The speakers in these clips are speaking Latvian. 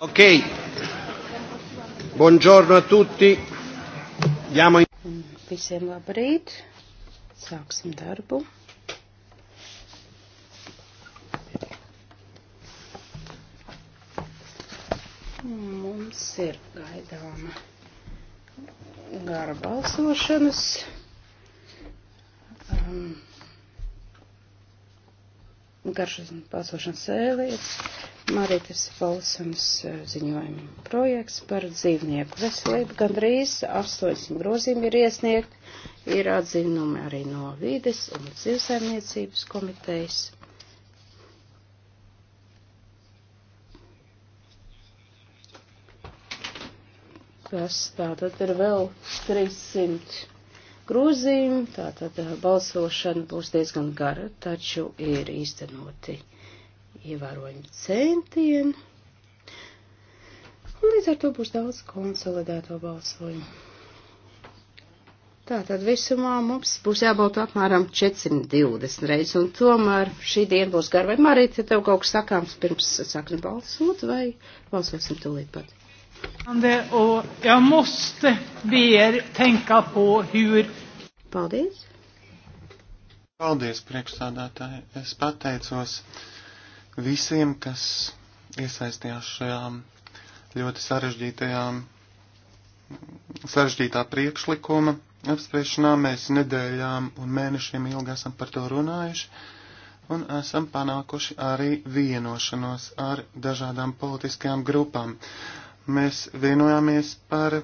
Ok, buongiorno a tutti. Diamo in... Visiem labrīt, sāksim darbu. Mums ir gaidāma gara balsošanas. Um, garšas balsošanas sēlietas Marītas Volsons eh, ziņojuma projekts par dzīvnieku veselību. Gandrīz 800 grozījumi ir iesniegt, ir atzinumi arī no vīdes un dzīvesaimniecības komitejas. Tas tātad ir vēl 300 grozījumi, tātad eh, balsošana būs diezgan gara, taču ir īstenoti ievērojami centieni. Un līdz ar to būs daudz konsolidēto balsojumu. Tātad visumā mums būs jābūt apmēram 420 reizes, un tomēr šī diena būs gara. Vai Marīte, tev kaut kas sakāms pirms sākam balsot, vai balsosim tūlīt pat? Och jag måste be er tänka på hur... Paldies. Paldies, priekšstādātāji. Es pateicos. Uh, visiem, kas iesaistījās šajā ļoti sarežģītajā, sarežģītā priekšlikuma apspriešanā. Mēs nedēļām un mēnešiem ilgi esam par to runājuši un esam panākuši arī vienošanos ar dažādām politiskajām grupām. Mēs vienojāmies par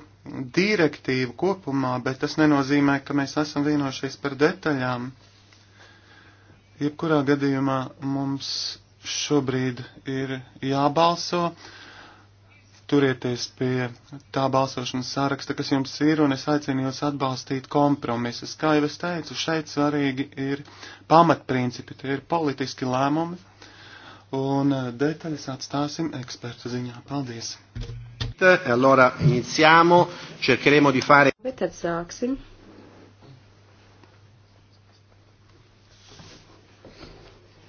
direktīvu kopumā, bet tas nenozīmē, ka mēs esam vienojušies par detaļām. Jebkurā gadījumā mums šobrīd ir jābalso. Turieties pie tā balsošanas sāraksta, kas jums ir, un es aicinu jūs atbalstīt kompromisus. Kā jau es teicu, šeit svarīgi ir pamatprincipi, tie ir politiski lēmumi, un detaļas atstāsim ekspertu ziņā. Paldies! E allora iniziamo, cercheremo di fare. Bet tad sāksim.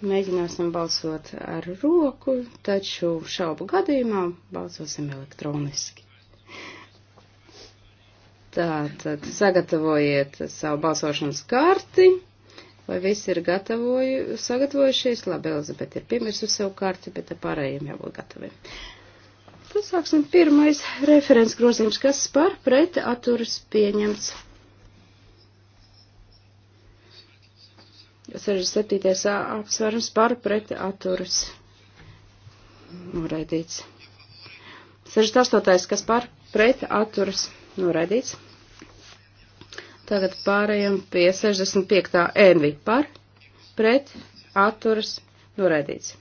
Mēģināsim balsot ar roku, taču šaubu gadījumā balsosim elektroniski. Tātad sagatavojiet savu balsošanas karti, vai visi ir gatavoju, sagatavojušies. Labi, Elizabete ir piemirsu savu karti, bet pārējiem jābūt gataviem. Tad sāksim pirmais referents grozījums, kas par pret atturas pieņemts 67. apsvērums par pret atturas. Noraidīts. 68. kas par pret atturas. Noraidīts. Tagad pārējām pie 65. envi par pret atturas. Noraidīts.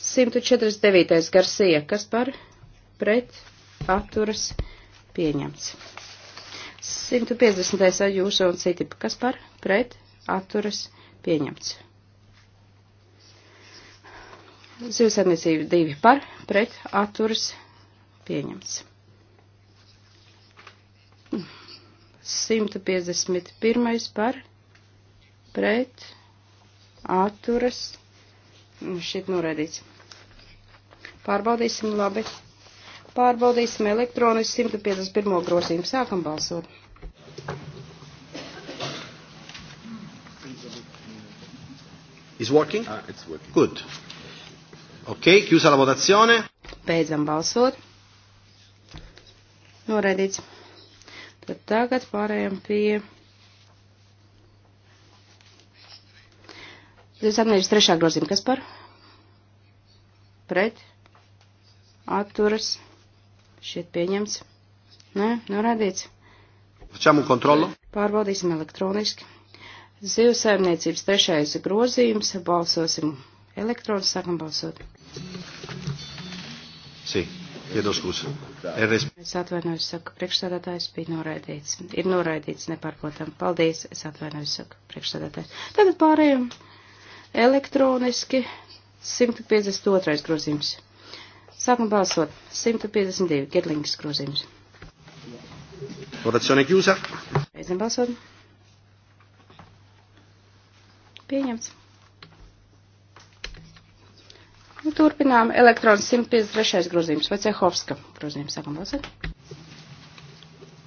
149. garsija kas par pret atturas. Pieņemts. 150. jūsu un citi kas par pret atturas pieņemts. Zivsarniecība divi par, pret, atturas, pieņemts. 151 par, pret, atturas, šit norēdīts. Pārbaudīsim labi. Pārbaudīsim elektronisku 151. grozījumu. Sākam balsot. Is working? Ah, it's working. Good. Ok, chiusa la votazione. Beidzam balsot. Noraidīts. Tad tagad pārējām pie 23. grozījuma. Kas par? Pret. Atturas. Šeit pieņemts. Nē, noraidīts. Facciamo un controllo? Pārbaudīsim elektroniski. Zivsaimniecības trešais grozījums. Balsosim elektronis, sākam balsot. Sī, iedoskus. Es atvainojos, saku, priekšstādātājs bija noraidīts. Ir noraidīts, nepārprotam. Paldies, es atvainojos, saku, priekšstādātājs. Tagad pārējiem elektroniski 152. grozījums. Sākam balsot. 152. Gedlings grozījums. Votazione chiusa. Beidzam balsot. Pieņemts. Un nu, turpinām elektrons 153. grozījums vai Cehovska grozījums. Sākam balsot.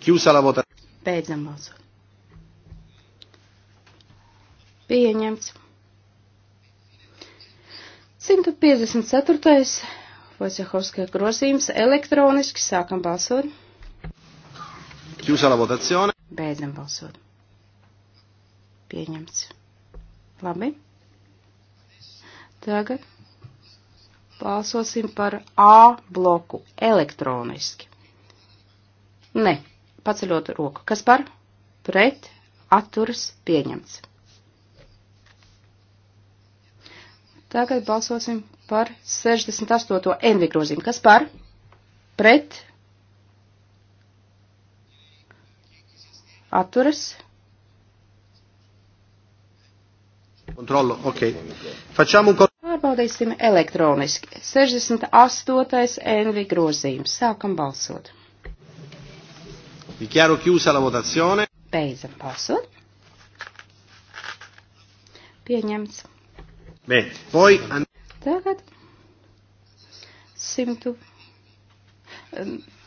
Jūs alabotā. Beidzam balsot. Pieņemts. 154. Vojcehovska grozījums elektroniski sākam balsot. Jūs alabotācione. Beidzam balsot. Pieņemts. Labi. Tagad balsosim par A bloku elektroniski. Ne, paceļot roku. Kas par? Pret, atturas, pieņemts. Tagad balsosim par 68. endi grozījumu. Kas par? Pret, atturas, Kontrolu, ok. Facciamo un kontrolu. Pārbaudīsim elektroniski. 68. NV grozījums. Sākam balsot. Dichiaro chiusa la votazione. Beidzam balsot. Pieņemts. Bene, poi... And... Tagad 100.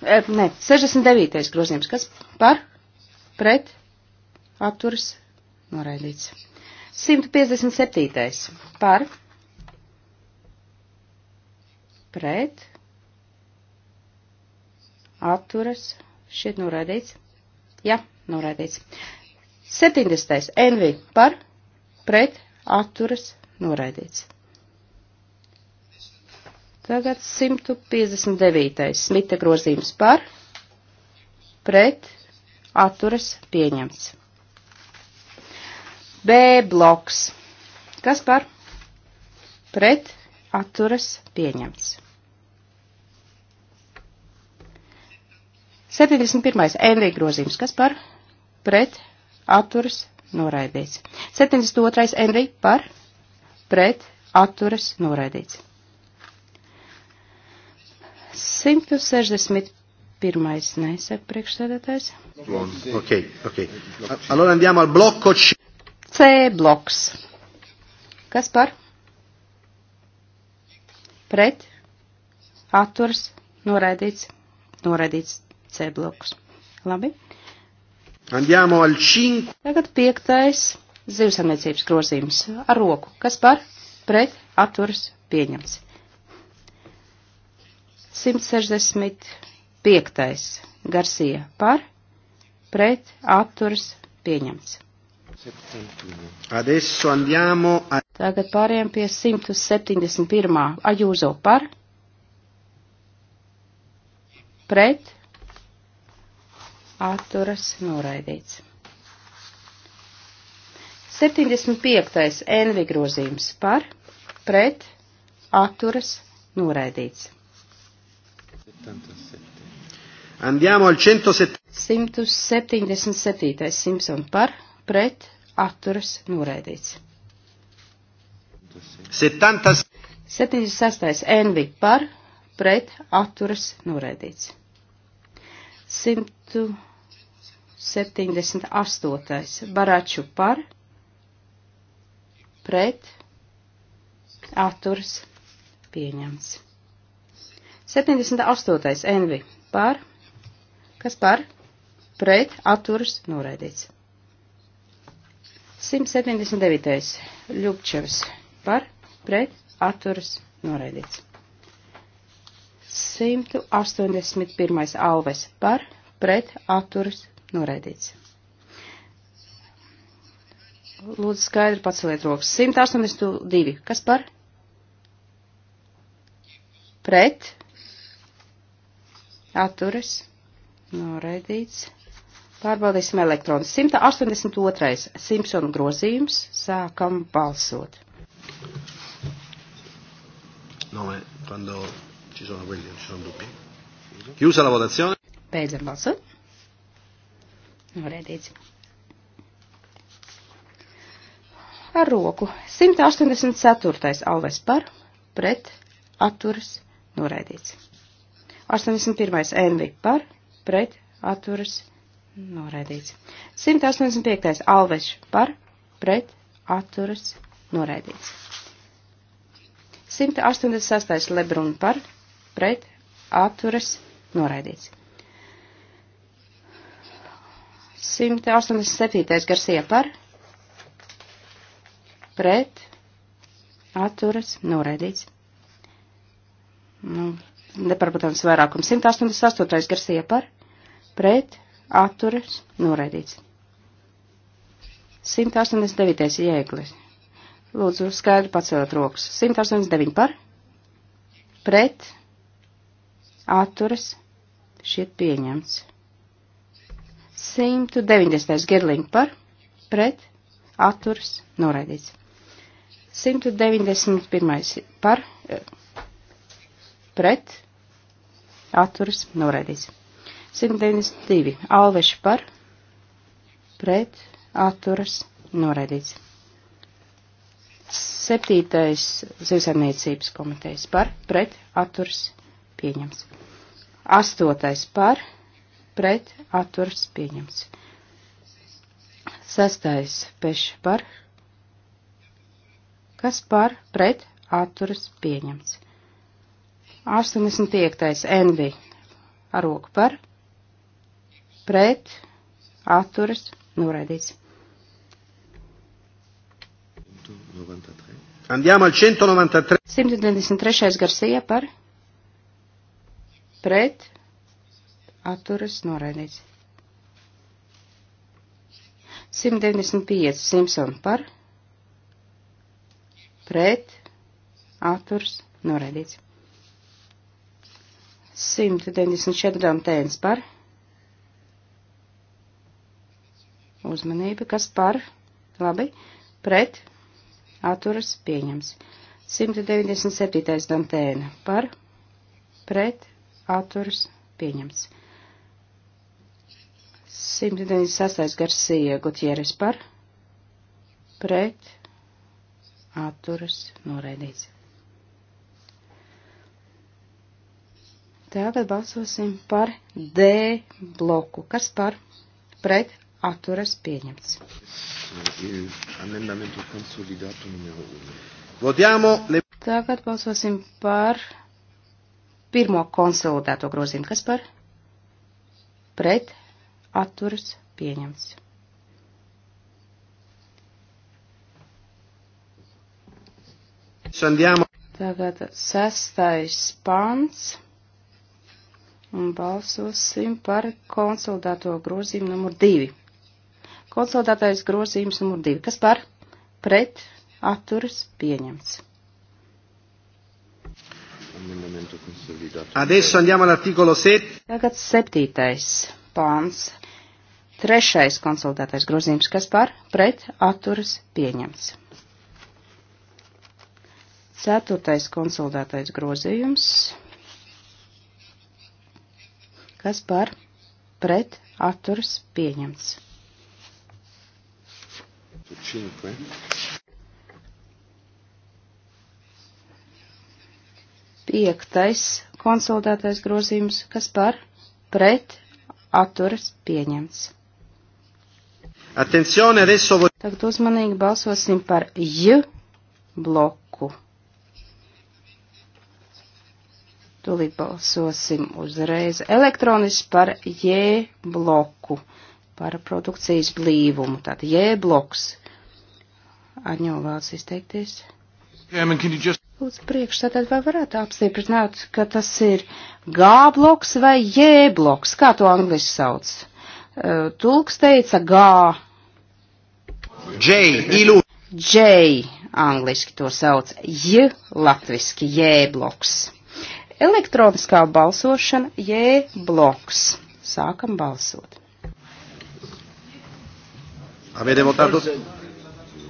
Nē, 69. grozījums. Kas par? Pret? Apturis? Noraidīts. 157. par pret atturas šeit noraidīts. Jā, noraidīts. 70. NV par pret atturas noraidīts. Tagad 159. Smita grozījums par pret atturas pieņemts. B bloks. Kas par? Pret atturas pieņemts. 71. Enrī grozījums. Kas par? Pret atturas noraidīts. 72. Enrī par? Pret atturas noraidīts. 161. Nesaka priekšsēdētājs. Ok, ok. Allora andiamo al blocco C. C bloks. Kas par? Pret. Atturs. Noraidīts. Noraidīts C bloks. Labi. Andiamo al 5. Tagad piektais zivsamniecības grozījums ar roku. Kas par? Pret. Atturs. Pieņems. 165. Garsija par, pret, atturs, pieņemts. Adesso andiamo a... Tagad pāriem pie 171. Ajūzo par. Pret. Atturas noraidīts. 75. Envi grozījums par. Pret. Atturas noraidīts. Andiamo al 177. 177. Simpson par. Pret atturas noraidīts. 76. 76. Envi par, pret, atturas noraidīts. 178. Baraču par, pret, atturas pieņemts. 78. Envi par, kas par, pret, atturas noraidīts. 179. Ļubčevs par pret atturas noraidīts. 181. Alves par pret atturas noraidīts. Lūdzu, skaidri paceliet rokas. 182. Kas par? Pret. Atturas. Noraidīts. Pārbaudīsim elektronu. 182. Simpsonu grozījums. Sākam balsot. No, eh, quando ci sono quelli, ci sono dubbi. Chiusa la votazione. Beidzam balsot. Norēdīts. Ar roku. 184. Alves par, pret, atturas, norēdīts. 81. Envi par, pret, atturas, norēdīts. Noraidīts. 185. Alveš par, pret, atturas, noraidīts. 186. Lebrun par, pret, atturas, noraidīts. 187. Garsie par, pret, atturas, noraidīts. Nu, neparprotams vairākums. 188. Garsie par, pret, atturas noraidīts. 189. jēglis. Lūdzu, skaidri pacelt rokas. 189 par, pret, atturas, šiet pieņemts. 190. gerliņu par, pret, atturas, noraidīts. 191. par, pret, atturas, noraidīts. 192. Alveši par, pret, atturas, noraidīts. 7. Zivsaimniecības komitejas par, pret, atturas, pieņems. 8. par, pret, atturas, pieņems. 6. peš par, kas par, pret, atturas, pieņems. 85. envi, aroku par, pret, atturas, noraidīts. Andiamo al 193. 193. Garcia par pret, atturas, noraidīts. 195. Simpson par pret, atturs, noraidīts. 194. Tēns par pret Uzmanība, kas par, labi, pret, atturas pieņems. 197. dantēna par, pret, atturas pieņems. 196. Garcija Gutieres par, pret, atturas noraidīts. Tagad balsosim par D bloku. Kas par? Pret atturas pieņemts. Tagad balsosim par pirmo konsolidēto grozījumu. Kas par? Pret atturas pieņemts. Tagad sestais pants un balsosim par konsolidēto grozījumu numur divi. Konsolidētais grozījums numur 2. Kas par? Pret atturas pieņemts. Adesso andiamo all'articolo 7. Tagad septītais pāns. Trešais konsultētais grozījums, kas par pret atturas pieņemts. Ceturtais konsultētais grozījums, kas par pret atturas pieņemts. 5. Piektais konsolidētais grozījums, kas par pret atturas pieņemts. Attenzione, adesso... Tagad uzmanīgi balsosim par J bloku. Tūlīt balsosim uzreiz elektroniski par J bloku par produkcijas blīvumu. Tātad J bloks. Aņo vēlas izteikties. Chairman, can you just... Lūdzu, priekšstādā vai varētu apstiprināt, ka tas ir G bloks vai J bloks, kā to angliski sauc? Uh, tulks teica G. J, ilu. J, angliski to sauc, J, latviski J bloks. Elektroniskā balsošana J bloks. Sākam balsot. Avete votato?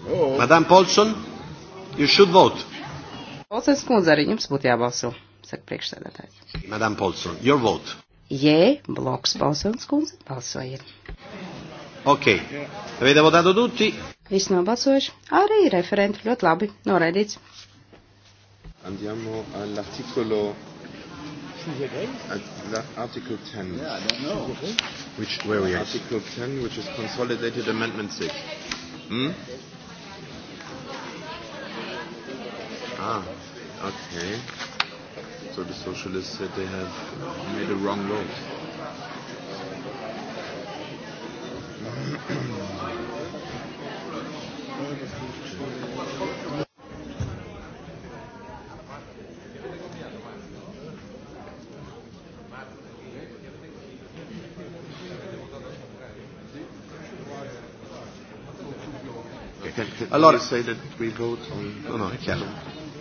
Oh. Madame Paulson, you should vote. Paulsons kundze, arī jums būtu jābalso, saka priekšsēdētājs. Madame Paulson, your vote. Jē, bloks Paulsons kundze, balsojiet. Ok, avete votato tutti? Viss nobalsojuši, arī referenti ļoti labi, noraidīts. Andiamo all'articolo She's against? Uh, that article 10. Yeah, I don't know. Which, where we at? Article 10, which is consolidated amendment 6. Hmm? Ah, okay. So the socialists said they have made a wrong vote. Thank you. Allora, no, no,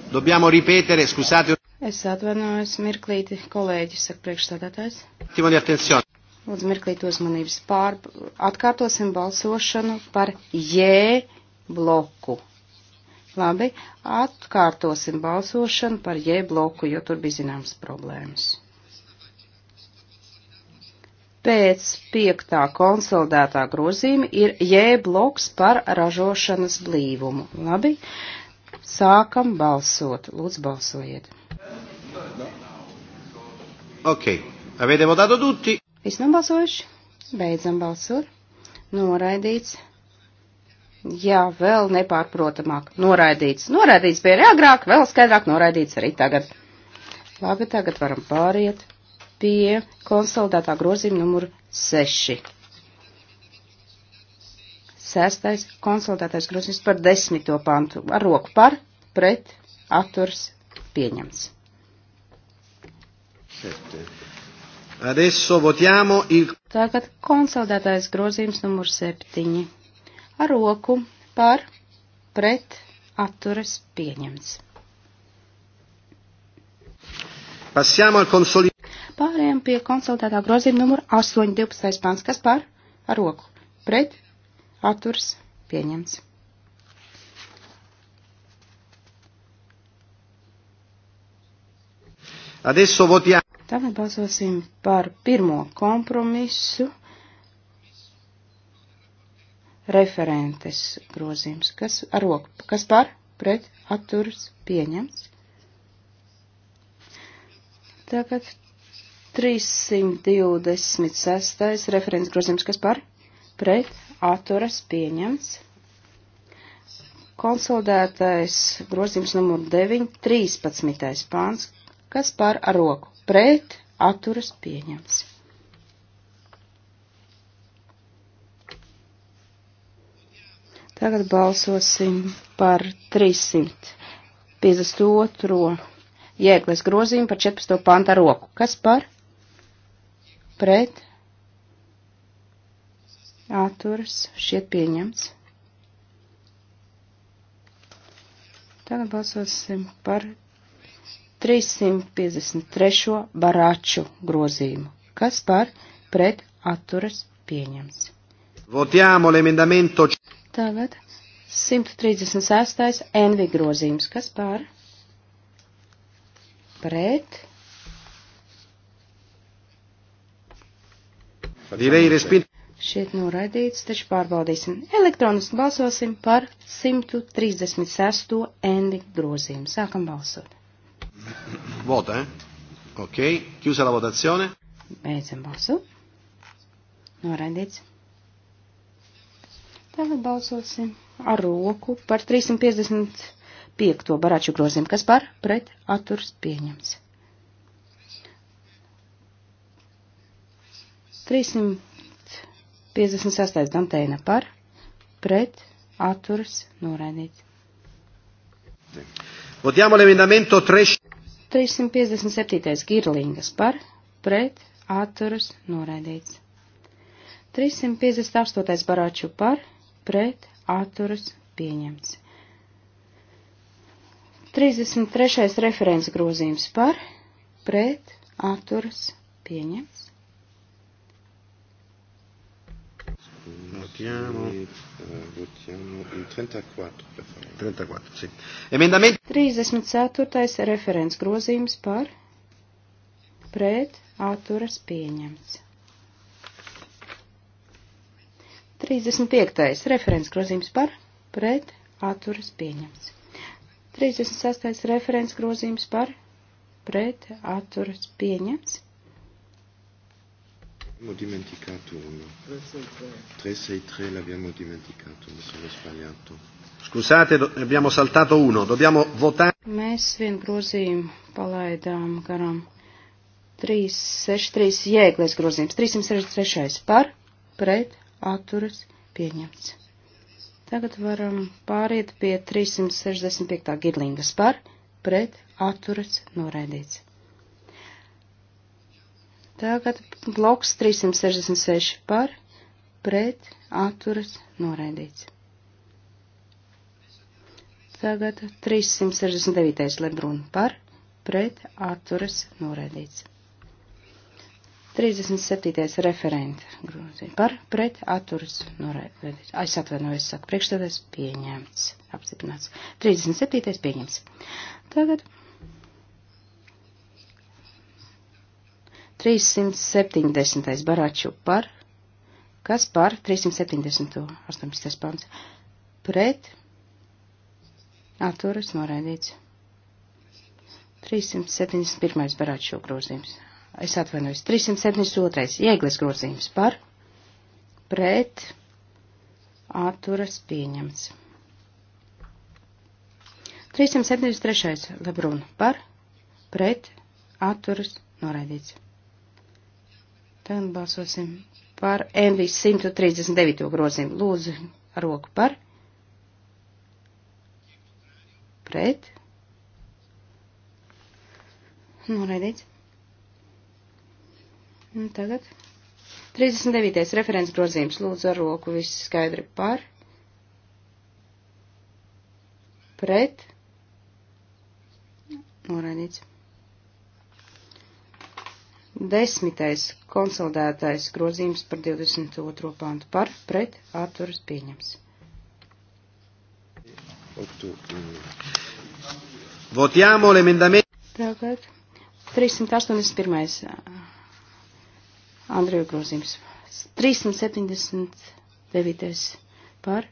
Dobbiamo ripetere, scusate. Es atvainojos, mirklīti, kolēģi, saka priekšstādātājs. Lūdzu, mirklīti uzmanības pār. Atkārtosim balsošanu par J bloku. Labi, atkārtosim balsošanu par J bloku, jo tur bija zināmas problēmas pēc piektā konsolidētā grozījuma ir J bloks par ražošanas blīvumu. Labi, sākam balsot. Lūdzu, balsojiet. Ok, avete votato tutti? Viss nobalsojuši? Beidzam balsot. Noraidīts. Jā, vēl nepārprotamāk. Noraidīts. Noraidīts bija arī agrāk, vēl skaidrāk noraidīts arī tagad. Labi, tagad varam pāriet pie konsolidētā grozījuma numur 6. Sestais konsolidētais grozījums par desmito pantu. Ar roku par, pret, atturs, pieņemts. Tagad konsolidētais grozījums numur 7. Ar roku par, pret, atturs, pieņemts. Passiamo al consolid- Pārējām pie konsultētā grozījuma numur 8, 12. pāns. Kas par? Ar roku. Pret. Atturs. Pieņemts. Adesso votiamo. Tagad balsosim par pirmo kompromisu referentes grozījums. Kas ar roku? Kas par? Pret. Atturs. Pieņemts. Tagad 326. referents grozījums, kas par pret atturas pieņemts. Konsolidētais grozījums numur 9, 13. pāns, kas par ar roku pret atturas pieņemts. Tagad balsosim par 352. jēglas grozījumu par 14. panta roku. Kas par? pret atturas šiet pieņemts. Tagad balsosim par 353. barāču grozījumu. Kas par pret atturas pieņems? Votiamo l'emendamento. Tagad 136. envi grozījums. Kas par pret Šiet noraidīts, taču pārbaudīsim. Elektroniski balsosim par 136. endi grozījumu. Sākam balsot. Vota, eh? Ok. Chiusa la votazione. Beidzam balsot. Noraidīts. Tagad balsosim ar roku par 355. baraču grozījumu. Kas par? Pret atturs pieņems. 358. Dantēna par, pret, atturas, noraidīts. Votiamo l'emendamento 357. Girlingas par, pret, atturas, noraidīts. 358. Barāču par, pret, atturas, pieņemts. 33. referents grozījums par, pret, atturas, pieņemts. Votiamo. E, eh, votiamo il 34 per favore. 34, sì. Emendamenti. 34. referents grozījums par pret atturas pieņemts. 35. referents grozījums par pret atturas pieņemts. 36. referents grozījums par pret atturas pieņemts l'abbiamo dimenticato uno. 363. 363 l'abbiamo dimenticato, mi sono sbagliato. Scusate, abbiamo saltato uno, dobbiamo votare. Mēs vienu grozījumu palaidām garām. 363 jēgles grozījums, 363 par, pret, atturas, pieņemts. Tagad varam pāriet pie 365 girlingas par, pret, atturas, noraidīts. Tagad bloks 366 par, pret, atturas, noraidīts. Tagad 369. Lebrun par, pret, atturas, noraidīts. 37. referenta grūzī par, pret, atturas, noraidīts. Es atvainojos, saku, priekšstādēs pieņemts, apstiprināts. 37. pieņemts. Tagad 370. baraču par, kas par 370. 18. pants, pret, atturas noraidīts. 371. baraču grozījums. Es atvainojos. 372. ieglis grozījums par, pret, atturas pieņemts. 373. Lebrun par, pret, atturas noraidīts. Tagad balsosim par NV 139. grozījumu. Lūdzu, roku par. Pret. Noraidīts. Un tagad 39. referents grozījums. Lūdzu, ar roku viss skaidri par. Pret. Noraidīts. Desmitais konsolidētais grozījums par 22. pāntu par pret atturas pieņems. Votiamo l'emendamento. Tagad 381. Andriju grozījums. 379. par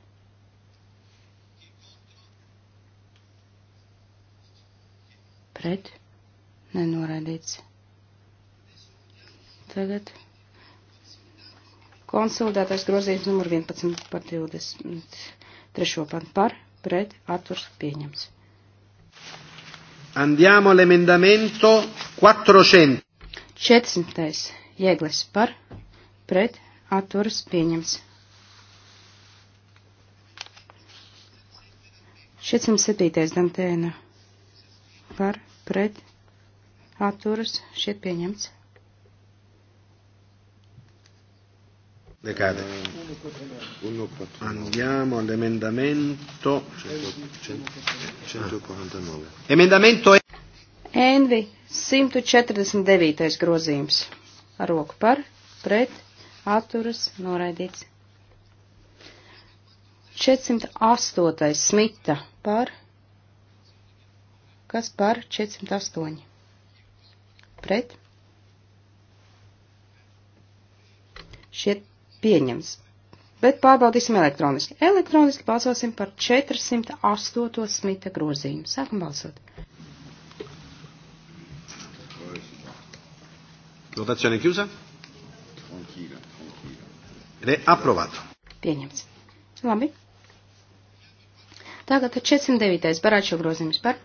pret nenoraidīts. Tagad konsolidētais grozījums numur 11 par 23. par, par pret atturs pieņemts. Andiamo l'emendamento 400. 400. Jēglis par pret atturs pieņemts. 407. Dantēna par pret atturas šeit pieņemts. Decade. Andiamo all'emendamento 149. Emendamento e. Envi 149. grozījums. Ar roku par, pret, atturas, noraidīts. 408. smita par, kas par 408. Pret. Šķiet pieņems. Bet pārbaudīsim elektroniski. Elektroniski balsosim par 408. smita grozījumu. Sākam balsot. Votazione chiusa? Tranquilla, tranquilla. Ed è approvato. Pieņemts. Labi. Tagad ir 409. barāčo grozījums par.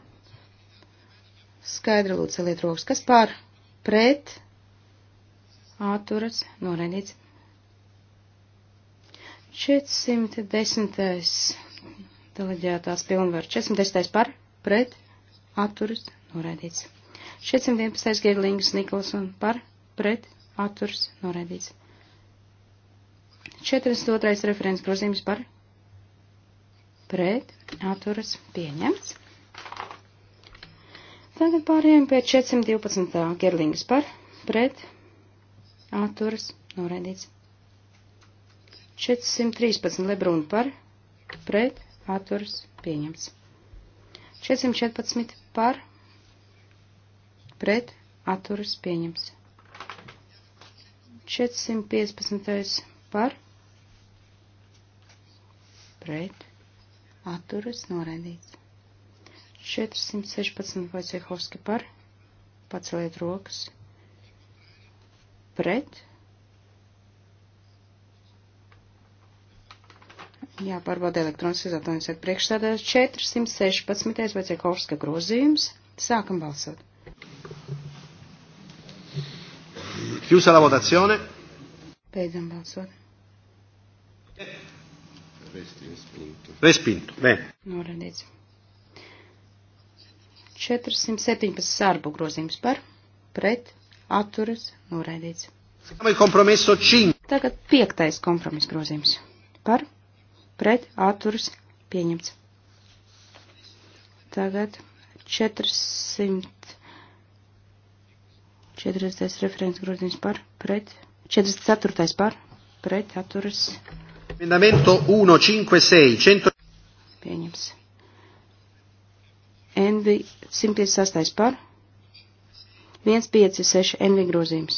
Skaidri lūdzu, liet rokas, kas pār pret atturas noraidīts. 410. deleģētās pilnvaru. 410. par, pret, atturas, noraidīts. 411. Gerlingas Nikolson par, pret, atturas, noraidīts. 42. referents grozījums par, pret, atturas, pieņemts. Tagad pārējām pie 412. Gerlingas par, pret, atturas, noraidīts. 413 Lebrun par, pret, atturs pieņemts. 414 par, pret, atturs pieņemts. 415 par, pret, atturas noraidīts. 416 Vojcehovski par, paceliet rokas, pret, Jāpārbauda elektroniskas aptaujas ar priekšstādājus 416. vai Cekovska grozījums. Sākam balsot. Chiusa la votazione. Beidzam balsot. Respinto. Respinto. Bene. Norādīts. 417 sārbu grozījums par, pret, atturas, noraidīts. Tagad piektais kompromis grozījums par, pret atturas pieņemts. Tagad 440 referents grozījums par pret 44. par pret atturas. Emendamento 156. Pieņems. NV 158 par 156 NV grozījums.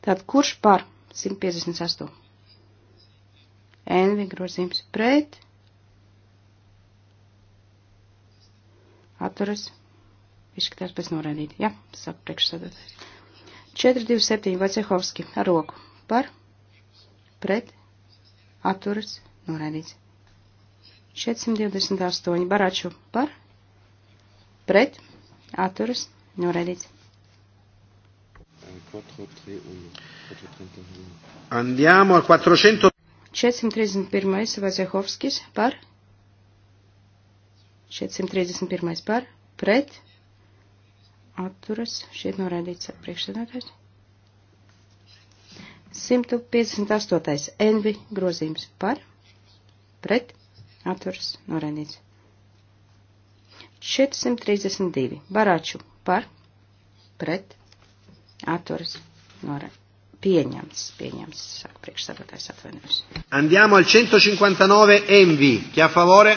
Tātad kurš par? 158. Envi grozījums pret. Atturas. Izskatās pēc norēdīt. Jā, ja, saka priekšsēdētājs. 427 Vacehovski ar roku. Par. Pret. Atturas. Norēdīts. 428 Baraču. Par. Pret. Atturas. Norēdīts. Un 4, 3, 1. Andiamo al 400. 431. Vazehovskis par. 431. par. Pret. Atturas. Šeit norādīts priekšsēdētājs. 158. Envi grozījums par. Pret. Atturas. Norādīts. 432. Barāču par. Pret. Atturas. Norādīts pieņemts, pieņemts, saka priekšsēdētājs atvainojums. Andiamo al 159 envi, chi a favore?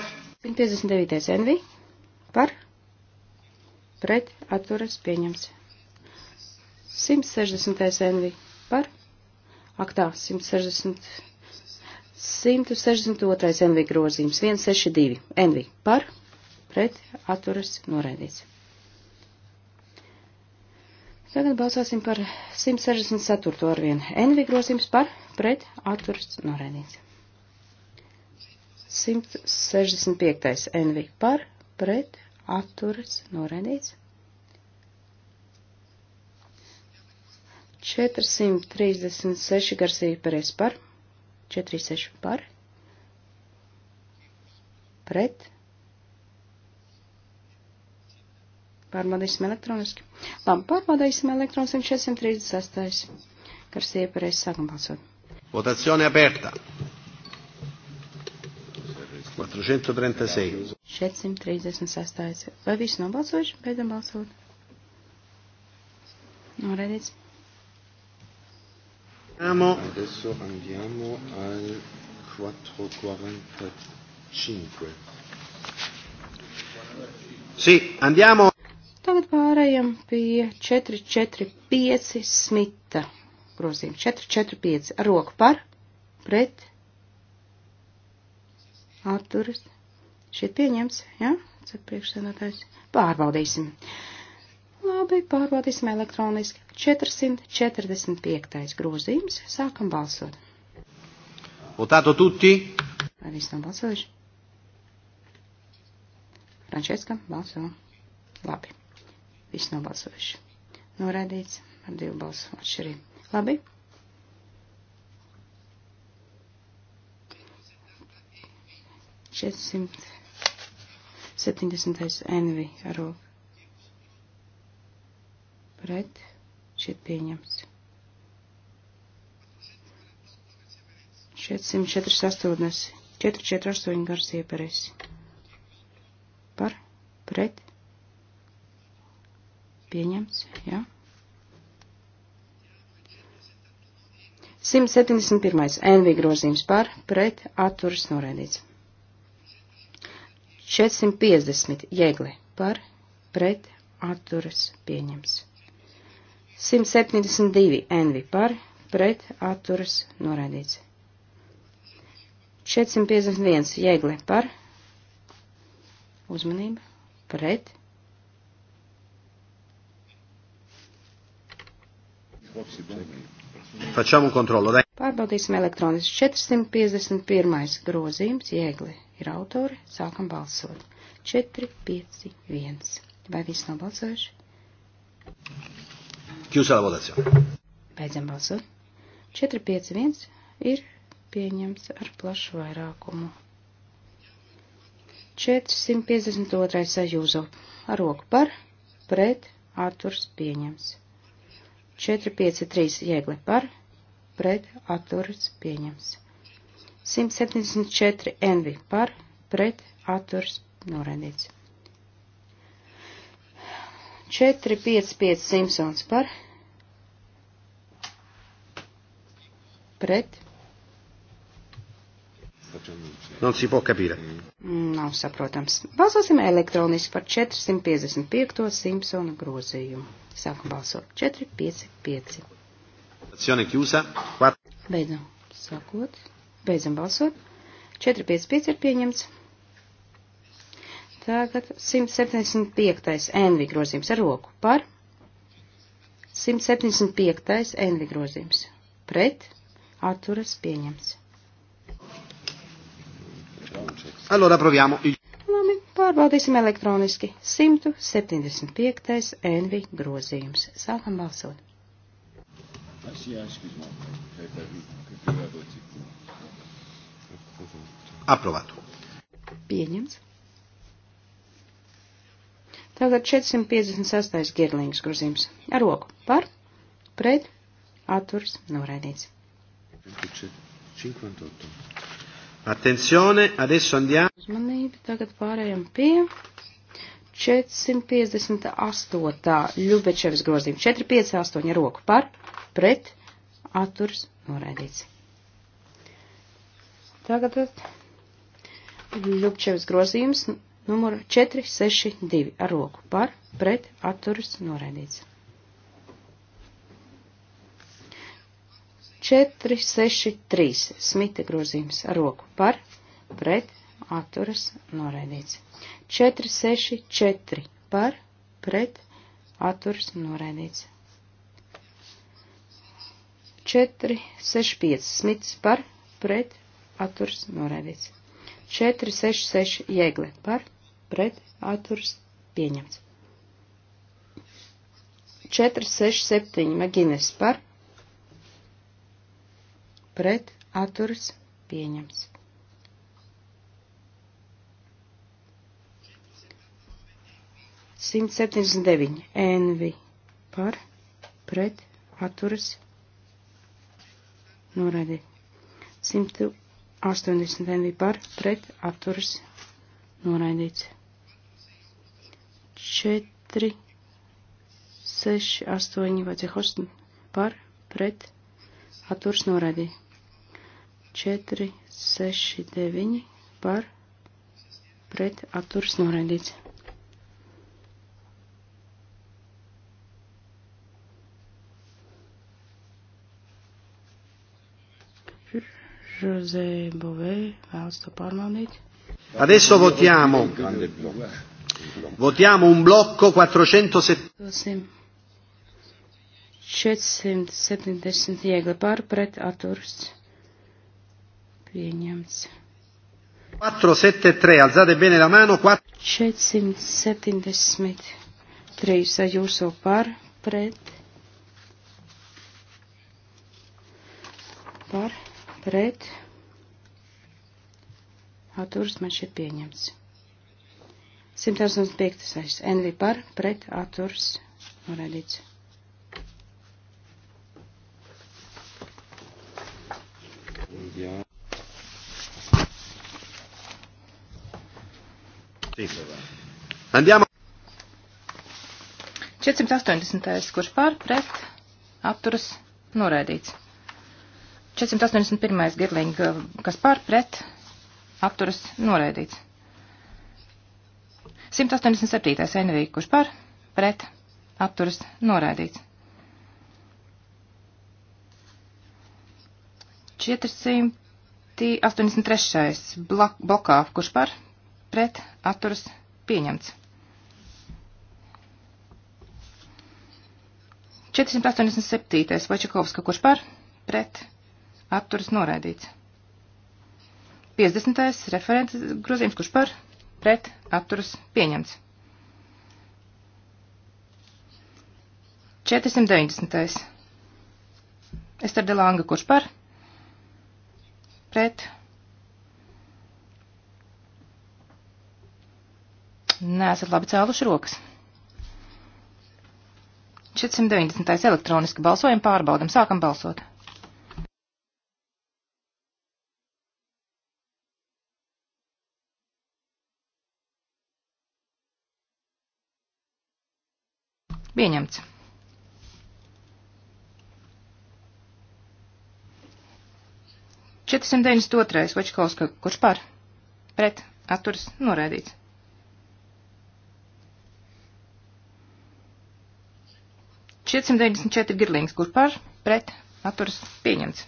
159 envi, par, pret, atturas, pieņemts. 160 envi, par, ak tā, 160, 162 envi grozījums, 162 envi, par, pret, atturas, noraidīts. Tagad balsosim par 164. ar vienu. Envi grozījums par pret atturas norēdīts. 165. Envi par pret atturas norēdīts. 436 garsīgi pareiz par, 46 par, pret, Pārbaudīsim elektroniski. Labi, pārbaudīsim elektroniski 636. Kas iepareiz sākam balsot. Votazione aperta. 436. 436. Vai visi nobalsojuši? Beidzam balsot. Noredīts. Andiamo. Adesso andiamo al 445. Sì, andiamo. Tagad pārējam pie 445 smita grozījuma. 445 ar roku par, pret, atturas. Šit pieņems, jā, ja? cik priekšsēdētājs. Pārbaudīsim. Labi, pārbaudīsim elektroniski. 445. grozījums. Sākam balsot. Votato tutti. Vai viss nav balsojuši? Frančeska balso. Labi. Viss nobalsojuši. Noraidīts ar divu balsu atšķirību. Labi. Četrsimt septiņdesmitais envi aro pret šeit pieņemts. 448, 448 gars ieperēs. Par, pret, Pieņemts, jā. Ja? 171. NV grozījums par pret atturas norēdīts. 450. Jēgli par pret atturas pieņems. 172. NV par pret atturas norēdīts. 451. Jēgli par uzmanību pret Facciamo un controllo, dai. Pārbaudīsim elektroniski. 451. grozījums, jēgli ir autori, sākam balsot. 4, 5, 1. Vai viss nav balsojuši? Chiusa la votazione. Beidzam balsot. 4, 5, 1 ir pieņemts ar plašu vairākumu. 452. sajūzo ar roku par, pret, atturs pieņems. 4, 5, 3 jēgle par, pret, atturas pieņems. 174 envi par, pret, atturas norēdīts. 4, 5, 5 Simpsons par, pret, Non si può capire. Mm, nav saprotams. Balsosim elektroniski par 455. Simpsona grozījumu. Sākam balsot 455. Stazione chiusa. Beidzam. Sākot. Beidzam balsot. 455 ir pieņemts. Tagad 175. envi grozījums ar roku par 175. envi grozījums pret atturas pieņemts. Allora proviamo. Labi, pārbaudīsim elektroniski. 175. envi grozījums. Sākam balsot. Aprovētu. Pieņemts. Tagad 456. girlīngas grozījums. Ar roku. Par, pret, atturs, noraidīts. 58. Attenzione, adesso andiamo. Uzmanība, tagad pārējām pie 458. Ļubečevs grozījuma. 458 roku par, pret, atturs, noraidīts. Tagad Ļubečevs grozījums numur 462 ar roku par, pret, atturs, noraidīts. 4, 6, 3 smita grozījums ar roku par, pret, atturas, noraidīts. 4, 6, 4 par, pret, atturas, noraidīts. 4, 6, 5 smits par, pret, atturas, noraidīts. 4, 6, 6 jēgle par, pret, atturas, pieņemts. 4, 6, 7 magines par, pret atturas pieņems. Simt septiņdesmit deviņi envi par pret atturas norādīt. 180 envi par pret atturas noraidīts. 4, 6, 8 vai 8 par pret atturas noraidīts. 4, 6, 9 par pret atturas noraidīts. José Bové vēlas to pārmaldīt. Adesso votiamo. Votiamo un blocco 470. 470 jēga pārpret attursts pieņemts. 473, alzate bene la mano, 4... 473, ajūso par, pret, par, pret, atturs man šeit pieņemts. 185. NV par, pret, atturs, norādīts. Jā. Andiamo. 480. kurš pār pret apturas noraidīts. 481. girlinga, kas pār pret apturas noraidīts. 187. envī, kurš pār pret apturas noraidīts. 483. Blok, blokā, kurš par pret atturas pieņemts. 487. Vačakovska, kurš par pret atturas noraidīts. 50. referents grozījums, kurš par pret atturas pieņemts. 490. Ester Delanga, kurš par pret Nesat labi cēluši rokas. 490. elektroniski balsojam, pārbaudam, sākam balsot. Pieņemts. Četrsimt deviņdesmit otrais, Vačkovska, kurš par? Pret, atturas, noraidīts. 494 girlings, kurš par, pret, atturas pieņemts.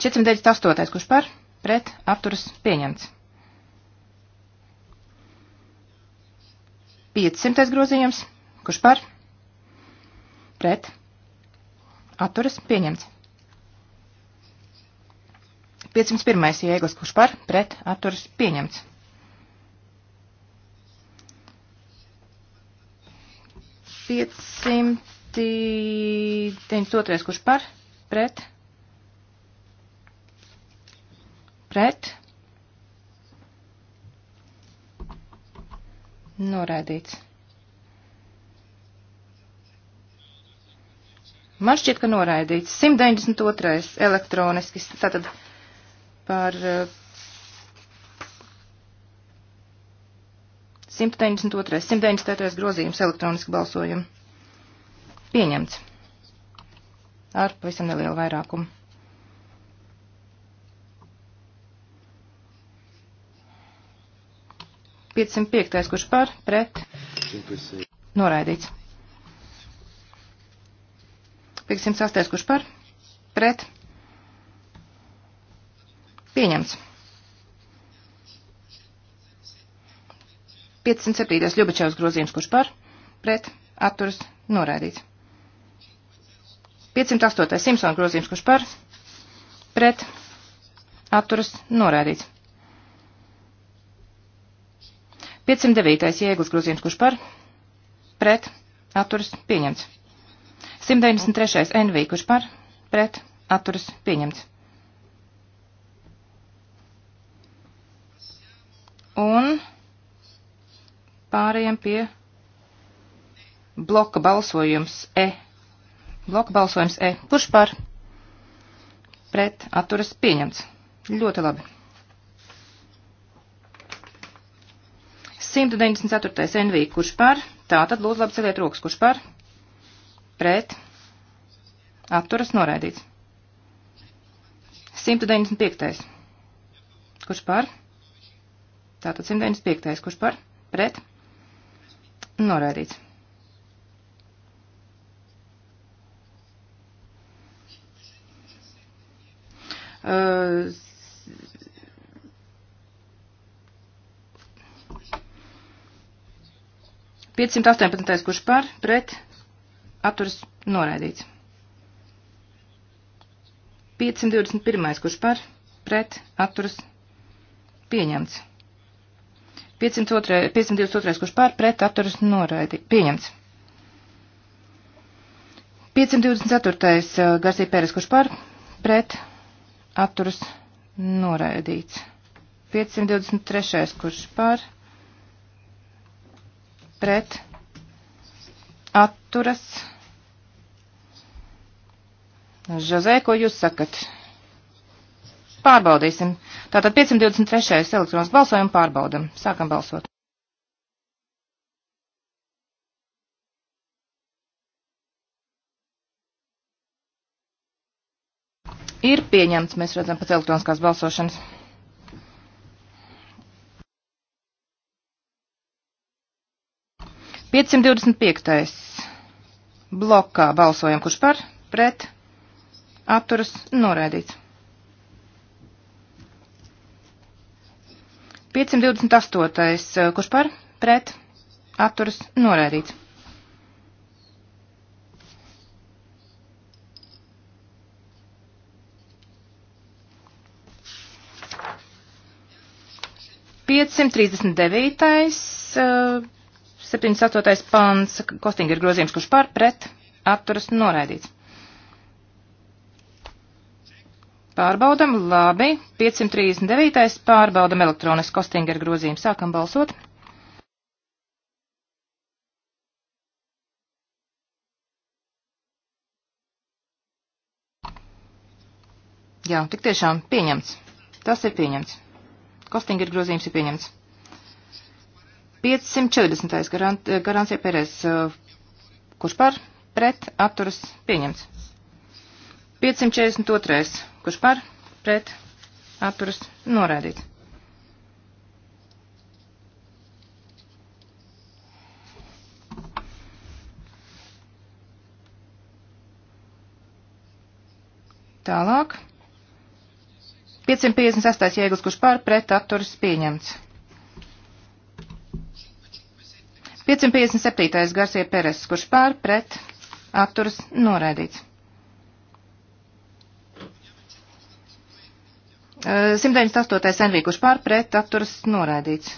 Četrsimtdeviņdesmit astotais, kurš par, pret, atturas pieņemts. 500 grozījums, kurš par, pret, atturas pieņemts. 501. jēglas, kurš par, pret, atturas pieņemts. 592. kurš par? Pret? Pret? Noraidīts. Man šķiet, ka noraidīts. 192. elektroniski, tātad par 192. 193. grozījums elektroniski balsojam. Pieņemts. Ar pavisam nelielu vairākumu. Piecsimt piektais, kurš par, pret, noraidīts. 508, kurš par, pret, pieņemts. 507. Ļubačevs grozījums, kurš par, pret, atturas, noraidīts. 508. Simpsona grozījums, kurš par, pret, atturas, noraidīts. 509. Jēglas grozījums, kurš par, pret, atturas, pieņemts. 193. NV, kurš par, pret, atturas, pieņemts. Un pārējiem pie bloka balsojums E. Bloka balsojums E. Kurš par? Pret atturas pieņemts. Ļoti labi. 194. NV. Kurš par? Tā tad lūdzu labi celiet rokas. Kurš par? Pret. Atturas noraidīts. 195. Kurš par? Tātad 195. Kurš par? Pret. Noraidīts. Uh, Piecsimt astoņpadsmitais, kurš par, pret, atturas noraidīts. 521. kurš par, pret, atturas pieņemts. 502, 522, kurš pār pret atturas noraidi. Pieņemts. 524. Eh, Garsī Pēres, kurš pār pret atturas noraidīts. 523. kurš pār pret atturas. Žozē, ko jūs sakat? Pārbaudīsim. Tātad 523. elektronisks balsojums pārbaudam. Sākam balsot. Ir pieņemts, mēs redzam, pēc elektroniskās balsošanas. Piecsimt divdesmit piektais blokā balsojam, kurš par, pret, atturas, noraidīts. 528. Kurš par? Pret. Atturas noraidīts. Piecsimt trīsdesmit devītais, uh, septiņdesmit astotais pants, Kostinga ir grozījums, kurš par, pret, atturas noraidīts. Pārbaudam, labi, 539. pārbaudam elektronisko Kostinger grozījumu. Sākam balsot. Jā, tik tiešām pieņemts. Tas ir pieņemts. Kostinger grozījums ir pieņemts. 540. Garant, eh, garancija Pērēs, eh, kurš par, pret, atturas, pieņemts. 542. Kurš par? Pret. Atturas. Norādīts. Tālāk. 558. jēglis, kurš pār pret atturas pieņemts. 557. Garsie Peres, kurš pār pret atturas noraidīts. 198. NV, kurš par, pret, atturas noraidīts.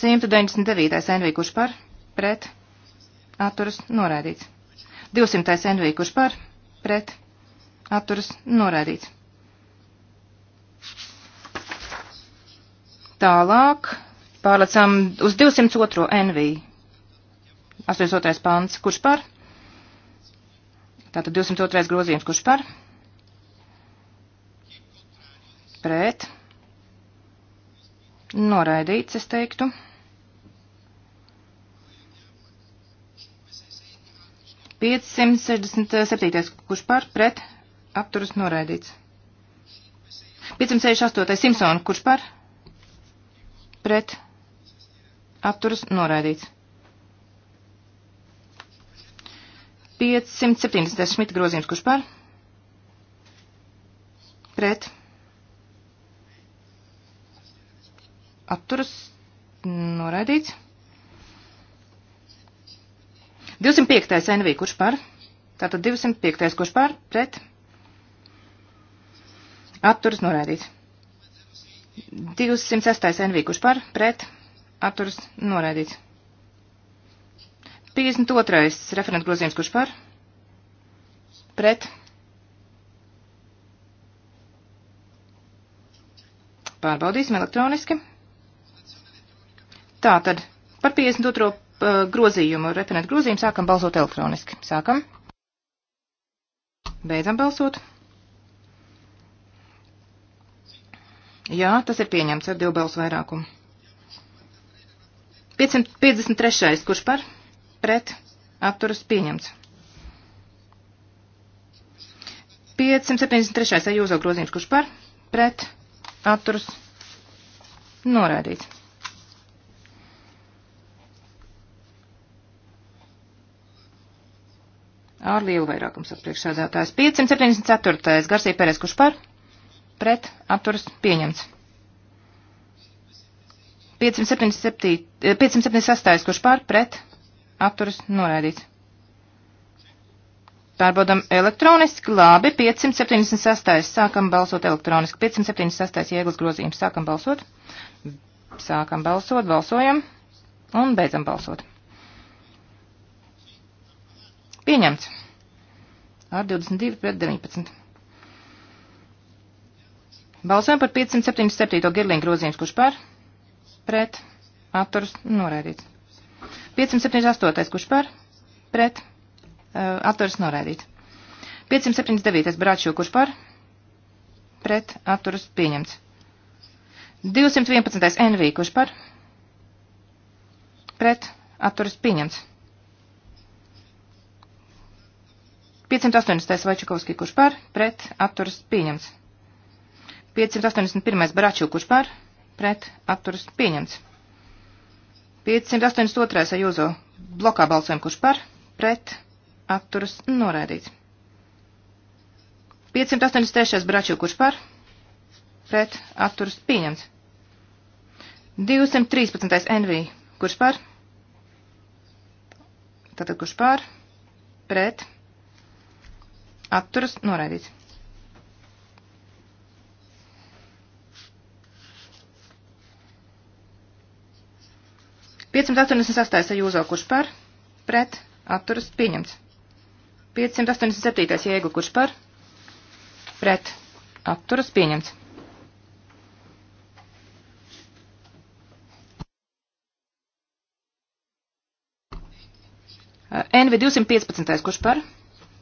199. NV, kurš par, pret, atturas noraidīts. 200. NV, kurš par, pret, atturas noraidīts. Tālāk pārlecam uz 202. NV. 82. pants, kurš par? Tātad 202. grozījums, kurš par? pret, noraidīts, es teiktu. Piecsimt sešdesmit septītais, kurš par, pret, apturas noraidīts. 568. Simpsona, kurš par? Pret. Apturas noraidīts. 570. Šmita grozījums, kurš par? Pret. atturas noraidīts. 205. NV, kurš par? Tātad 205. kurš par? Pret? Atturas noraidīts. 206. NV, kurš par? Pret? Atturas noraidīts. 52. referenta grozījums, kurš par? Pret? Pārbaudīsim elektroniski. Tātad par 52. Uh, grozījumu, referentu grozījumu sākam balsot elektroniski. Sākam. Beidzam balsot. Jā, tas ir pieņemts ar divu balsu vairākumu. 553. kurš par? Pret. Atturas pieņemts. 573. ajūzo grozījums, kurš par? Pret. Atturas. Norādīts. ar lielu vairākumu sapriekšsēdētājs. 574. Garsī Pērēs, kurš par? Pret atturas pieņemts. 577, 578, eh, kurš par? Pret atturas noraidīts. Pārbaudam elektroniski, labi, 578, sākam balsot elektroniski, 578 ieglas grozījums, sākam balsot, sākam balsot, balsojam un beidzam balsot. Pieņemts. Ar 22 pret 19. Balsojam par 577. girlīnu grozījums, kurš par, pret, atturas, noraidīts. 578. kurš par, pret, uh, atturas, noraidīts. 579. brāču, kurš par, pret, atturas, pieņemts. 211. NV, kurš par, pret, atturas, pieņemts. 580. Vaičakovski, kurš par, pret, atturas pieņemts. 581. Baraču, kurš par, pret, atturas pieņemts. 582. Ajūzo blokā balsojumu, kurš par, pret, atturas noraidīts. 583. Baraču, kurš par, pret, atturas pieņemts. 213. NV, kurš par, tātad kurš par, pret, atturas pieņemts atturas noraidīts. Piecsimt astoņdesmit sastais ar jūzo, kurš par, pret, atturas pieņemts. 587. jēgu, kurš par, pret, atturas pieņemts. NV 215. kurš par,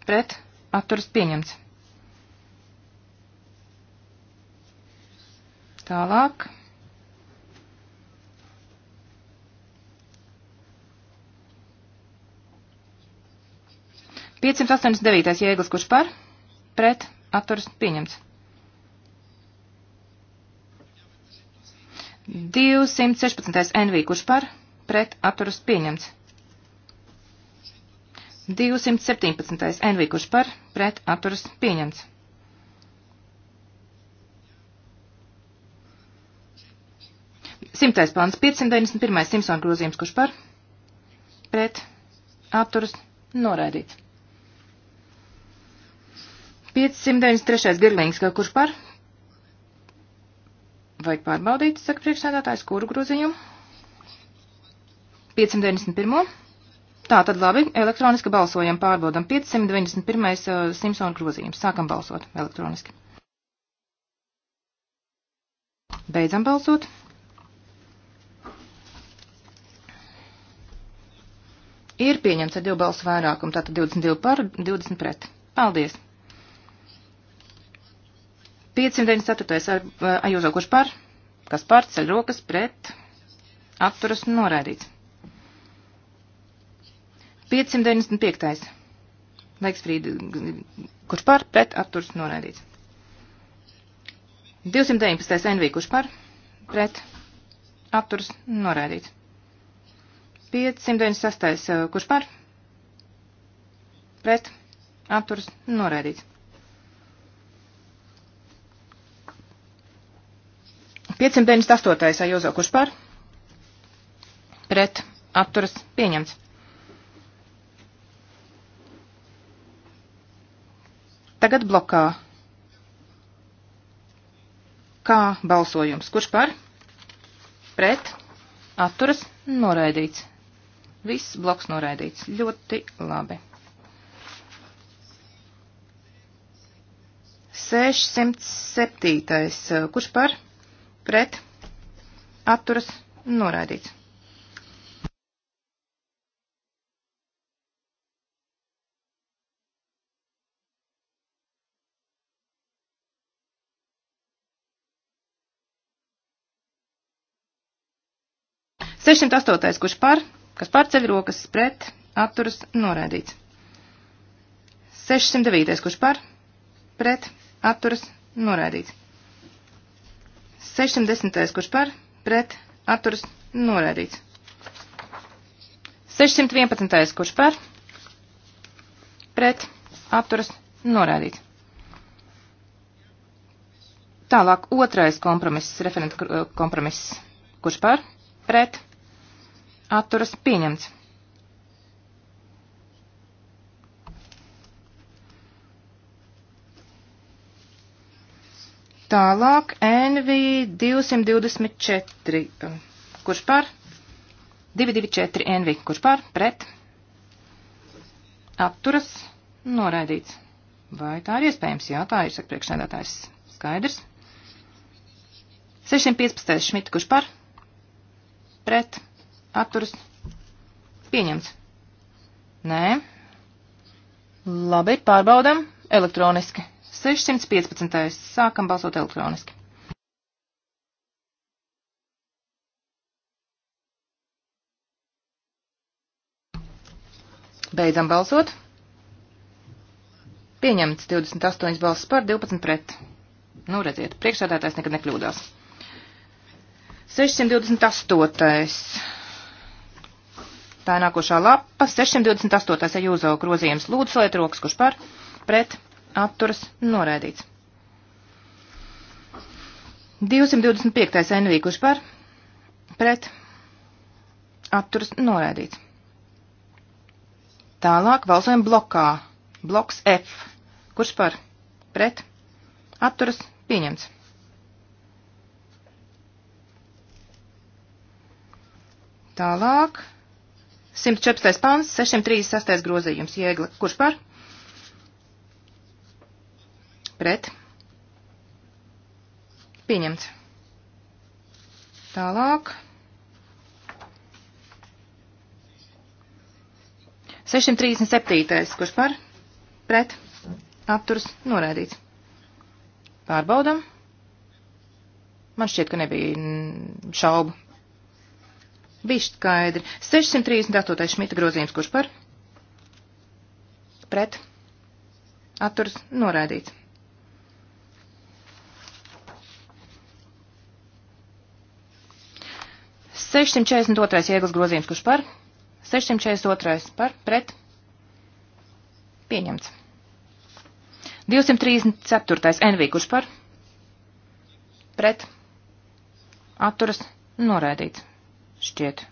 pret, atturas pieņemts. Tālāk. Piecsimt astoņdesmit devītais jēglis, kurš par, pret, atturas pieņemts. 216. NV, kurš par, pret, atturas pieņemts. 217. Envi, kurš par pret atturas pieņemts. Simtais pāns, 591. Simpsona grozījums, kurš par pret atturas noraidīts. 593. Girlings, kurš par? Vajag pārbaudīt, saka priekšsēdātājs, kuru grozījumu? 591. Tā tad labi, elektroniski balsojam, pārbaudam 591. Uh, Simpsona grozījums. Sākam balsot elektroniski. Beidzam balsot. Ir pieņemts ar divu balsu vairākumu, tātad 22 par, 20 pret. Paldies! 594. Uh, Ajūzo, kurš par? Kas par? Ceļ rokas pret. Atturas noraidīts. 595. Laiksfrīd, kurš par, pret, atturs noraidīts. 219. NV, kurš par, pret, atturs noraidīts. 596. Eh, kurš par? Pret. Atturs noraidīts. 598. Ajozo. Eh, kurš par? Pret. Atturs pieņemts. Tagad blokā. Kā balsojums? Kurš par? Pret? Atturas? Noraidīts. Viss bloks noraidīts. Ļoti labi. 607. Kurš par? Pret? Atturas? Noraidīts. 608. kurš par, kas pārceļ rokas pret, atturas noraidīts. 609. kurš par, pret, atturas noraidīts. 610. kurš par, pret, atturas noraidīts. 611. kurš par, pret, atturas noraidīts. Tālāk otrais kompromiss, referenta kompromiss, kurš par, pret, atturas pieņemts. Tālāk NV 224. Kurš par? 224 NV. Kurš par? Pret. Atturas. Noraidīts. Vai tā ir iespējams? Jā, tā ir, saka priekšsēdētājs. Skaidrs. 615. Šmita. Kurš par? Pret atturas pieņemts. Nē. Labi, pārbaudam elektroniski. 615. Sākam balsot elektroniski. Beidzam balsot. Pieņemts 28 balsis par, 12 pret. Nu, redziet, priekšsēdētājs nekad nekļūdās. 628. Tā ir nākošā lapa, 628. ajūzo grozījums. Lūdzu, soliet rokas, kurš par, pret, atturas, noraidīts. 225. NV, kurš par, pret, atturas, noraidīts. Tālāk balsojam blokā. Bloks F. Kurš par, pret, atturas, pieņemts. Tālāk 114. pāns, 636. grozījums jēgla. Kurš par? Pret. Pieņemts. Tālāk. 637. Kurš par? Pret. Apturs norādīts. Pārbaudam. Man šķiet, ka nebija šaubu Bišķi skaidri. 638. šmita grozījums, kurš par? Pret. Atturs noraidīts. Sešsimt četrdesmit otrais ieglas grozījums, kurš par? Sešsimt četrdesmit otrais par? Pret. Pieņemts. 234. NV, kurš par? Pret. Atturas. Noraidīts šķiet.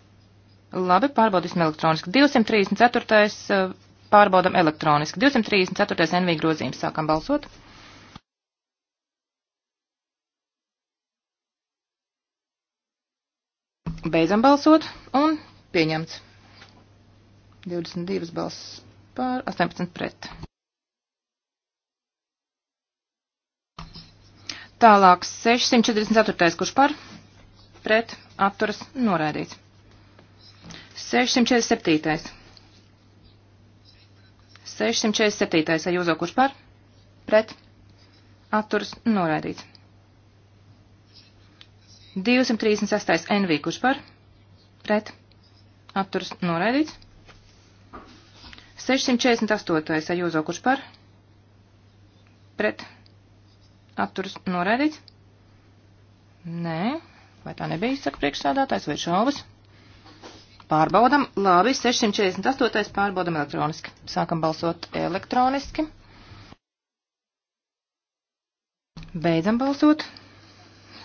Labi, pārbaudīsim elektroniski. 234. Eh, pārbaudam elektroniski. 234. NV grozījums. Sākam balsot. Beidzam balsot un pieņemts. 22 balss pār 18 pret. Tālāk 644. kurš par? pret atturas noraidīts. 647. 647. Ajūzo kurš par pret atturas noraidīts. 236. NV kurš par pret atturas noraidīts. 648. Ajūzo kurš par pret atturas noraidīts. Nē, Vai tā nebija, saka priekšsādātājs, vai šaubas? Pārbaudam, labi, 648. pārbaudam elektroniski. Sākam balsot elektroniski. Beidzam balsot.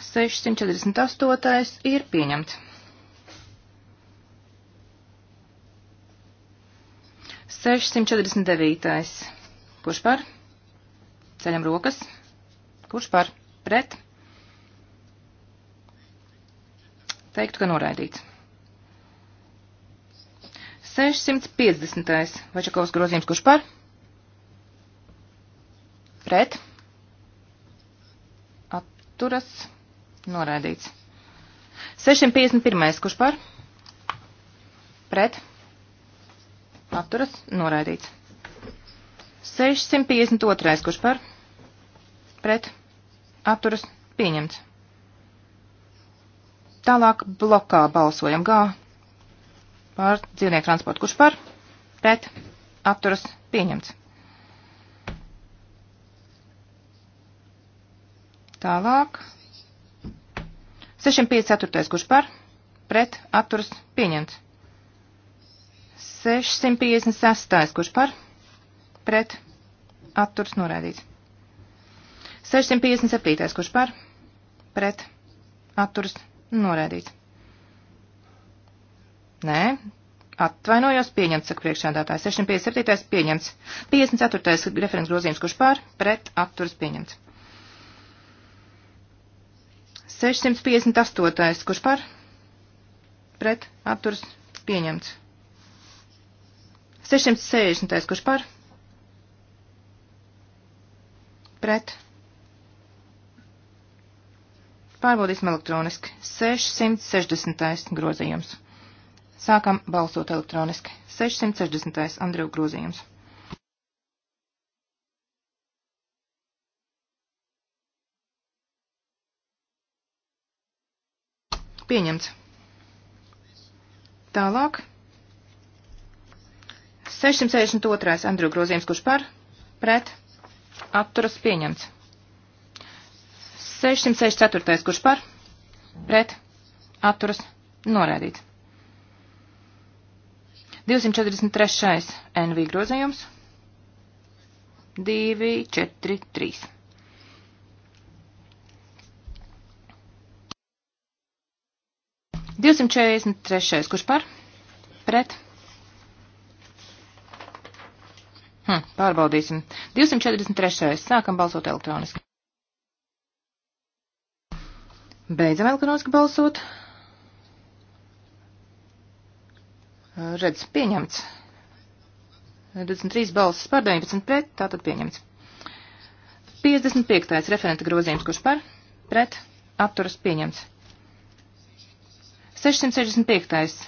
648. ir pieņemts. 649. Kurš par? Ceļam rokas. Kurš par? Pret? Teiktu, ka noraidīts. 650. Vačakovs grozījums, kurš par? Pret. Atturas. Noraidīts. 651. Kurš par? Pret. Atturas. Noraidīts. 652. Kurš par? Pret. Atturas. Pieņemts. Tālāk blokā balsojam gā par dzīvnieku transportu. Kurš par? Pret. Apturas pieņemts. Tālāk. 654. Kurš par? Pret. Apturas pieņemts. 656. Kurš par? Pret. Apturas noraidīts. 657. Kurš par? Pret. Apturas pieņemts. Noraidīts. Nē, Atvainojos, pieņemts, saka priekšādātājs. 657. pieņemts. 54. referents grozījums, kurš pār, pret, atturas pieņemts. 658. kurš pār, pret, atturas pieņemts. 660. kurš pār, pret, Pārbaudīsim elektroniski. 660. grozījums. Sākam balsot elektroniski. 660. Andreju grozījums. Pieņemts. Tālāk. 662. Andreju grozījums, kurš par, pret, atturas pieņemts. 664. kurš par? Pret. Atturas. Noraidīts. 243. NV grozījums. 2, 4, 3. Divsimt četrdesmit trešais, kurš par? Pret? Hm, pārbaudīsim. 243. Sākam balsot elektroniski. Beidzam elektroniski balsot. Redz, pieņemts. 23 balsis par 19 pret, tātad pieņemts. 55. referenta grozījums, kurš par, pret, apturas pieņemts. 665.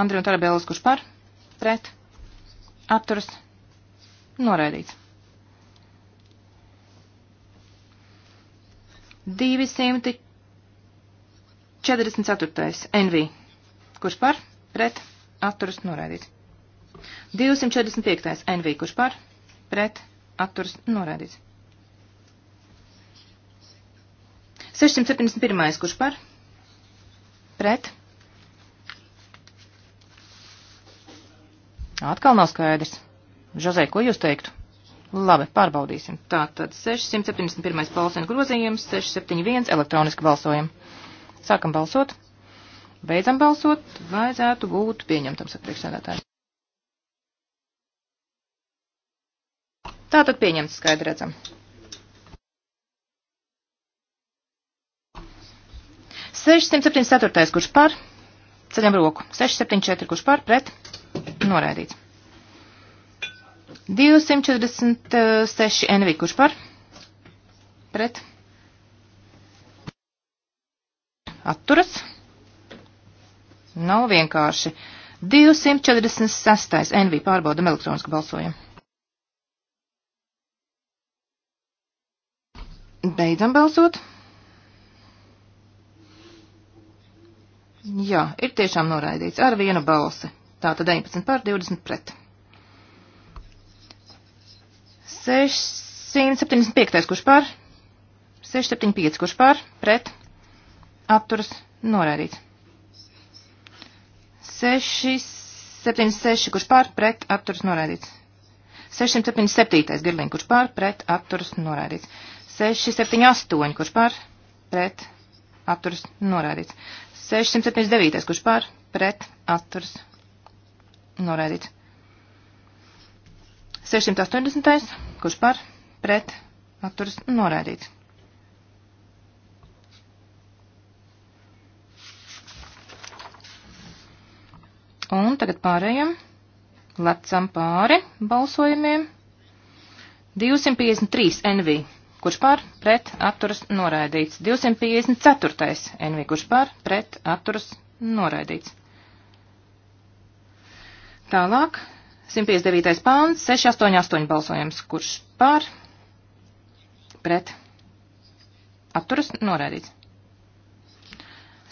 Andrija un Tarabēlis, kurš par, pret, apturas noraidīts. 200. 44. NV. Kurš par? Pret. Atturas noraidīts. 245. NV. Kurš par? Pret. Atturas noraidīts. 671. Kurš par? Pret. Atkal nav skaidrs. Žozē, ko jūs teiktu? Labi, pārbaudīsim. Tātad 671. palsēna grozījums, 671 elektroniski balsojam. Sākam balsot. Beidzam balsot. Vajadzētu būt pieņemtam, saka priekšsēdētāji. Tātad pieņemts skaidri redzam. Sešsimt septiņdesmit ceturtais, kurš par? Ceļam roku. 674, kurš pār pret? Noraidīts. 246 NV, kurš pār? Pret? atturas. Nav vienkārši. 246. NV pārbaudam elektronisku balsojumu. Beidzam balsot. Jā, ir tiešām noraidīts ar vienu balsi. Tātad 19 pār 20 pret. 675. kurš pār? 675. kurš pār? Pret atturas noraidīts. 6, 7, 6, kurš pār, pret, atturas noraidīts. 677. girliņš, kurš pār, pret, atturas noraidīts. 678, kurš pār, pret, atturas noraidīts. 679, kurš pār, pret, atturas noraidīts. 680, kurš pār, pret, atturas noraidīts. Un tagad pārējām. Lecam pāri balsojumiem. 253 NV, kurš pār pret atturas noraidīts. 254 NV, kurš pār pret atturas noraidīts. Tālāk 159. pāns, 688 balsojums, kurš pār, pret, atturas, noraidīts.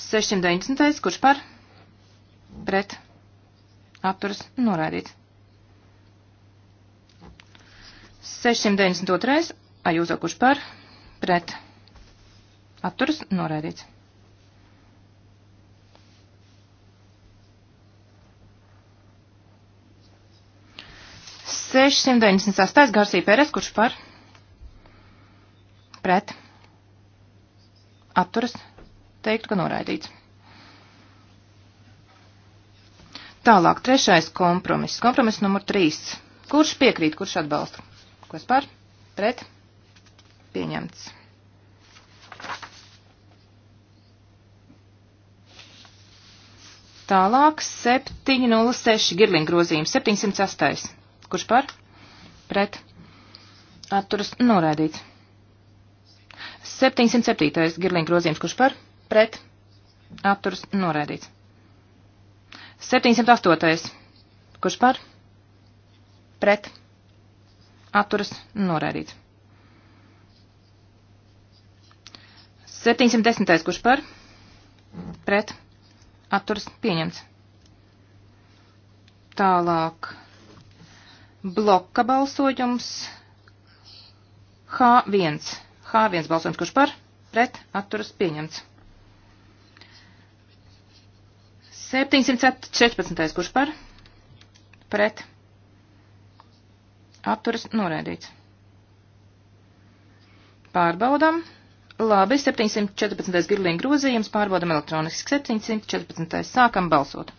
690. kurš pār, pret, Atturas noraidīts. 692. Ajūzo kurš par? Pret. Atturas noraidīts. Sešsimt deviņdesmit sastais Garsī Pēres, kurš par? Pret. Atturas. Teiktu, ka noraidīts. Tālāk, trešais kompromiss. Kompromiss numur trīs. Kurš piekrīt, kurš atbalsta? Kas par? Pret? Pieņemts. Tālāk 706 girliņa grozījums 708. Kurš par? Pret. Atturas noraidīts. 707. girliņa grozījums. Kurš par? Pret. Atturas noraidīts. 708. Kurš par? Pret. Atturas noraidīts. 710. Kurš par? Pret. Atturas pieņemts. Tālāk. Bloka balsojums. H1. H1 balsojums. Kurš par? Pret. Atturas pieņemts. 714. kurš par? Pret. Atturas noraidīts. Pārbaudam. Labi, 714. girlīna grozījums, pārbaudam elektroniski 714. sākam balsot.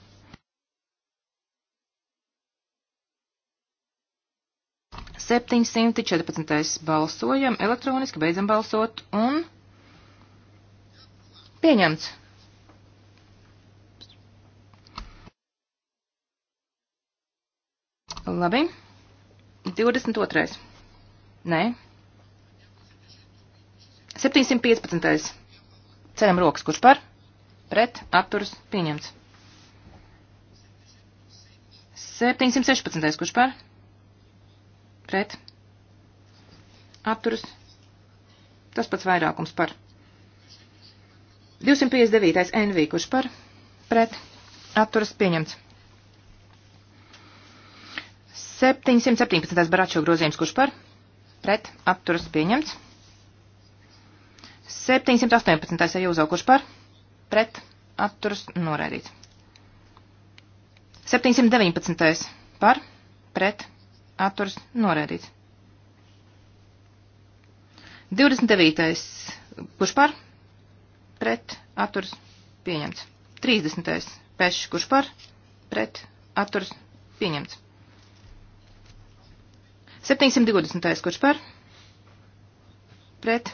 Septiņsimti četrpadsmitais balsojam, elektroniski beidzam balsot un pieņemts. Labi. 22. Nē. 715. Ceram rokas, kurš par? Pret, atturas, pieņemts. 716. kurš par? Pret, atturas, tas pats vairākums par. 259. NV, kurš par? Pret, atturas, pieņemts. 717. baračo grozījums, kurš par? Pret. Atturas pieņemts. 718. ir jūzau, kurš par? Pret. Atturas noraidīts. 719. par? Pret. Atturas noraidīts. 29. kurš par? Pret. Atturas pieņemts. 30. pešs, kurš par? Pret. Atturas pieņemts. 720. kurš par? Pret.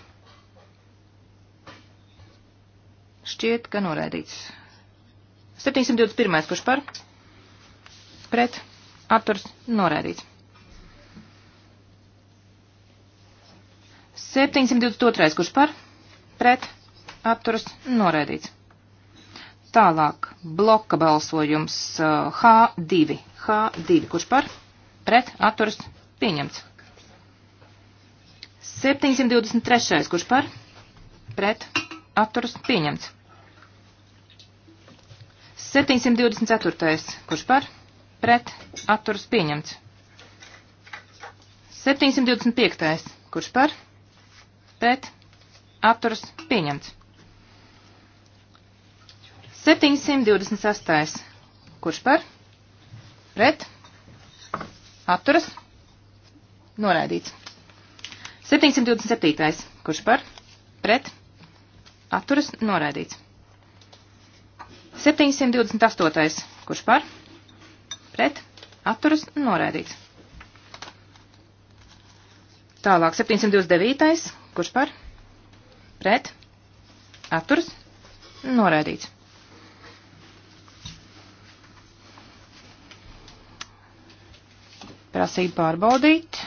Šķiet, ka noraidīts. 721. kurš par? Pret. Atturs noraidīts. 722. kurš par? Pret. Atturs noraidīts. Tālāk bloka balsojums H2. Eh, H2. Kurš par? Pret. Atturs noraidīts. Pieņemts. 723. Kurš par? Pret. Atturas. Pieņemts. 724. Kurš par? Pret. Atturas. Pieņemts. 725. Kurš par? Pret. Atturas. Pieņemts. 728. Kurš par? Pret. Atturas. Noraidīts. 727. Kurš par? Pret? Atturas? Noraidīts. 728. Kurš par? Pret? Atturas? Noraidīts. Tālāk 729. Kurš par? Pret? Atturas? Noraidīts. 7. prasību pārbaudīt.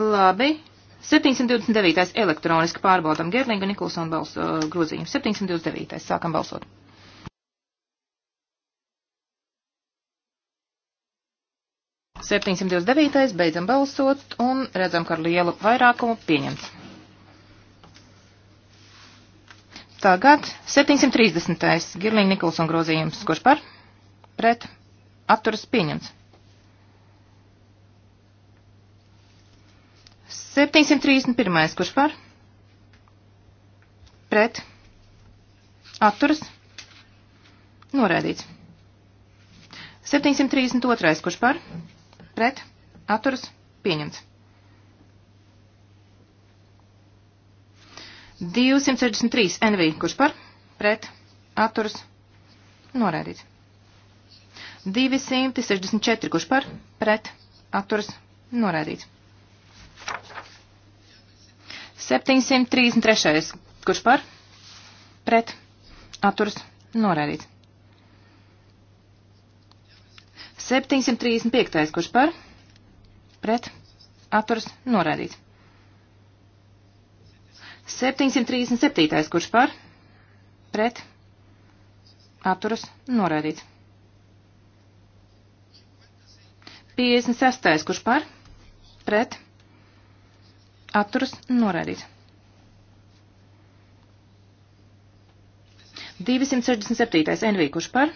Labi. 729. elektroniski pārbaudam Gerlinga Nikolsona balsu uh, grozījumu. 729. sākam balsot. Septiņsimt divdesmit devītais, beidzam balsot un redzam, ka ar lielu vairākumu pieņemts. Tagad 730. Girlīna Nikolson grozījums. Kurš par? Pret. Atturas pieņemts. 731. Kurš par? Pret. Atturas. Norēdīts. 732. Kurš par? Pret. Atturas. Pieņemts. 263. NV. Kurš par? Pret. Atturas. Norēdīts. 264. Kurš par? Pret. Atturas. Norēdīts. 733. Kurš par? Pret. Atturs. Norādīts. 735. Kurš par? Pret. Atturs. Norādīts. 737. Kurš par? Pret. Atturas. Norādīts. 56. Kurš par? Pret atturas noraidīts. 267. NV, kurš par,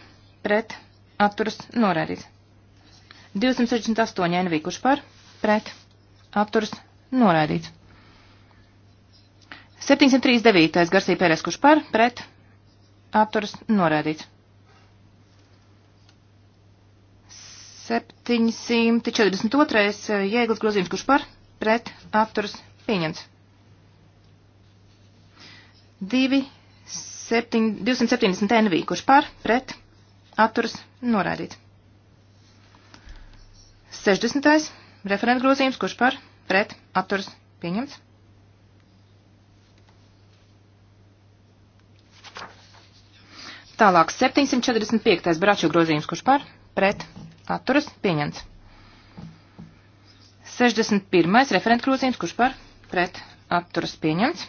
pret, atturas noraidīts. 268. NV, kurš par, pret, atturas noraidīts. 739. Garsī Pērēs, kurš par, pret, atturas noraidīts. 742. Eh, Jēglas grozījums, kurš par, pret apturas pieņemts. 2, 7, 270 NV, kurš par, pret, atturas, norādīts. 60. referenta grozījums, kurš par, pret, atturas, pieņemts. Tālāk 745. braču grozījums, kurš par, pret, atturas, pieņemts. 61. referenta grozījums, kurš par pret atturas pieņemts.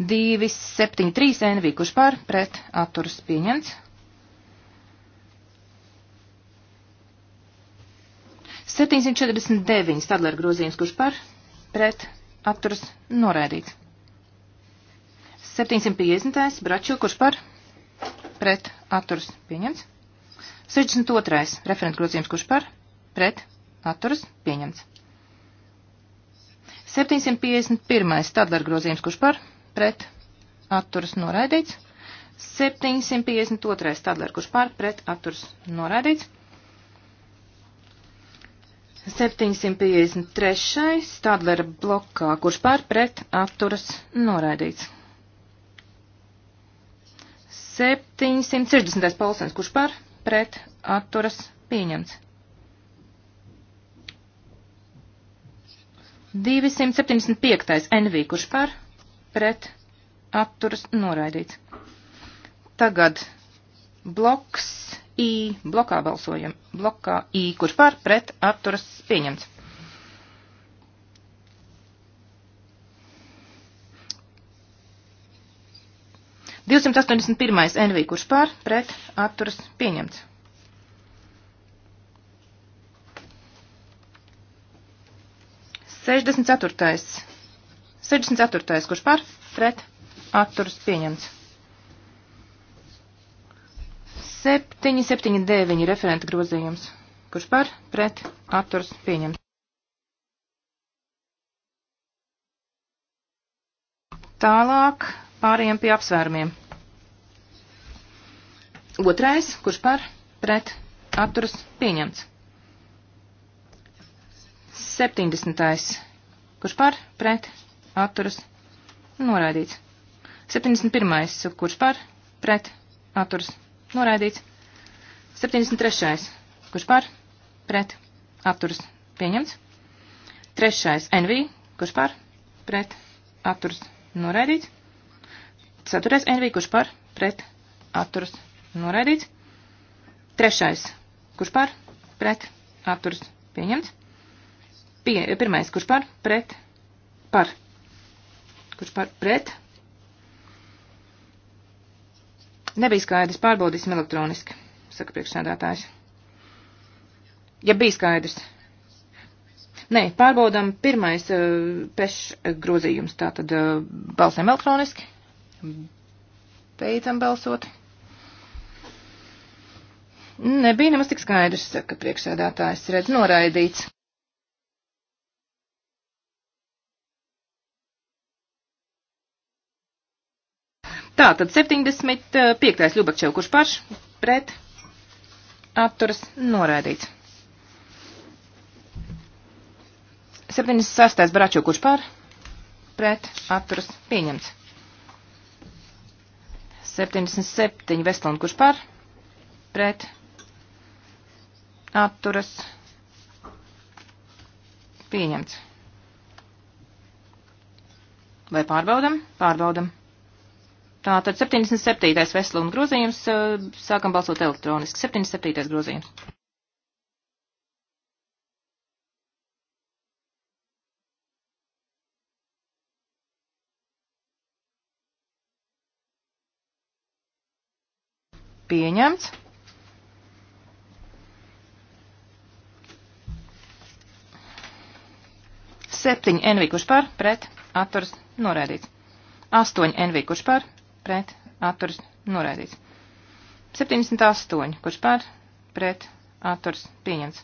273 NV, kurš par pret atturas pieņemts. 749 Stadler grozījums, kurš par pret atturas noraidīts. 750. Braču, kurš par pret atturas pieņemts. 62. referenta grozījums, kurš par pret Atturas pieņemts. 751. Stadler grozījums, kurš par? Pret. Atturas noraidīts. 752. Stadler, kurš par? Pret. Atturas noraidīts. 753. Stadlera blokā, kurš par? Pret. Atturas noraidīts. 760. Polsens, kurš par? Pret. Atturas pieņemts. 275. NV, kurš par pret atturas noraidīts. Tagad bloks I, blokā balsojam, blokā I, kurš par pret atturas pieņemts. Divsimt astoņdesmit pirmais NV, kurš pār, pret, atturas, pieņemts. 64. 64. kurš par, pret, atturas pieņemts. 779 referenta grozījums. Kurš par, pret, atturas pieņemts. Tālāk pāriem pie apsvērumiem. Otrais, kurš par, pret, atturas pieņemts. 70. Kurš par, pret, atturas, noraidīts. 71. Kurš par, pret, atturas, noraidīts. 73. Kurš par, pret, atturas, pieņemts. 3. NV. Kurš par, pret, atturas, noraidīts. 4. NV. Kurš par, pret, atturas, noraidīts. 3. Kurš par, pret, atturas, pieņemts. Pie, pirmais, kurš par, pret, par. Kurš par, pret. Nebija skaidrs, pārbaudīsim elektroniski, saka priekšsēdētājs. Ja bija skaidrs. Nē, pārbaudām pirmais uh, peš grozījums, tātad uh, eh, balsēm elektroniski. Beidzam balsot. Nebija nemaz tik skaidrs, saka priekšsēdētājs, redz, noraidīts. Tā, tad 75. Ļubakčev, kurš paš pret atturas noraidīts. 76. Bračo, kurš par pret atturas pieņemts. 77. Vestlund, kurš par pret atturas pieņemts. Vai pārbaudam? Pārbaudam. Tātad 77. veseluma grozījums, eh, sākam balsot elektroniski. 77. grozījums. Pieņemts. Septiņi envī, kurš par, pret, atturs, norēdīts. Astoņi envī, kurš par, pret atturs noraidīts. 78, kurš par pret atturs pieņemts.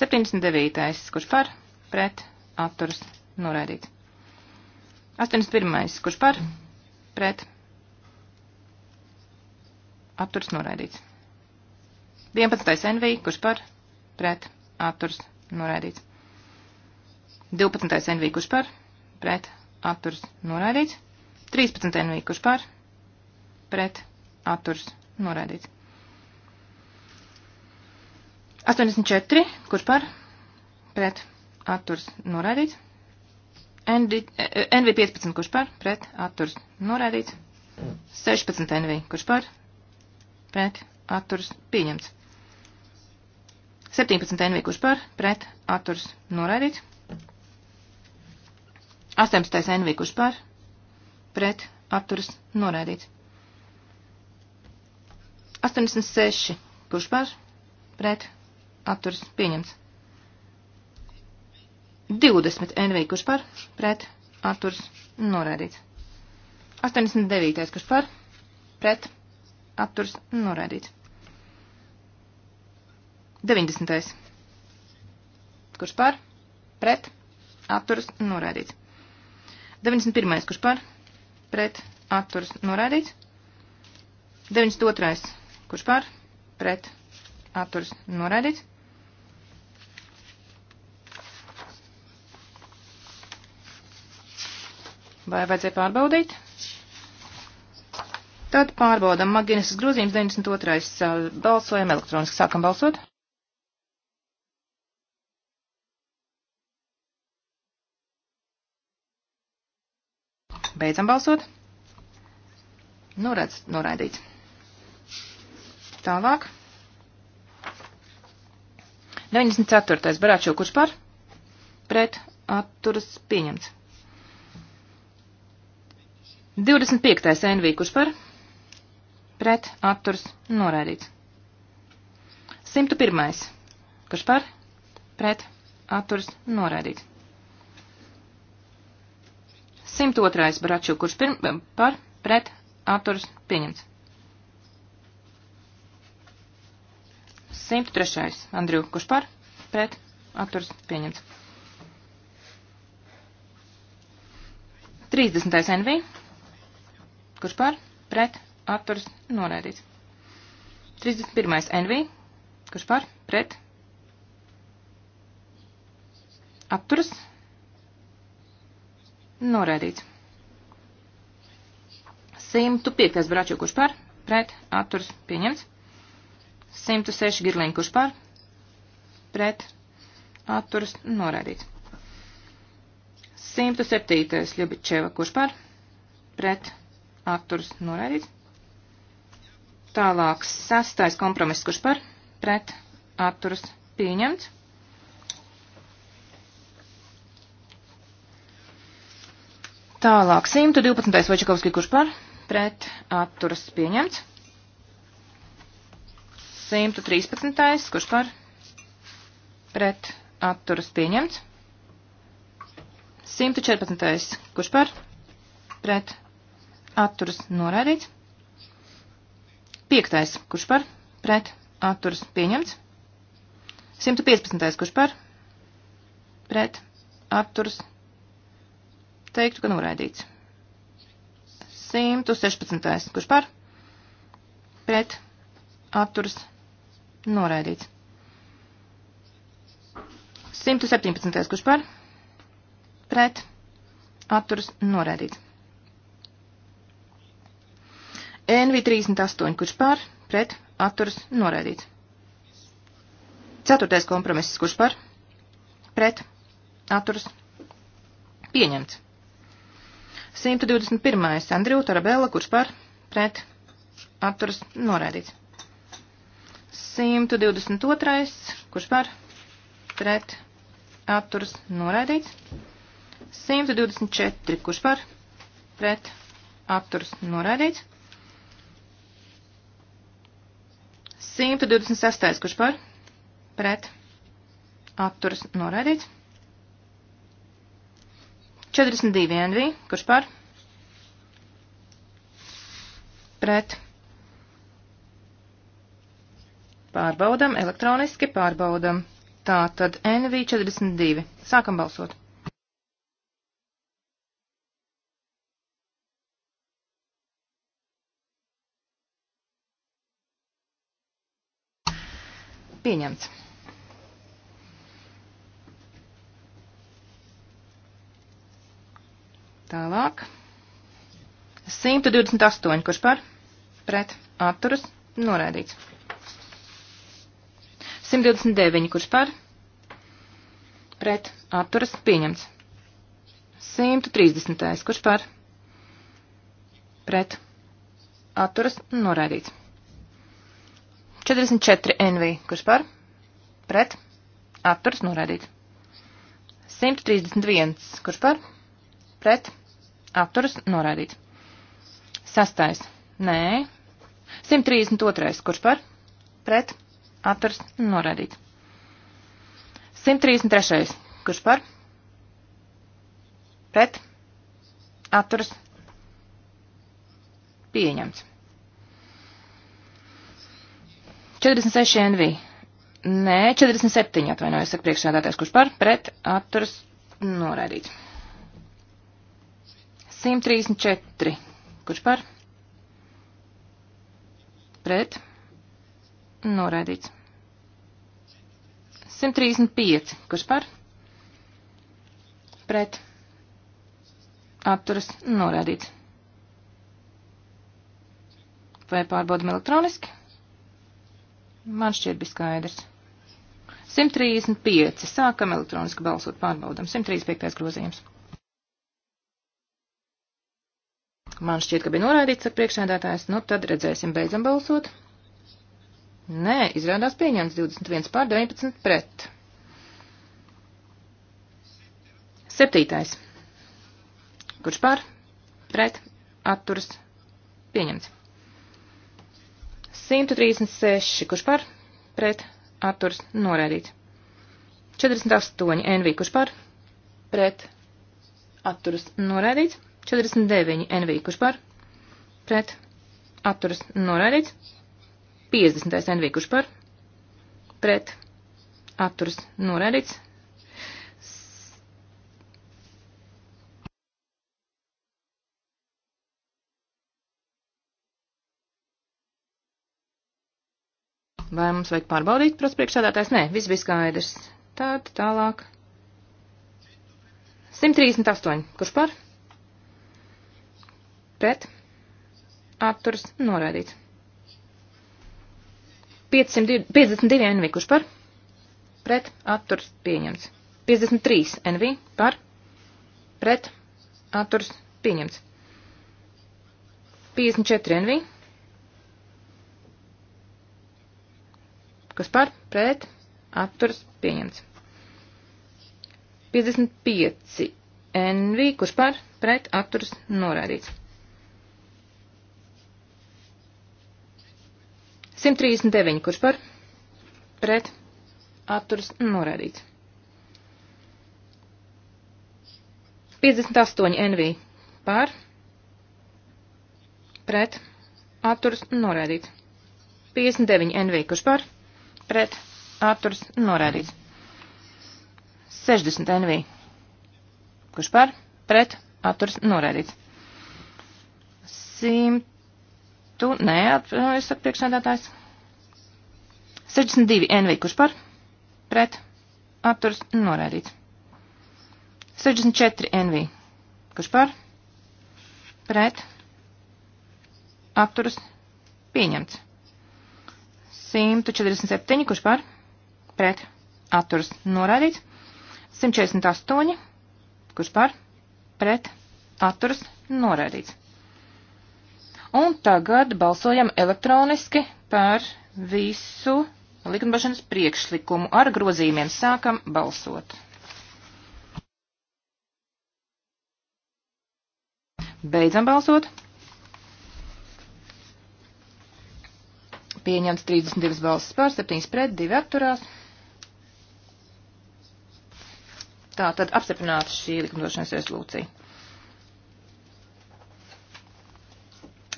79, kurš par pret atturs noraidīts. 81, kurš par pret atturs noraidīts. 11. NV, kurš par pret atturs noraidīts. 12. NV, kurš par pret atturs noraidīts. 13. NV, kurš par, pret, atturs noraidīts. 84, kurš par, pret, atturs noraidīts. NV15, eh, kurš par, pret, atturs noraidīts. 16. NV, kurš par, pret, atturs pieņemts. 17. NV, kurš par, pret, atturs noraidīts. 18. NV, kurš par, pret, atturas, noraidīts. 86, kurš par, pret, atturas, pieņemts. 20 NV, kurš par, pret, atturas, noraidīts. 89, kurš par, pret, atturas, noraidīts. 90. Kurš par, pret, atturas, noraidīts. 91. kurš par pret atturas norādīts. 92. kurš par pret atturas norādīts. Vai vajadzēja pārbaudīt? Tad pārbaudam Maginas grozījums 92. balsojam elektroniski. Sākam balsot. Beidzam balsot. Norādz, nu, noraidīts. Tālāk. 94. Barāčo, kurš par? Pret atturas pieņemts. 25. NV, kurš par? Pret atturas noraidīts. 101. Kurš par? Pret atturas noraidīts. 102. Baraču, kurš pirm, par pret atturas pieņemts. 103. Andriju, kurš par pret atturas pieņemts. 30. NV, kurš par pret atturas noraidīts. 31. NV, kurš par pret atturas noraidīts. Atturas Noraidīts. 105. Braču, kurš par? Pret. Atturs. Pieņemts. 106. Girliņa, kurš par? Pret. Atturs. Noraidīts. 107. Ļubičeva, kurš par? Pret. Atturs. Noraidīts. Tālāk. 6. Kompromiss, kurš par? Pret. Atturs. Pieņemts. Tālāk 112. Vojčakovski, kurš par pret atturas pieņemts. 113. kurš par pret atturas pieņemts. 114. kurš par pret atturas noraidīts. 5. kurš par pret atturas pieņemts. 115. kurš par pret atturas pieņemts Teiktu, ka noraidīts. 116. Kurš par? Pret. Atturs. Noraidīts. 117. Kurš par? Pret. Atturs. Noraidīts. NV38. Kurš par? Pret. Atturs. Noraidīts. Ceturtais kompromiss. Kurš par? Pret. Atturs. Pieņemts. 121. Andriju Tarabella, kurš par pret atturas noraidīts. 122. kurš par pret atturas noraidīts. 124. kurš par pret atturas noraidīts. 126. kurš par pret atturas noraidīts. 42 NV, kurš par? Pret. Pārbaudam, elektroniski pārbaudam. Tā tad NV 42. Sākam balsot. Pieņemts. Tālāk. 128, kurš par? Pret. Atturas. Noraidīts. 129, kurš par? Pret. Atturas. Pieņemts. 130, kurš par? Pret. Atturas. Noraidīts. 44 NV, kurš par? Pret. Atturas. Noraidīts. 131, kurš par? Pret Atturas noraidīts. Sastais. Nē. 132. Kurš par? Pret. Atturas noraidīts. 133. Kurš par? Pret. Atturas pieņemts. 46 NV. Nē, 47 atvainojos, saka priekšsēdētājs, kurš par pret atturas noraidīts. 134. Kurš par? Pret. Noraidīts. 135. Kurš par? Pret. Atturas. Noraidīts. Vai pārbaudam elektroniski? Man šķiet bija skaidrs. 135. Sākam elektroniski balsot, pārbaudam. 135. grozījums. Man šķiet, ka bija noraidīts, saka priekšsēdētājs. Nu, tad redzēsim, beidzam balsot. Nē, izrādās pieņemts 21 pār 19 pret. Septītais. Kurš pār? Pret. Atturs. Pieņemts. 136. Kurš pār? Pret. Atturs. Noraidīts. 48. NV. Kurš pār? Pret. Atturs. Noraidīts. 49 NV, kurš par, pret, atturas noraidīts. 50 NV, kurš par, pret, atturas noraidīts. Vai mums vajag pārbaudīt, prasa priekšsādātājs? Nē, viss bija skaidrs. Tad tālāk. 138. Kurš par? pret, atturas noraidīts. 552 NV, kurš par, pret, atturas pieņemts. 53 NV par, pret, atturas pieņemts. 54 NV, kas par, pret, atturas pieņemts. 55 NV, kurš par, pret, atturas noraidīts. 139, kurš par pret atturas norādīts. 58 NV par pret atturas norādīts. 59 NV, kurš par pret atturas norādīts. 60 NV, kurš par pret atturas norādīts. 100 Tu nē, es saku priekšsēdētājs. 62 NV, kurš par? Pret. Atturs noraidīts. 64 NV, kurš par? Pret. Atturs pieņemts. 147, kurš par? Pret. Atturs noraidīts. 148, kurš par? Pret. Atturs noraidīts. Un tagad balsojam elektroniski par visu likumdošanas priekšlikumu ar grozījumiem. Sākam balsot. Beidzam balsot. Pieņemts 32 balsis pār, 7 pret, 2 atturās. Tā tad apstiprināts šī likumdošanas rezolūcija.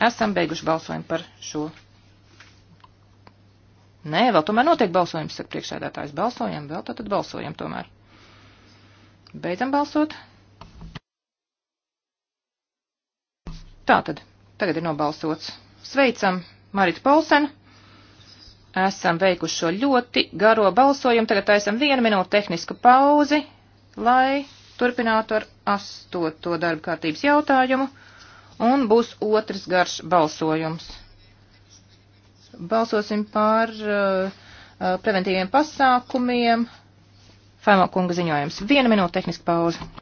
Esam beiguši balsojumu par šo. Nē, vēl tomēr notiek balsojums, saka priekšsēdētājs. Balsojam, vēl tātad balsojam tomēr. Beidzam balsot. Tātad, tagad ir nobalsots. Sveicam Maritu Paulsenu. Esam veikuši šo ļoti garo balsojumu. Tagad taisam vienu minūtu tehnisku pauzi, lai turpinātu ar astoto darba kārtības jautājumu un būs otrs garš balsojums. Balsosim par uh, uh preventīviem pasākumiem. Fēmā kunga ziņojums. Viena minūte tehniska pauze.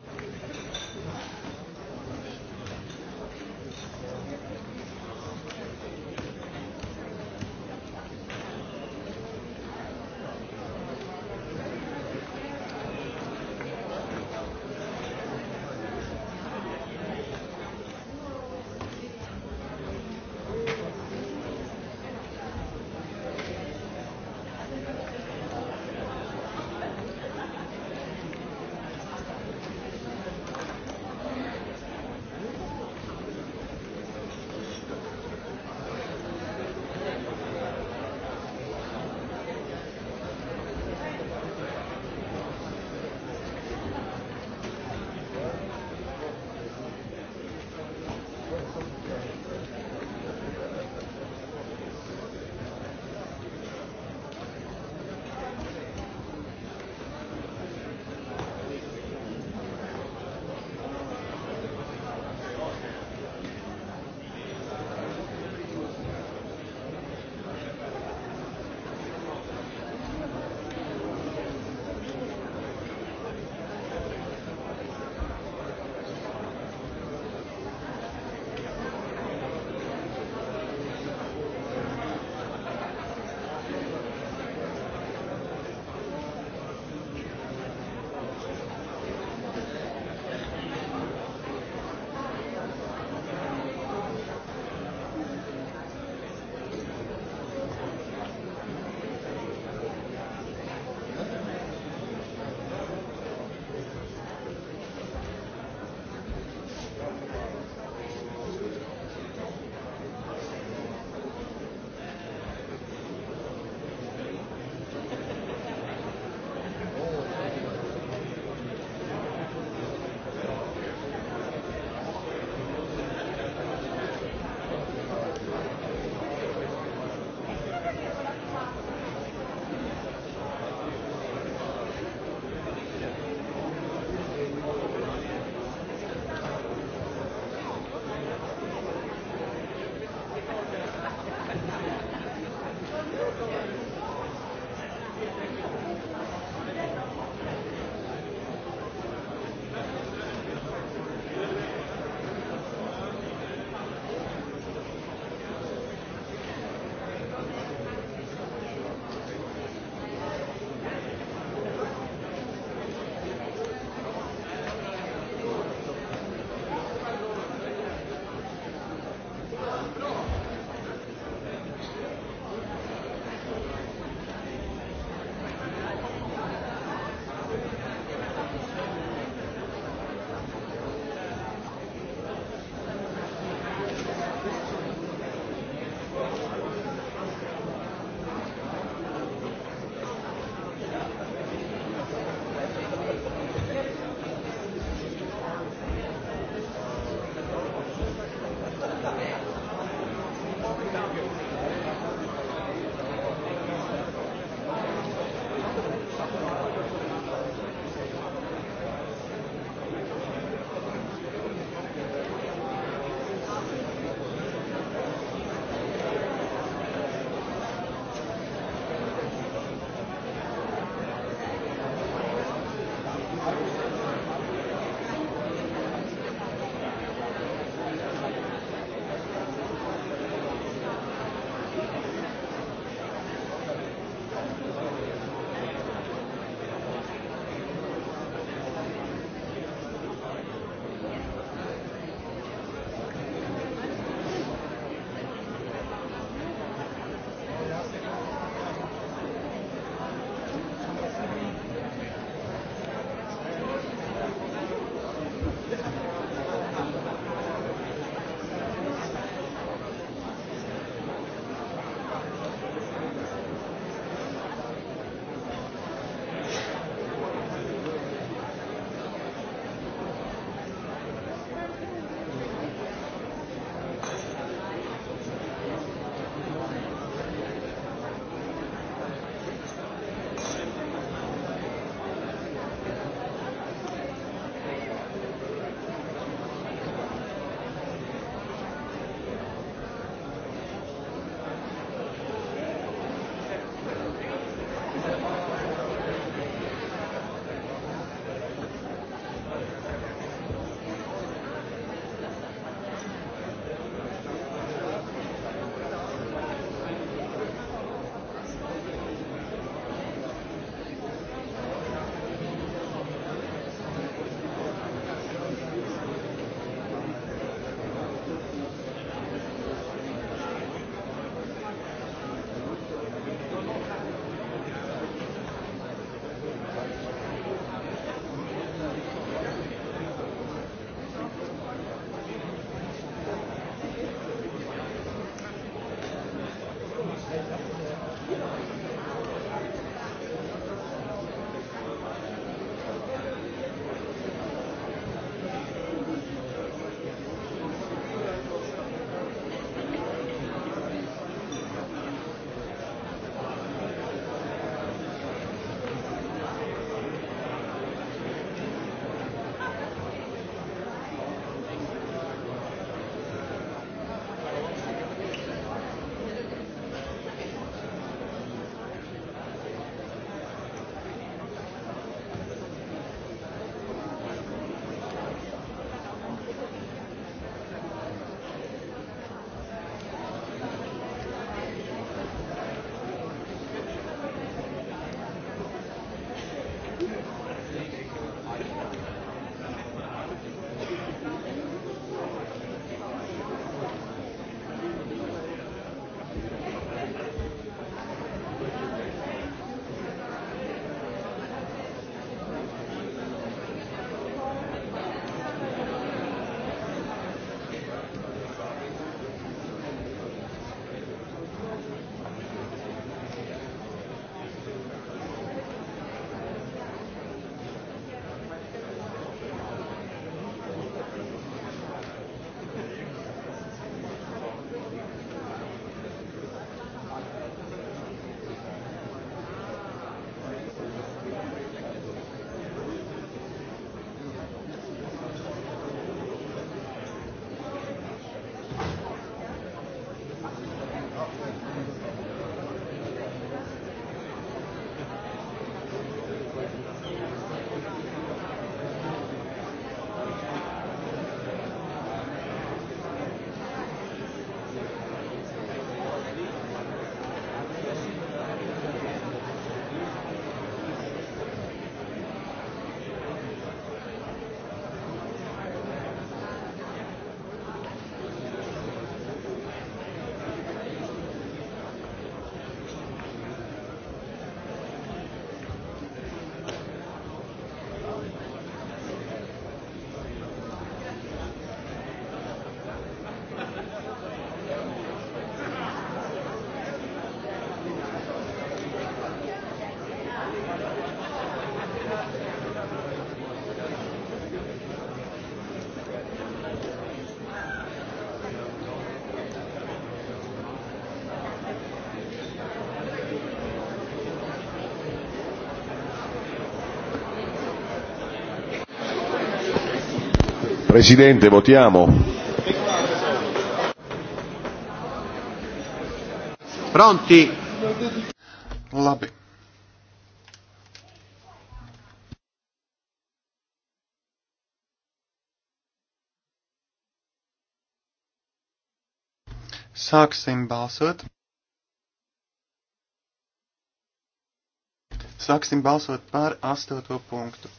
Presidente, votiamo. Pronti? Labi. Sāksim balsot. Sāksim balsot par astoto punktu.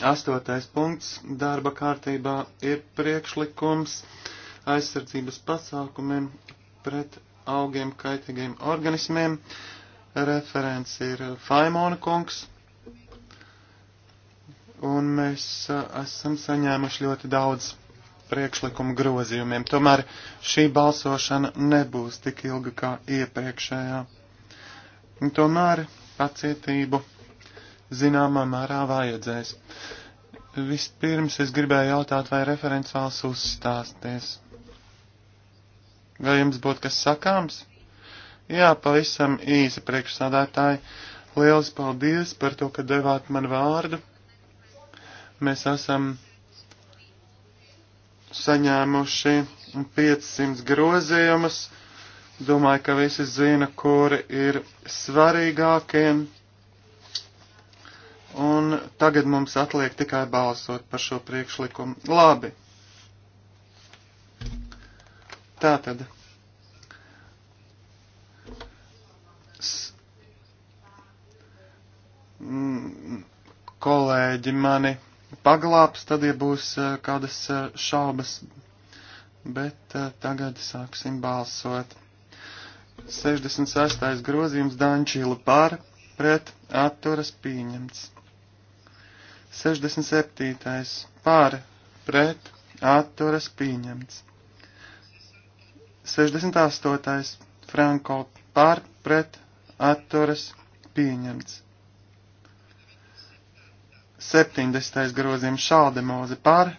Astotais punkts darba kārtībā ir priekšlikums aizsardzības pasākumiem pret augiem kaitīgiem organismiem. Referents ir Faimona kungs. Un mēs esam saņēmuši ļoti daudz priekšlikumu grozījumiem. Tomēr šī balsošana nebūs tik ilga kā iepriekšējā. Un tomēr pacietību zināmā mērā vajadzēs. Vispirms es gribēju jautāt, vai referents vēlas uzstāsties. Vai jums būtu kas sakāms? Jā, pavisam īsi priekšsādātāji. Liels paldies par to, ka devāt man vārdu. Mēs esam saņēmuši 500 grozījumus. Domāju, ka visi zina, kuri ir svarīgākie Un tagad mums atliek tikai balsot par šo priekšlikumu. Labi. Tātad. S kolēģi mani paglāps, tad, ja būs eh, kādas eh, šaubas, bet eh, tagad sāksim balsot. 66. grozījums Dančīla par, pret, atturas pieņemts. 67. pār pret atturas pieņemts. 68. Franko pār pret atturas pieņemts. 70. grozījums šaldemozi pār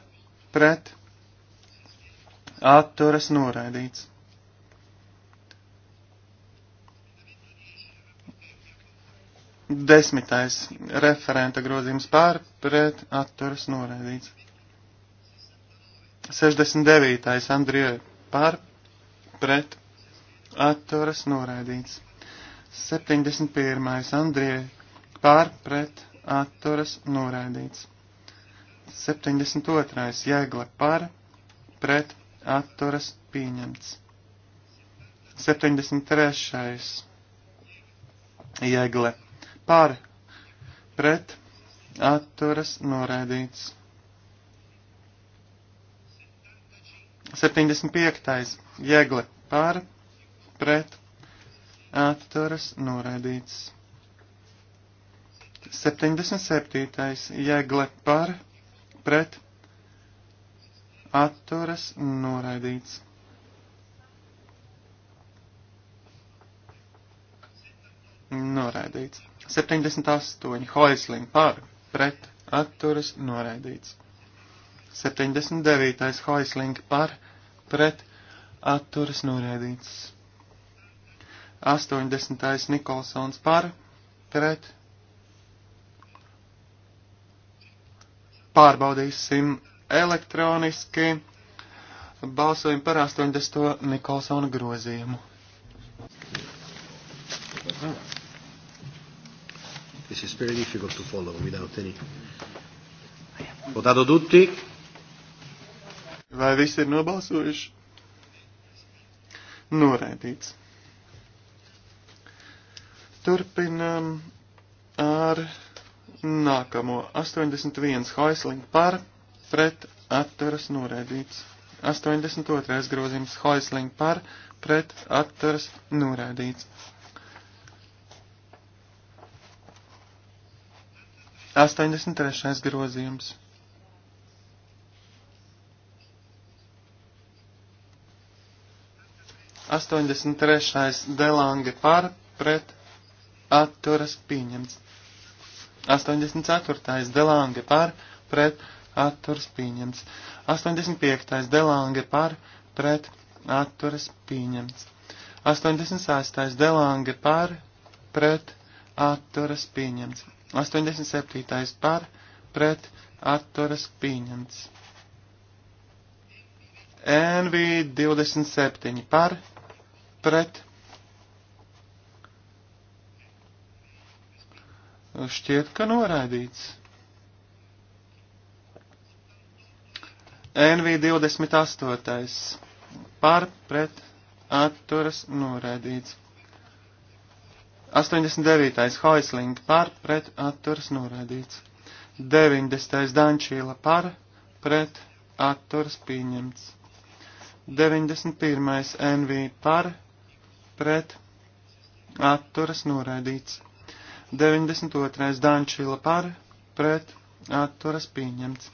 pret atturas noraidīts. Desmitais referenta grozījums pār pret atturas noraidīts. 69. Andrija pār pret atturas noraidīts. 71. Andrija pār pret atturas noraidīts. 72. Jēgle par pret atturas pieņemts. 73. Jēgle par pret atturas noraidīts. 75. Jēgle par pret atturas noraidīts. 77. Jēgle par pret atturas noraidīts. noraidīts. 78 Hoisling par pret atturas noraidīts. 79. Hoisling par pret atturas noraidīts. 80. Nikolsons par pret. Pārbaudīsim elektroniski. Balsojam par 80. Nikolsona grozījumu. This is very difficult to follow without any. Votato tutti? Vai visi ir nobalsojuši? Noraidīts. Nu, Turpinam ar nākamo 81 Hoisling par pret atturas noraidīts. Nu, 82. grozījums Hoisling par pret atturas noraidīts. Nu, 83. grozījums. Astoņdesmit trešais Delange par pret atturas pieņemts. 84. Delange par pret atturas pieņemts. 85. Delange par pret atturas pieņemts. 86. Delange par pret atturas pieņemts. 87. par pret atturas pieņemts. NV 27 par pret. Šķiet, ka noraidīts. NV 28 par pret atturas noraidīts. 89. Hoisling par pret atturas norādīts. 90. Dančīla par pret atturas pieņemts. 91. NV par pret atturas norādīts. 92. Dančīla par pret atturas pieņemts.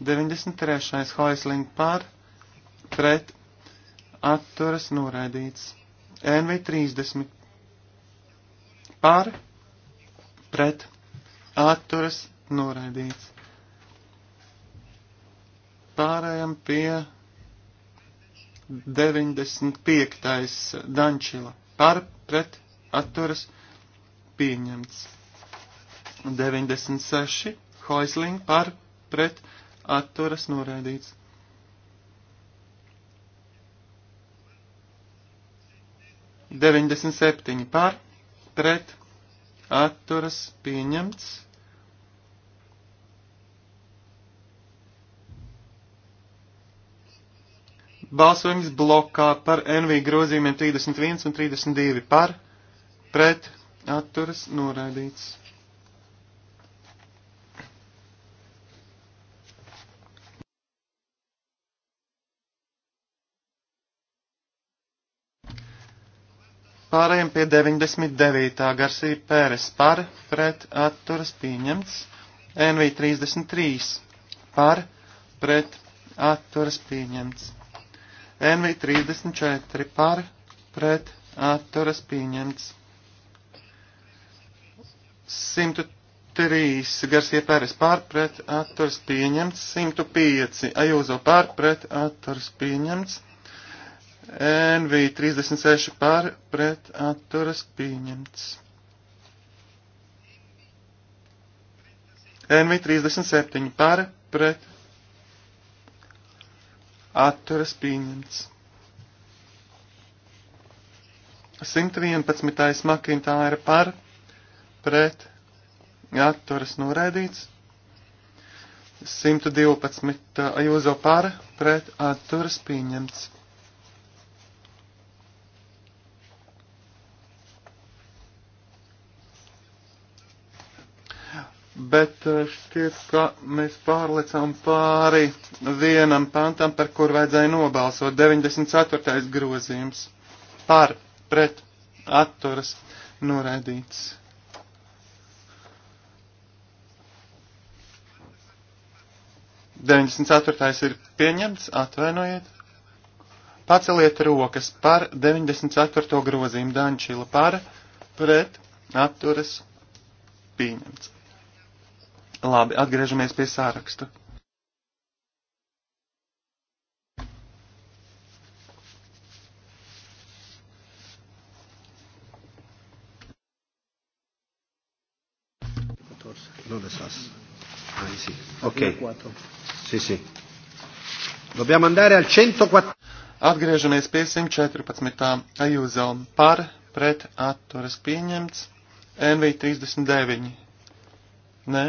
93. Hoisling par pret atturas norādīts. NV 30 par, pret, atturas, noraidīts. Pārējām pie 95. Dančila par, pret, atturas, pieņemts. 96. Hoisling par, pret, atturas, noraidīts. Deviņdesmit septiņi pār, pret atturas pieņemts. Balsojums blokā par NV grozījumiem 31 un 32 par pret atturas noraidīts. Pārējiem pie 99. Garsija Pēres par pret atturas pieņemts. NV33 par pret atturas pieņemts. NV34 par pret atturas pieņemts. 103 Garsija Pēres par pret atturas pieņemts. 105 Ajūzo par pret atturas pieņemts. NV 36 pār pret atturas pieņemts. NV 37 pār pret atturas pieņemts. 111. makintāra par pret atturas noraidīts. 112. jūzo par pret atturas pieņemts. bet eh, šķiet, ka mēs pārlecām pāri vienam pantam, par kur vajadzēja nobalsot. 94. grozījums par pret atturas noraidīts. Deviņdesmit ceturtais ir pieņemts, atvainojiet. Paceliet rokas par 94. grozījumu Dančila par pret atturas pieņemts. Labi, atgriežamies pie sāraksta. ¿Dónde estás? Ahí sí. Ok. Sí, sí. Dobbiamo andare al 104. Atgriežamies pie 114. Ajūza par pret atturas pieņemts. NV39. Nē?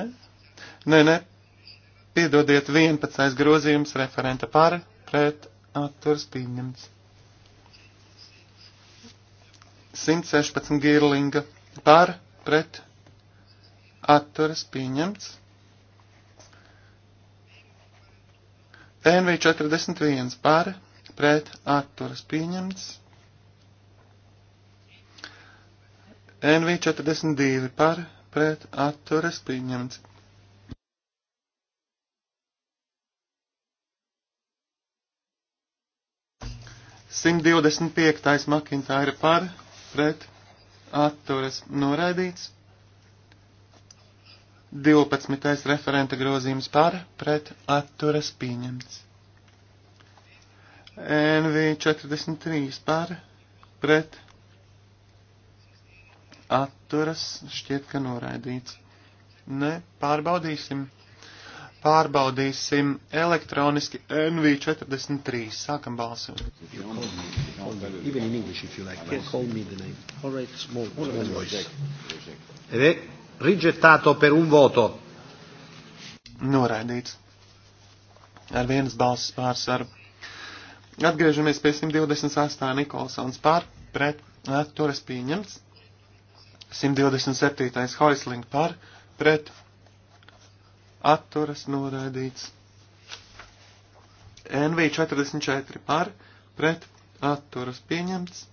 Nē, nē, piedodiet, 11. grozījums referenta par, pret, atturs pieņemts. 116 girlinga par, pret, atturs pieņemts. NV 41 par, pret, atturs pieņemts. NV 42 par, pret, atturs pieņemts. 125. makintāra par pret atturas noraidīts. 12. referenta grozījums par pret atturas pieņemts. NV 43 par pret atturas šķiet, ka noraidīts. Ne, pārbaudīsim. Pārbaudīsim elektroniski NV43. Sākam balsot. Even in English, if you like, you call me the name. All right, small, small voice. Ed è rigettato per un voto. Noraidīts. Ar vienas balss pārsvaru. Atgriežamies pie 128. Nikolsons pār, pret, atturas pieņemts. 127. Hoisling pār, pret, atturas noraidīts. NV44 par, pret, atturas pieņemts.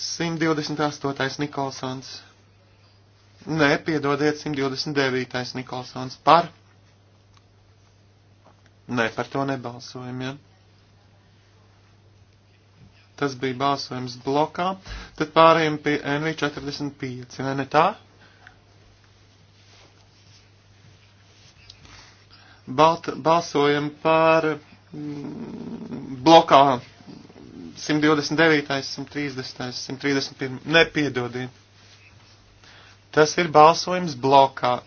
128. Nikolsons. Nē, piedodiet, 129. Nikolsons par. Nē, par to nebalsojam, jā. Ja? Tas bija balsojums blokā, tad pārējiem pie NV45, vai ne tā? Balt, balsojam par mm, blokā 129, 130, 131. Nepiedodiet. Tas ir balsojums blokā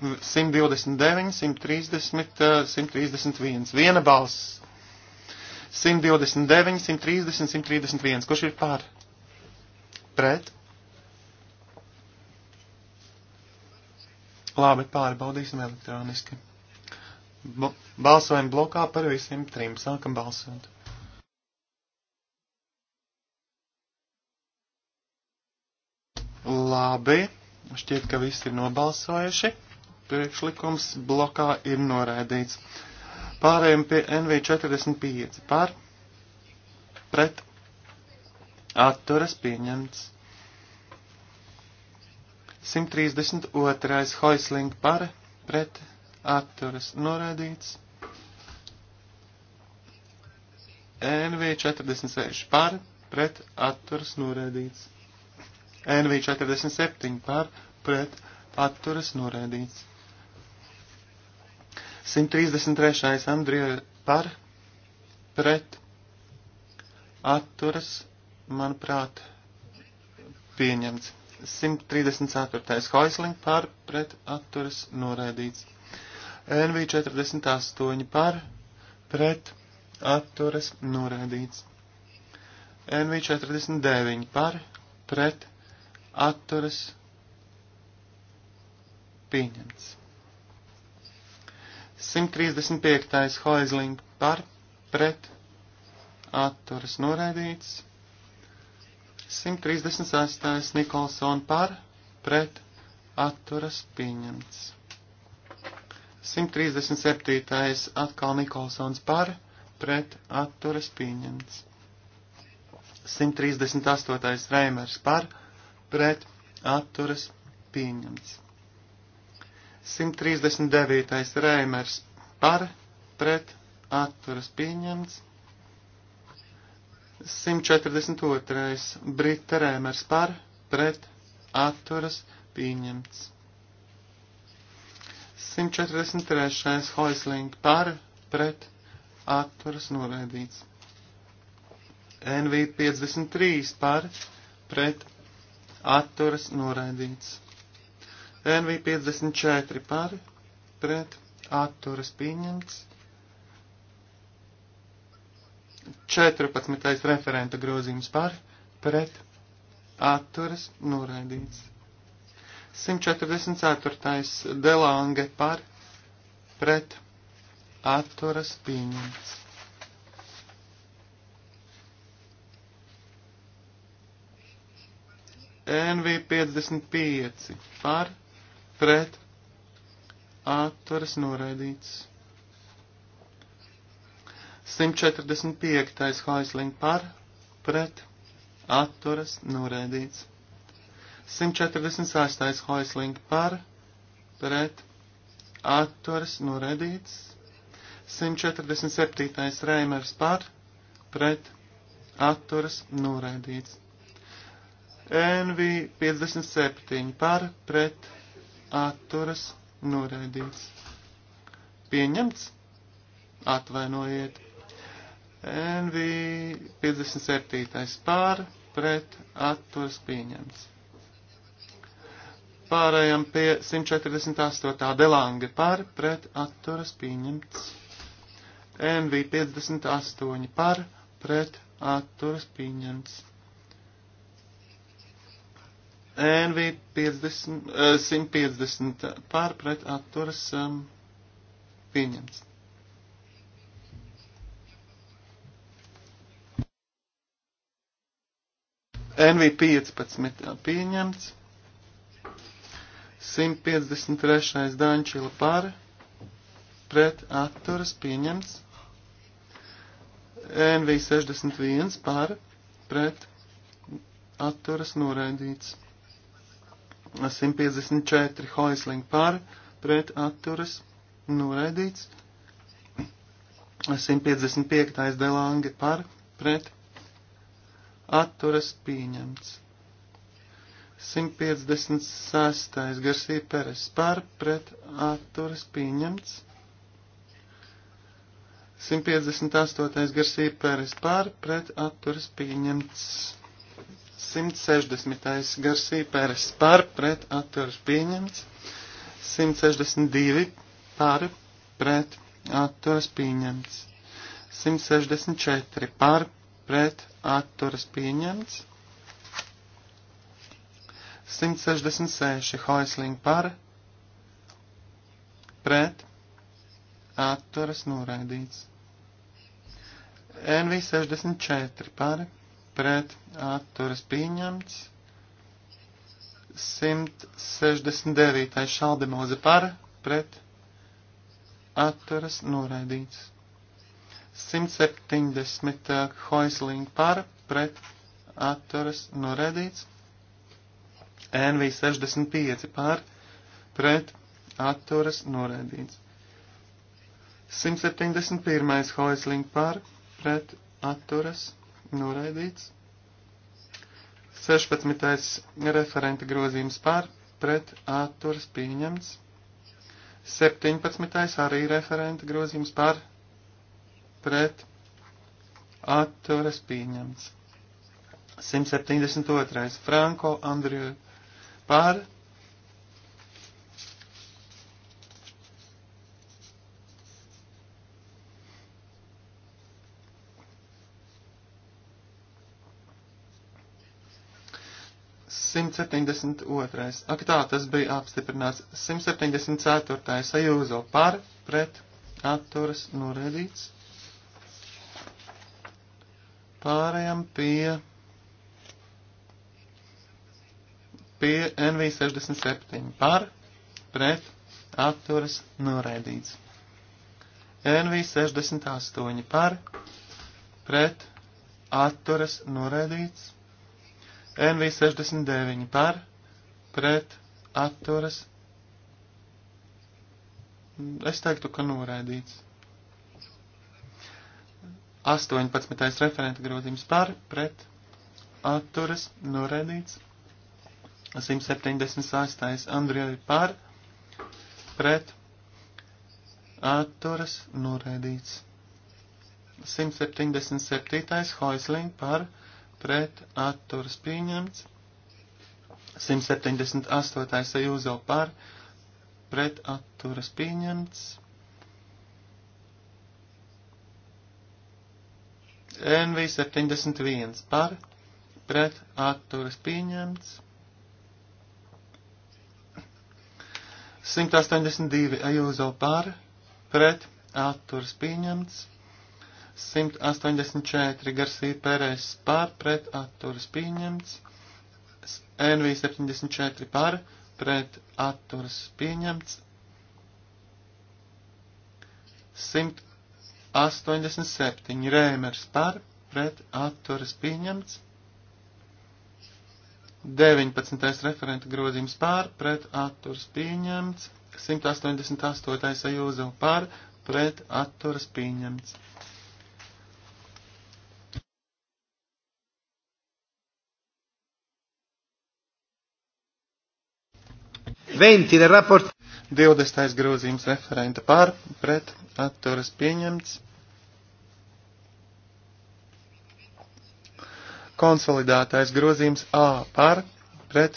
129, 130, 131. Viena balss. 129, 130, 131. Kurš ir pār? Pret? Labi, pārbaudīsim elektroniski. Balsojam blokā par visiem trim. Sākam balsot. Labi, šķiet, ka visi ir nobalsojuši. Priekšlikums blokā ir noraidīts. Pārējiem pie NV45 par pret atturas pieņemts. 132. Hoisling par pret atturas norādīts. NV46 par, pret atturas norādīts. NV47 par, pret atturas norādīts. 133. Andrija par, pret atturas, manuprāt, pieņemts. 134. Hoisling par, pret atturas norādīts. NV48 par, pret, atturas, norādīts. NV49 par, pret, atturas, pieņemts. 135. Hoizling par, pret, atturas, norādīts. 136. Nikolson par, pret, atturas, pieņemts. 137. atkal Nikolsons par, pret atturas pieņemts. 138. Reimers par, pret atturas pieņemts. 139. Reimers par, pret atturas pieņemts. 142. Brita Rēmers par, pret atturas pieņemts. 143. Hoisling par pret atturas noraidīts. NV 53 par pret atturas noraidīts. NV 54 par pret atturas pieņemts. 14. referenta grozījums par pret atturas noraidīts. 144. Delange par pret atturas pieņemts. NV55 par pret atturas noraidīts. 145. Hoisling par pret atturas noraidīts. 146. hoisling par, pret, atturas noredīts. 147. reimers par, pret, atturas noredīts. NV 57 par, pret, atturas noredīts. Pieņemts? Atvainojiet. NV 57 par, pret, atturas pieņemts. Pārējām pie 148. delanga par pret atturas pieņemts. NV 58 par pret atturas pieņemts. NV 50, 150 par pret atturas um, pieņemts. NV 15 eh, pieņemts. 153. Dančila par pret atturas pieņemts. NV61 par pret atturas noraidīts. 154 Hoisling par pret atturas noraidīts. 155. Delange par pret atturas pieņemts. 156. Garsī Peres par pret atturas pieņemts. 158. Garsī Peres par pret atturas pieņemts. 160. Garsī Peres par pret atturas pieņemts. 162. par pret atturas pieņemts. 164. par pret atturas pieņemts. 166 Hoisling par pret atturas noraidīts. NV64 par pret atturas pieņemts. 169 Šaldemoze par pret atturas noraidīts. 170 eh, Hoisling par pret atturas noraidīts. NV65 pār pret atturas noraidīts. 171. Hoisling pār pret atturas noraidīts. 16. referenta grozījums pār pret atturas pieņemts. 17. arī referenta grozījums pār pret atturas pieņemts. 172. Franko Andriju par Simt septiņdesmit otrais. Ak tā, tas bija apstiprināts. Simt septiņdesmit ceturtais. Ajūzo par, pret, atturas, norēdīts. Pārējām pie pie NV67 par, pret, atturas, noraidīts. NV68 par, pret, atturas, noraidīts. NV69 par, pret, atturas. Es teiktu, ka noraidīts. 18. referenta grozījums par, pret, atturas, noraidīts. 178. Andrievi par pret atturas noraidīts. 177. Hoisling par pret atturas pieņemts. 178. Sajūzo par pret atturas pieņemts. NV71 par pret atturas pieņemts. 182 ajūzo par, pret, atturs pieņemts. 184 Garsija Pērēs par, pret, atturs pieņemts. NV74 par, pret, atturs pieņemts. 187 Rēmers par, pret, atturs pieņemts. 19. referenta grozījums pār, pret atturas pieņemts. 188. ajūza pār, pret atturas pieņemts. Venti, raport. 20. grozījums referenta pār, pret atturas pieņemts. Konsolidētais grozījums A par pret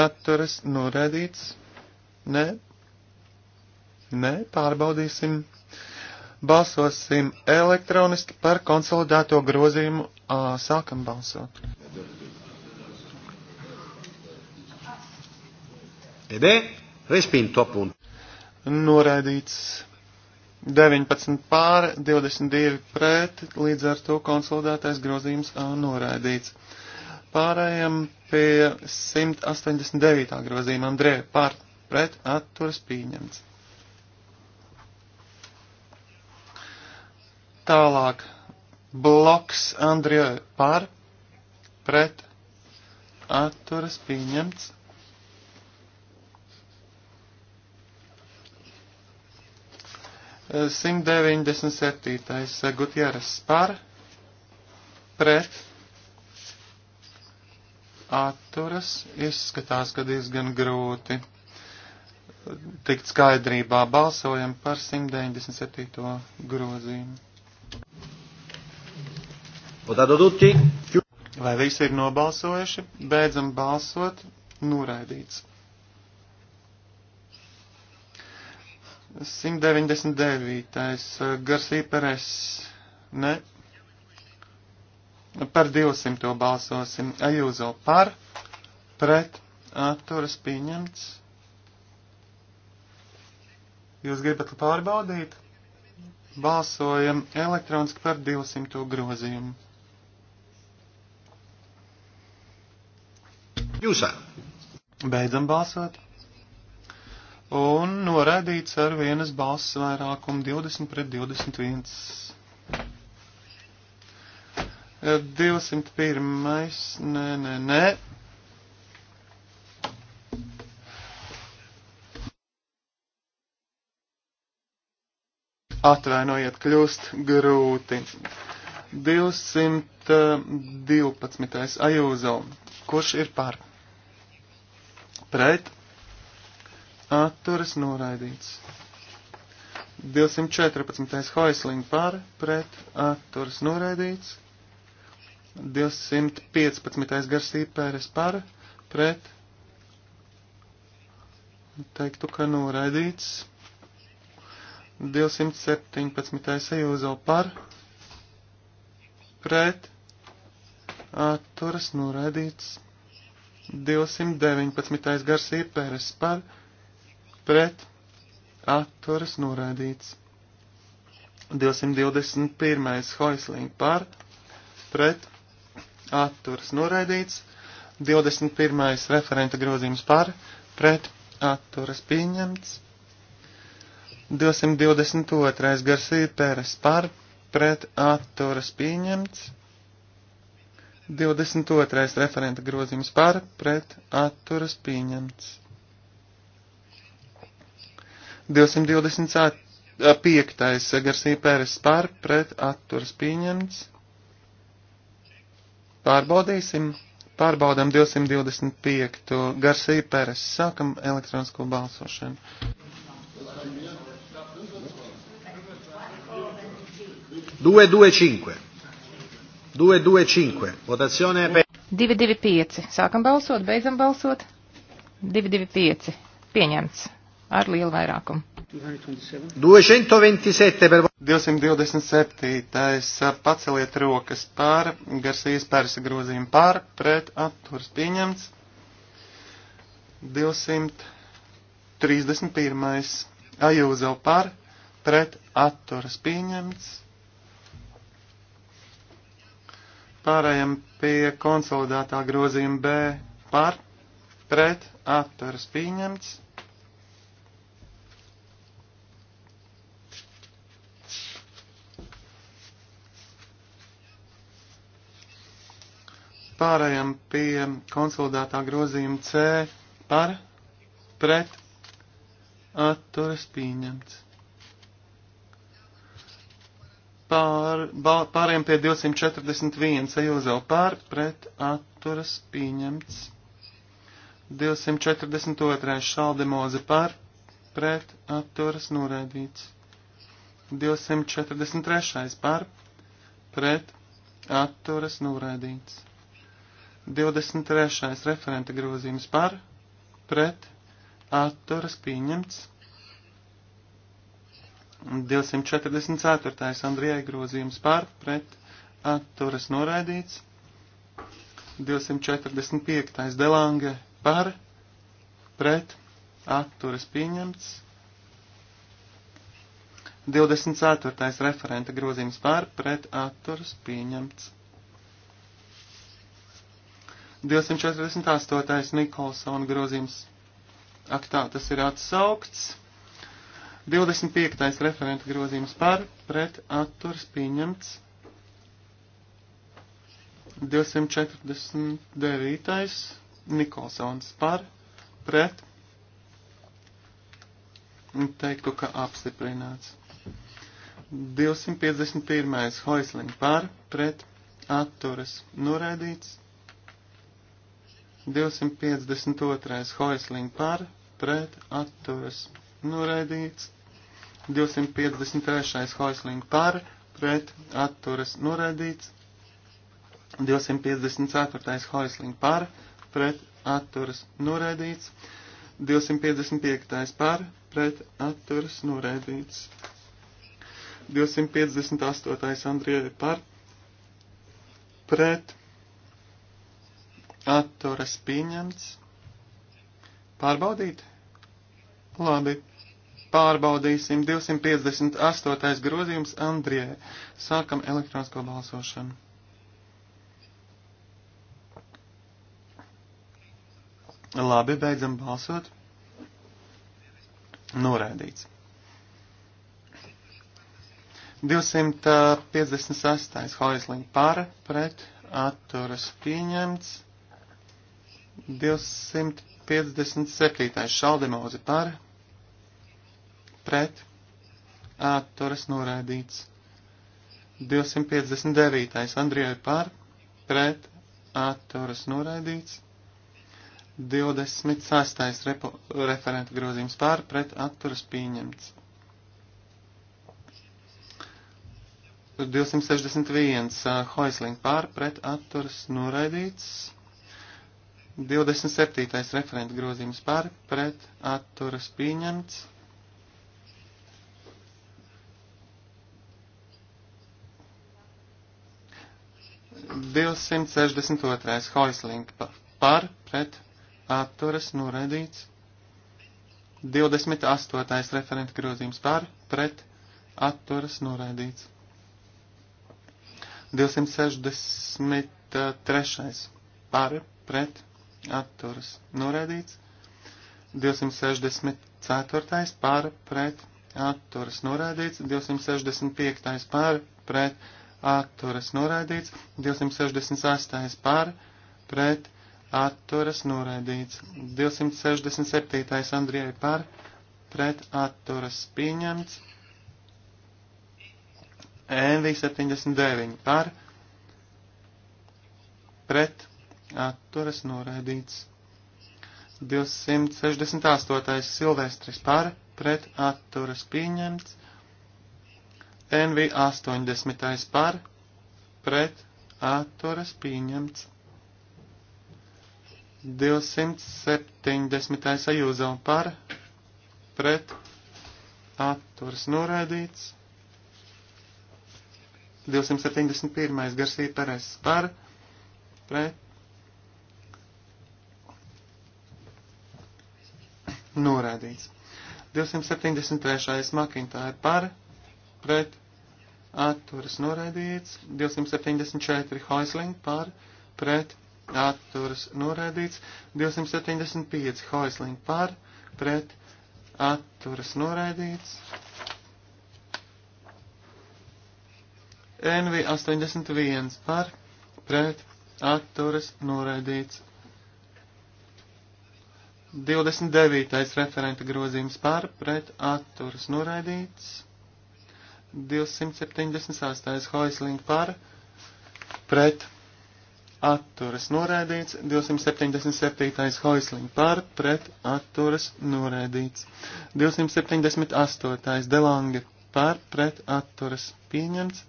atturas noraidīts. Nē, nē, pārbaudīsim. Balsosim elektroniski par konsolidēto grozījumu A. Sākam balsot. Ed è respinto appunto. Noraidīts. 19 pār, 22 pret, līdz ar to konsolidētais grozījums A noraidīts. Pārējām pie 189. grozījuma Andrē pār, pret, atturas pieņemts. Tālāk bloks Andrē pār, pret, atturas pieņemts. 197. Gutieres par, pret, atturas, izskatās, ka diezgan grūti tikt skaidrībā. Balsojam par 197. grozījumu. Vai visi ir nobalsojuši? Beidzam balsot. Noraidīts. 199. Eh, Garsī Peres. Ne. Par 200 balsosim. Ajūzo par. Pret. Atturas pieņemts. Jūs gribat pārbaudīt? Balsojam elektroniski par 200 grozījumu. Jūsā. Beidzam balsot un noraidīts ar vienas balss vairākumu 20 pret 21. 201. Nē, nē, nē. Atvainojiet, kļūst grūti. 212. Ajūzo. Kurš ir par? Pret? atturas noraidīts. 214. hoisling par, pret, atturas noraidīts. 215. garsība pēres par, pret, teiktu, ka noraidīts. 217. sajūzo par, pret, atturas noraidīts. 219. garsība pēres par, pret, pret atturas noraidīts. 221. hoislīgi par pret atturas noraidīts. 21. referenta grozījums par pret atturas pieņemts. 222. Garsīja Pēres par pret atturas pieņemts. 22. referenta grozījums par pret atturas pieņemts. 225. Garsī Pēres par pret atturas pieņemts. Pārbaudīsim. Pārbaudām 225. Garsī Pēres. Sākam elektronisko balsošanu. Due, due, cinque. Due, due, cinque. Votazione per... 225. Sākam balsot, beidzam balsot. 225. Pieņemts ar lielu vairākumu. 227. Per... 227. Eh, paceliet rokas pār, Garsijas pērsa grozījuma pār, pret atturs pieņemts. 231. Ajūzel pār, pret atturas pieņemts. Pārējām pie konsolidētā grozījuma B par, pret, atturas pieņemts. Pārējām pie konsolidētā grozījuma C par pret atturas pieņemts. Pār, bal, pārējām pie 241 Ejūzel par pret atturas pieņemts. 242 Šaldemoze par pret atturas noraidīts. 243 par pret atturas noraidīts. 23. referenta grozījums par, pret, atturas pieņemts. 244. Andrijai grozījums par, pret, atturas noraidīts. 245. Delange par, pret, atturas pieņemts. 24. referenta grozījums par, pret, atturas pieņemts. 248. Nikolsona grozījums aktā tas ir atsaukts. 25. referenta grozījums par pret atturs pieņemts. 249. Nikolsons par pret. Teiktu, ka apstiprināts. 251. Hoisling par pret atturas norēdīts. 252. Hoisling par, pret, atturas, noraidīts. 253. Hoisling par, pret, atturas, noraidīts. 254. Hoisling par, pret, atturas, noraidīts. 255. par, pret, atturas, noraidīts. 258. Andrievi par, pret, atturas pieņemts. Pārbaudīt? Labi. Pārbaudīsim 258. grozījums Andrijai. Sākam elektronisko balsošanu. Labi, beidzam balsot. Noraidīts. 258. Hoisliņa pāra pret atturas pieņemts. 257. šaldemozi par, pret, atturas noraidīts. 259. Andrievai par, pret, atturas noraidīts. 26. Repo, referenta grozījums par, pret, atturas pieņemts. 261. Hoisling par, pret, atturas noraidīts. 27. referenta grozījums par pret atturas pieņemts. Divsimt sešdesmit otrais hoisling par pret atturas noraidīts. 28. referenta grozījums par, pret, atturas noraidīts. 263. par, pret, atturas norēdīts. 264. pār pret atturas norēdīts. 265. pār pret atturas norēdīts. 268. pār pret atturas norēdīts. 267. Andriei pār pret atturas pieņemts. NV79 par pret atturas noraidīts. 268. Silvestris par, pret atturas pieņemts. NV 80. par, pret atturas pieņemts. 270. ajūza un par, pret atturas noraidīts. 271. garsīja peres par, pret norādīts. 273. makintāja par, pret, atturas norādīts. 274. hoisling par, pret, atturas norādīts. 275. hoisling par, pret, atturas norādīts. NV81 par, pret, atturas norādīts. 29. referenta grozījums par pret atturas noraidīts. 278. hoisling par pret atturas noraidīts. 277. hoisling par pret atturas noraidīts. 278. delangi par pret atturas pieņemts.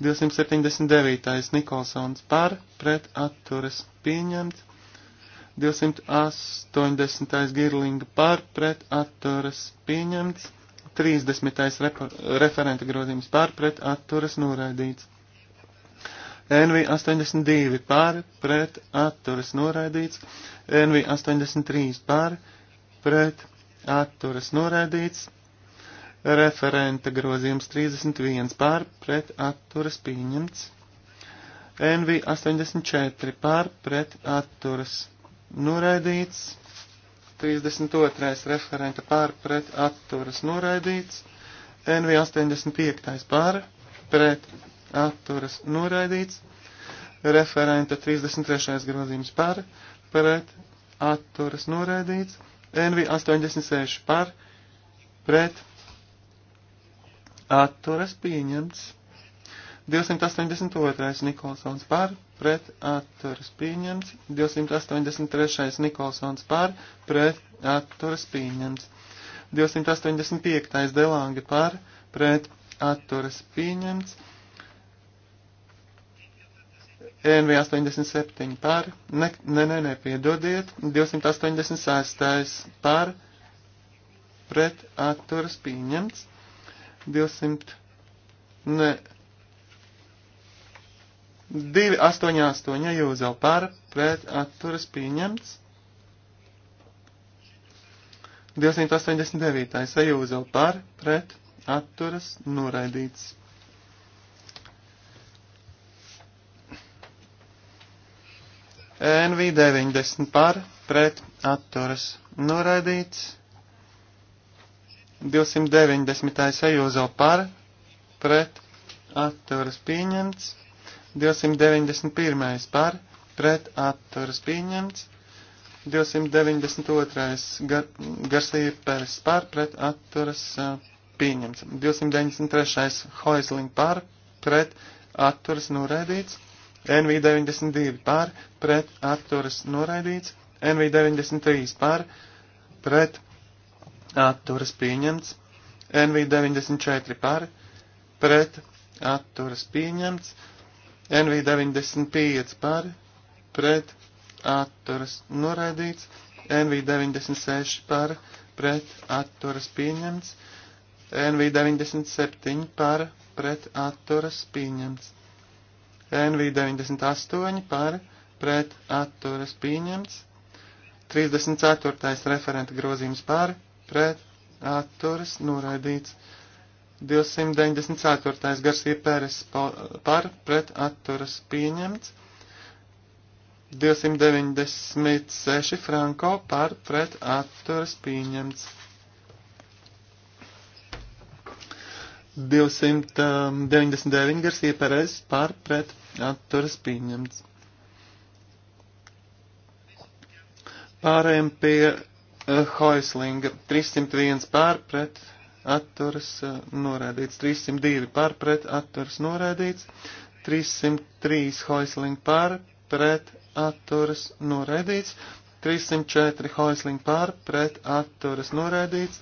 279. Nikolsons par pret atturas pieņemts. 280. girlinga pār pret atturas pieņemts, 30. referenta grozījums pār pret atturas noraidīts. NV 82 pār pret atturas noraidīts, NV 83 pār pret atturas noraidīts, referenta grozījums 31 pār pret atturas pieņemts, NV 84 pār pret atturas noraidīts noraidīts. 32. referenta pār pret atturas noraidīts. NV 85. pār pret atturas noraidīts. Referenta 33. grozījums pār pret atturas noraidīts. NV 86 pār pret atturas pieņemts. 282. Nikolsons par, pret atturas pieņemts. 283. Nikolsons par, pret atturas pieņemts. 285. Delāngi par, pret atturas pieņemts. NV 87 par, ne, ne, ne, ne, piedodiet, 286 par, pret atturas pieņemts, 200, ne, 288 jūzel par pret atturas pieņemts. 289. sajūzel par pret atturas noraidīts. NV 90 par pret atturas noraidīts. 290. sajūzel par pret atturas pieņemts. 291. par pret atturas pieņemts. 292. Gar, Garsija Pēres par pret atturas pieņemts. 293. Hoizling par pret atturas noraidīts. NV92 par pret atturas noraidīts. NV93 par pret atturas pieņemts. NV94 par pret atturas pieņemts. NV95 par pret atturas noraidīts, NV96 par pret atturas pieņemts, NV97 par pret atturas pieņemts, NV98 par pret atturas pieņemts, 34. referenta grozījums par pret atturas noraidīts. 294. Garsija Pēres par pret atturas pieņemts. 296 franko par pret atturas pieņemts. 299 Garsija Pēres par pret atturas pieņemts. Pārējiem pie uh, Hoislinga 301 pār pret atturas uh, noraidīts, 302 par pret atturas noraidīts, 303 hoisling par pret atturas noraidīts, 304 hoisling par pret atturas noraidīts,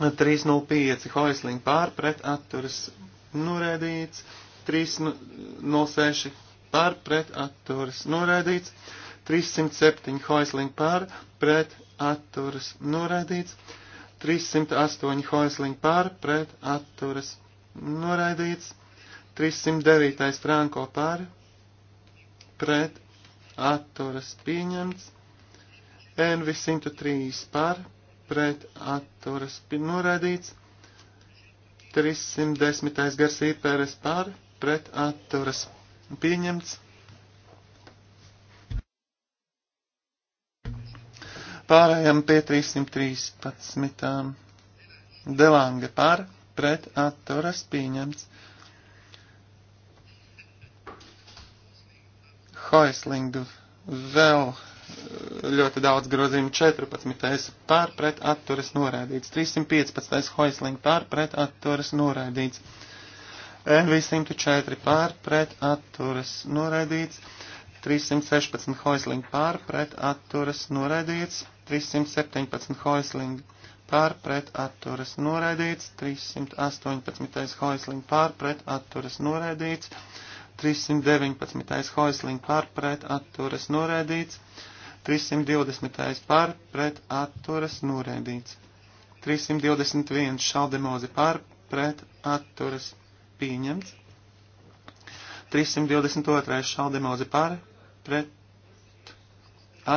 305 hoisling par pret atturas noraidīts, 306 par pret atturas noraidīts, 307 hoisling par pret atturas noraidīts, 308 hoisliņa pār pret atturas noraidīts, 309 franko pār pret atturas pieņemts, NV 103 pār pret atturas noraidīts, 310 garsīpēres pār pret atturas pieņemts, Pārējām pie 313. Delanga par pret atturas pieņemts. Hoislingu vēl eh, ļoti daudz grozījumu 14. pārpret atturas norādīts, 315. hoislinga pārpret atturas norādīts, NV 104 pārpret atturas norādīts, 316 hoislinga pārpret atturas norādīts, 317 hoisling pār pret atturas noraidīts, 318 hoisling pār pret atturas noraidīts, 319 hoisling pār pret atturas noraidīts, 320 pār pret atturas noraidīts, 321 šaldemozi pār pret atturas pieņemts, 322 šaldemozi pār pret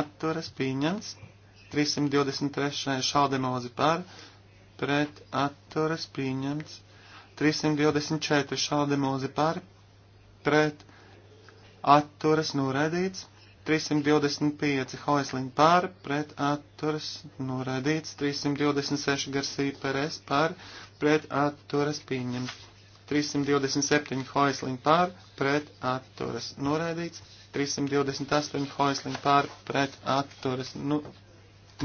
atturas pieņemts, 323. šaldemozi par, pret atturas pieņemts. 324. šaldemozi par, pret atturas noraidīts. 325 Hoisliņa pār, pret atturas noraidīts, 326 Garsija Peres pār, pret atturas pieņemts, 327 Hoisliņa pār, pret atturas noraidīts, 328 Hoisliņa pār, pret atturas nu,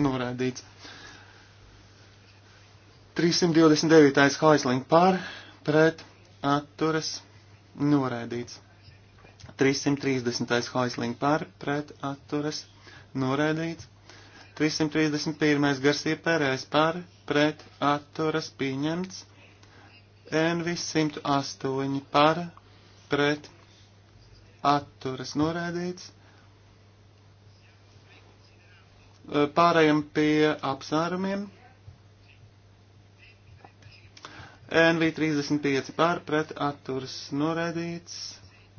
noraidīts. 329. Haisling par, pret, atturas, noraidīts. 330. Haisling par, pret, atturas, noraidīts. 331. Garsie Pērēs par, pret, atturas, pieņemts. Envis 108 par, pret, atturas, noraidīts. Eh, pārējiem pie apsvērumiem. NV35 pārpret, atturas noraidīts.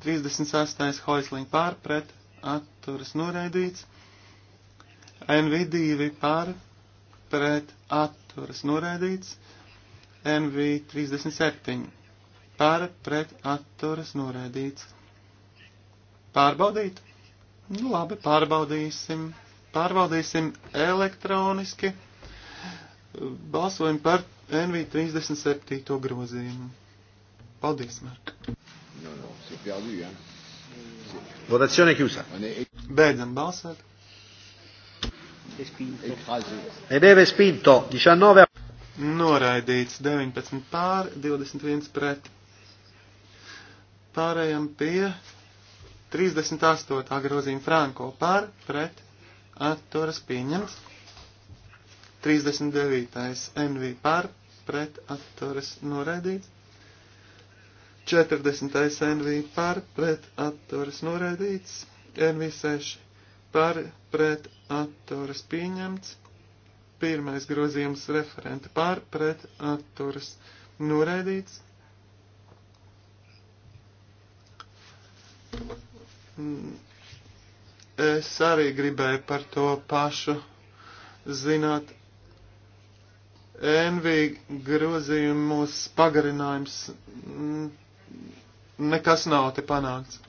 36. hoisliņa pārpret, atturas noraidīts. NV2 pārpret, atturas noraidīts. NV37 pārpret, atturas noraidīts. Pārbaudīt? Nu, labi, pārbaudīsim pārvaldīsim elektroniski. Balsojam par NV37 grozījumu. Paldies, Mark. No, no, perdu, eh? Votazione chiusa. Beidzam balsot. E deve spinto 19 a... Noraidīts 19 pār, 21 pret. Pārējām pie 38. grozījuma Franko pār, pret, atturas pieņemts. 39. NV par pret atturas noraidīts. 40. NV par pret atturas noraidīts. NV6 par pret atturas pieņemts. Pirmais grozījums referenta par pret atturas noraidīts. Es arī gribēju par to pašu zināt. NV grozījumus pagarinājums nekas nav te panākts.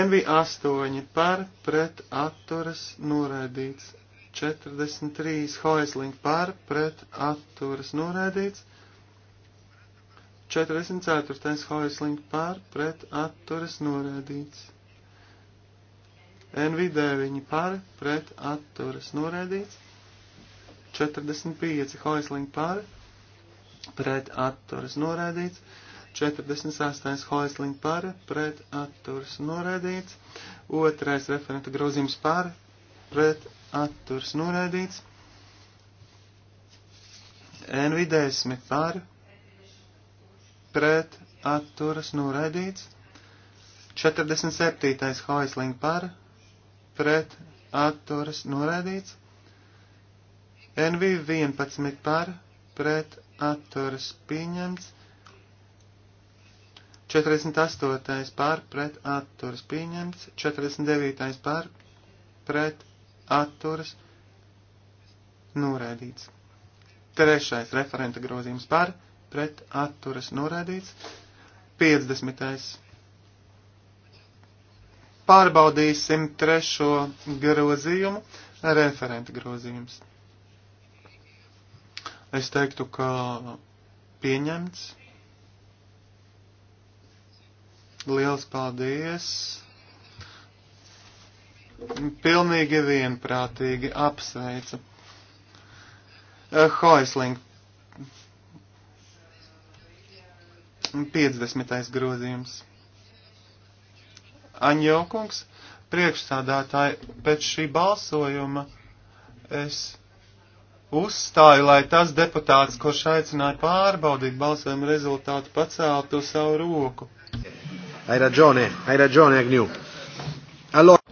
NV 8 par pret atturas noraidīts. 43 Hoisling par pret atturas noraidīts. 44 Hoisling par pret atturas noraidīts. NV9 par pret atturas norēdīts. 45 hoisling par pret atturas norēdīts. 48. hoisling par pret atturas norēdīts. Otrais referenta grozījums par pret atturas norēdīts. NV10 par, pret atturas noraidīts, 47. hoisling par, pret atturas noraidīts. NV11 par pret atturas pieņemts. 48. par pret atturas pieņemts. 49. par pret atturas noraidīts. Trešais referenta grozījums par pret atturas noraidīts. 50. Pārbaudīsim trešo grozījumu, referenta grozījums. Es teiktu, ka pieņemts. Liels paldies! Pilnīgi vienprātīgi apsveicu. Eh, Hoisling. 50. grozījums. Aņokungs, priekšstādātāji, pēc šī balsojuma es uzstāju, lai tas deputāts, kurš aicināja pārbaudīt balsojumu rezultātu, paceltu savu roku. Hai ragione, hai ragione, Agnew. Allora.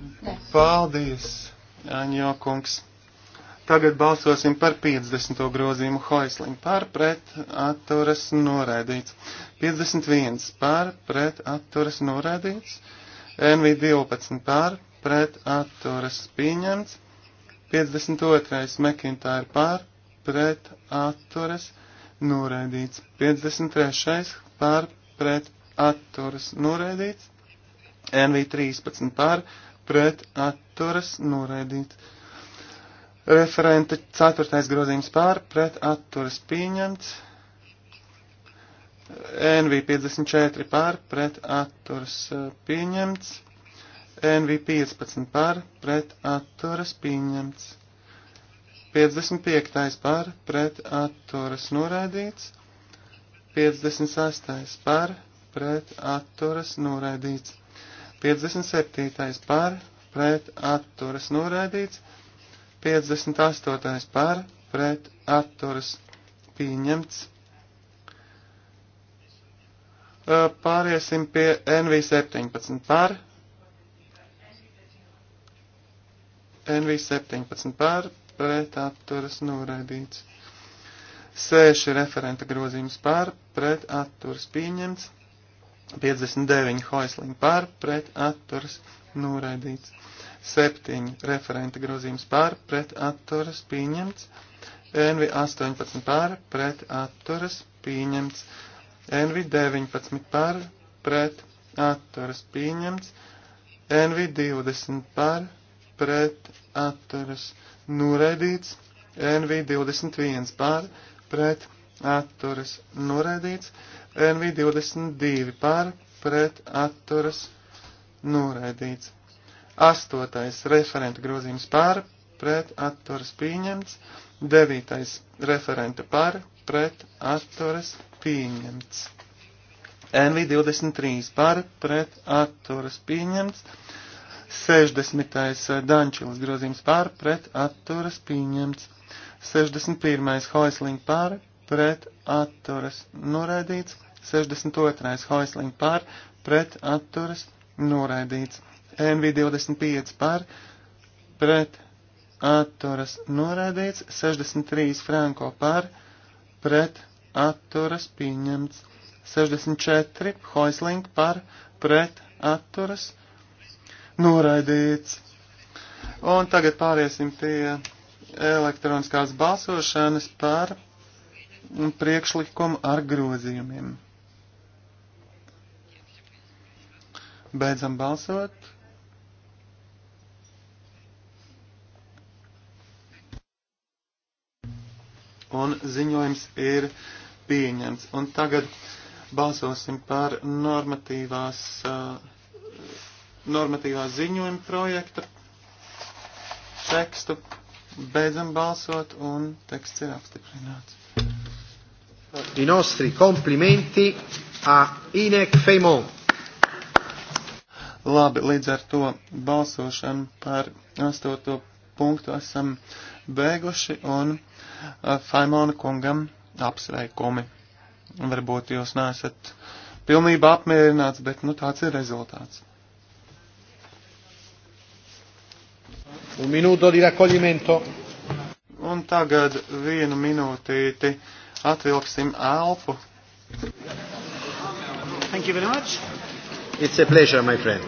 Paldies, Aņo kungs. Tagad balsosim par 50. grozījumu Hoisling par pret atturas norēdīts. 51 par pret atturas norēdīts. NV12 pār, pret atturas pieņemts. 52. McIntyre pār, pret atturas noraidīts. 53. pār, pret atturas noraidīts. NV13 pār, pret atturas noraidīts. Referenta 4. grozījums pār, pret atturas pieņemts. NV54 pār eh, pret atturas pieņemts. NV15 pār pret atturas pieņemts. 55. pār pret atturas noraidīts. 56. pār pret atturas noraidīts. 57. pār pret atturas noraidīts. 58. pār pret atturas pieņemts. Uh, pāriesim pie NV17 par. NV17 par pret atturas noraidīts. 6 referenta grozījums par pret atturas pieņemts. 59 hoisling par pret atturas noraidīts. 7 referenta grozījums par pret atturas pieņemts. NV18 par pret atturas pieņemts. NV19 par pret atturas pieņemts, NV20 par pret atturas noraidīts, NV21 par pret atturas noraidīts, NV22 par pret atturas noraidīts. Astotais referenta grozījums par pret atturas pieņemts, devītais referenta par pret atturas pieņemts pieņemts. NV23 par pret atturas pieņemts. 60. Eh, Dančilis grozījums par pret atturas pieņemts. 61. Hoisling par pret atturas noraidīts. 62. Hoisling par pret atturas noraidīts. NV25 par pret atturas noraidīts. 63. Franko par pret atturas noraidīts atturas pieņemts. 64 Hoisling par pret atturas noraidīts. Un tagad pāriesim pie elektroniskās balsošanas par priekšlikumu ar grozījumiem. Beidzam balsot. Un ziņojums ir pieņemts. Un tagad balsosim par normatīvās, uh, normatīvās ziņojuma projekta tekstu. Beidzam balsot un teksts ir apstiprināts. I nostri komplimenti a Inek Feimon. Labi, līdz ar to balsošanu par astoto punktu esam beiguši un uh, Faimona kungam apsveikumi. Varbūt jūs nesat pilnībā apmierināts, bet nu, tāds ir rezultāts. Un minūto di raccoglimento. Un tagad vienu minūtīti atvilksim elpu. Thank you very much. It's a pleasure, my friend.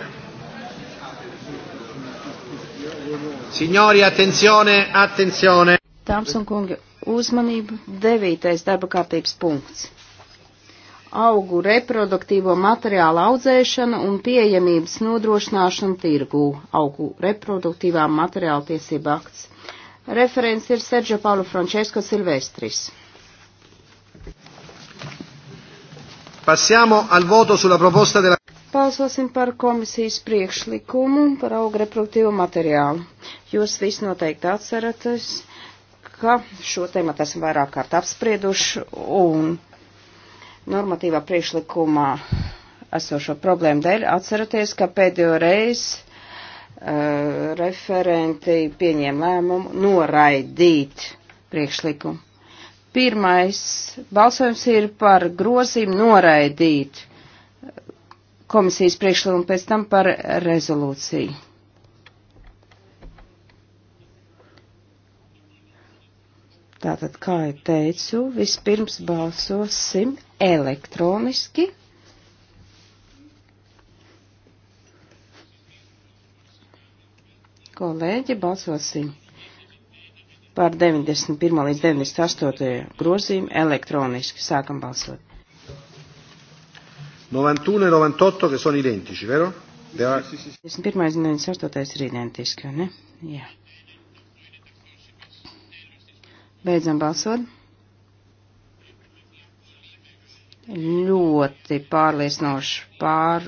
Signori, attenzione, attenzione. Dāmas un kungi, uzmanību. Devītais darba kārtības punkts. Augu reproduktīvo materiālu audzēšana un pieejamības nodrošināšana tirgū. Augu reproduktīvā materiāla tiesība akts. Referents ir Sergio Paulo Francesco Silvestris. Passiamo al voto sulla proposta della balsosim par komisijas priekšlikumu par augu reproduktīvo materiālu. Jūs visi noteikti atceraties ka šo tematu esam vairāk kārt apsprieduši un normatīvā priekšlikumā esošo problēmu dēļ atceraties, ka pēdējo reizi uh, e, referenti pieņēma lēmumu noraidīt priekšlikumu. Pirmais balsojums ir par grozīm noraidīt komisijas priekšlikumu, pēc tam par rezolūciju. Tātad, kā jau teicu, vispirms balsosim elektroniski. Kolēģi, balsosim par 91. līdz 98. grozījumu elektroniski. Sākam balsot. 91 e 98, kas ir identiski, vero? 91. un 98. ir identiski, ne? Jā. Yeah. Beidzam balsot. Ļoti pārliecinoši pār,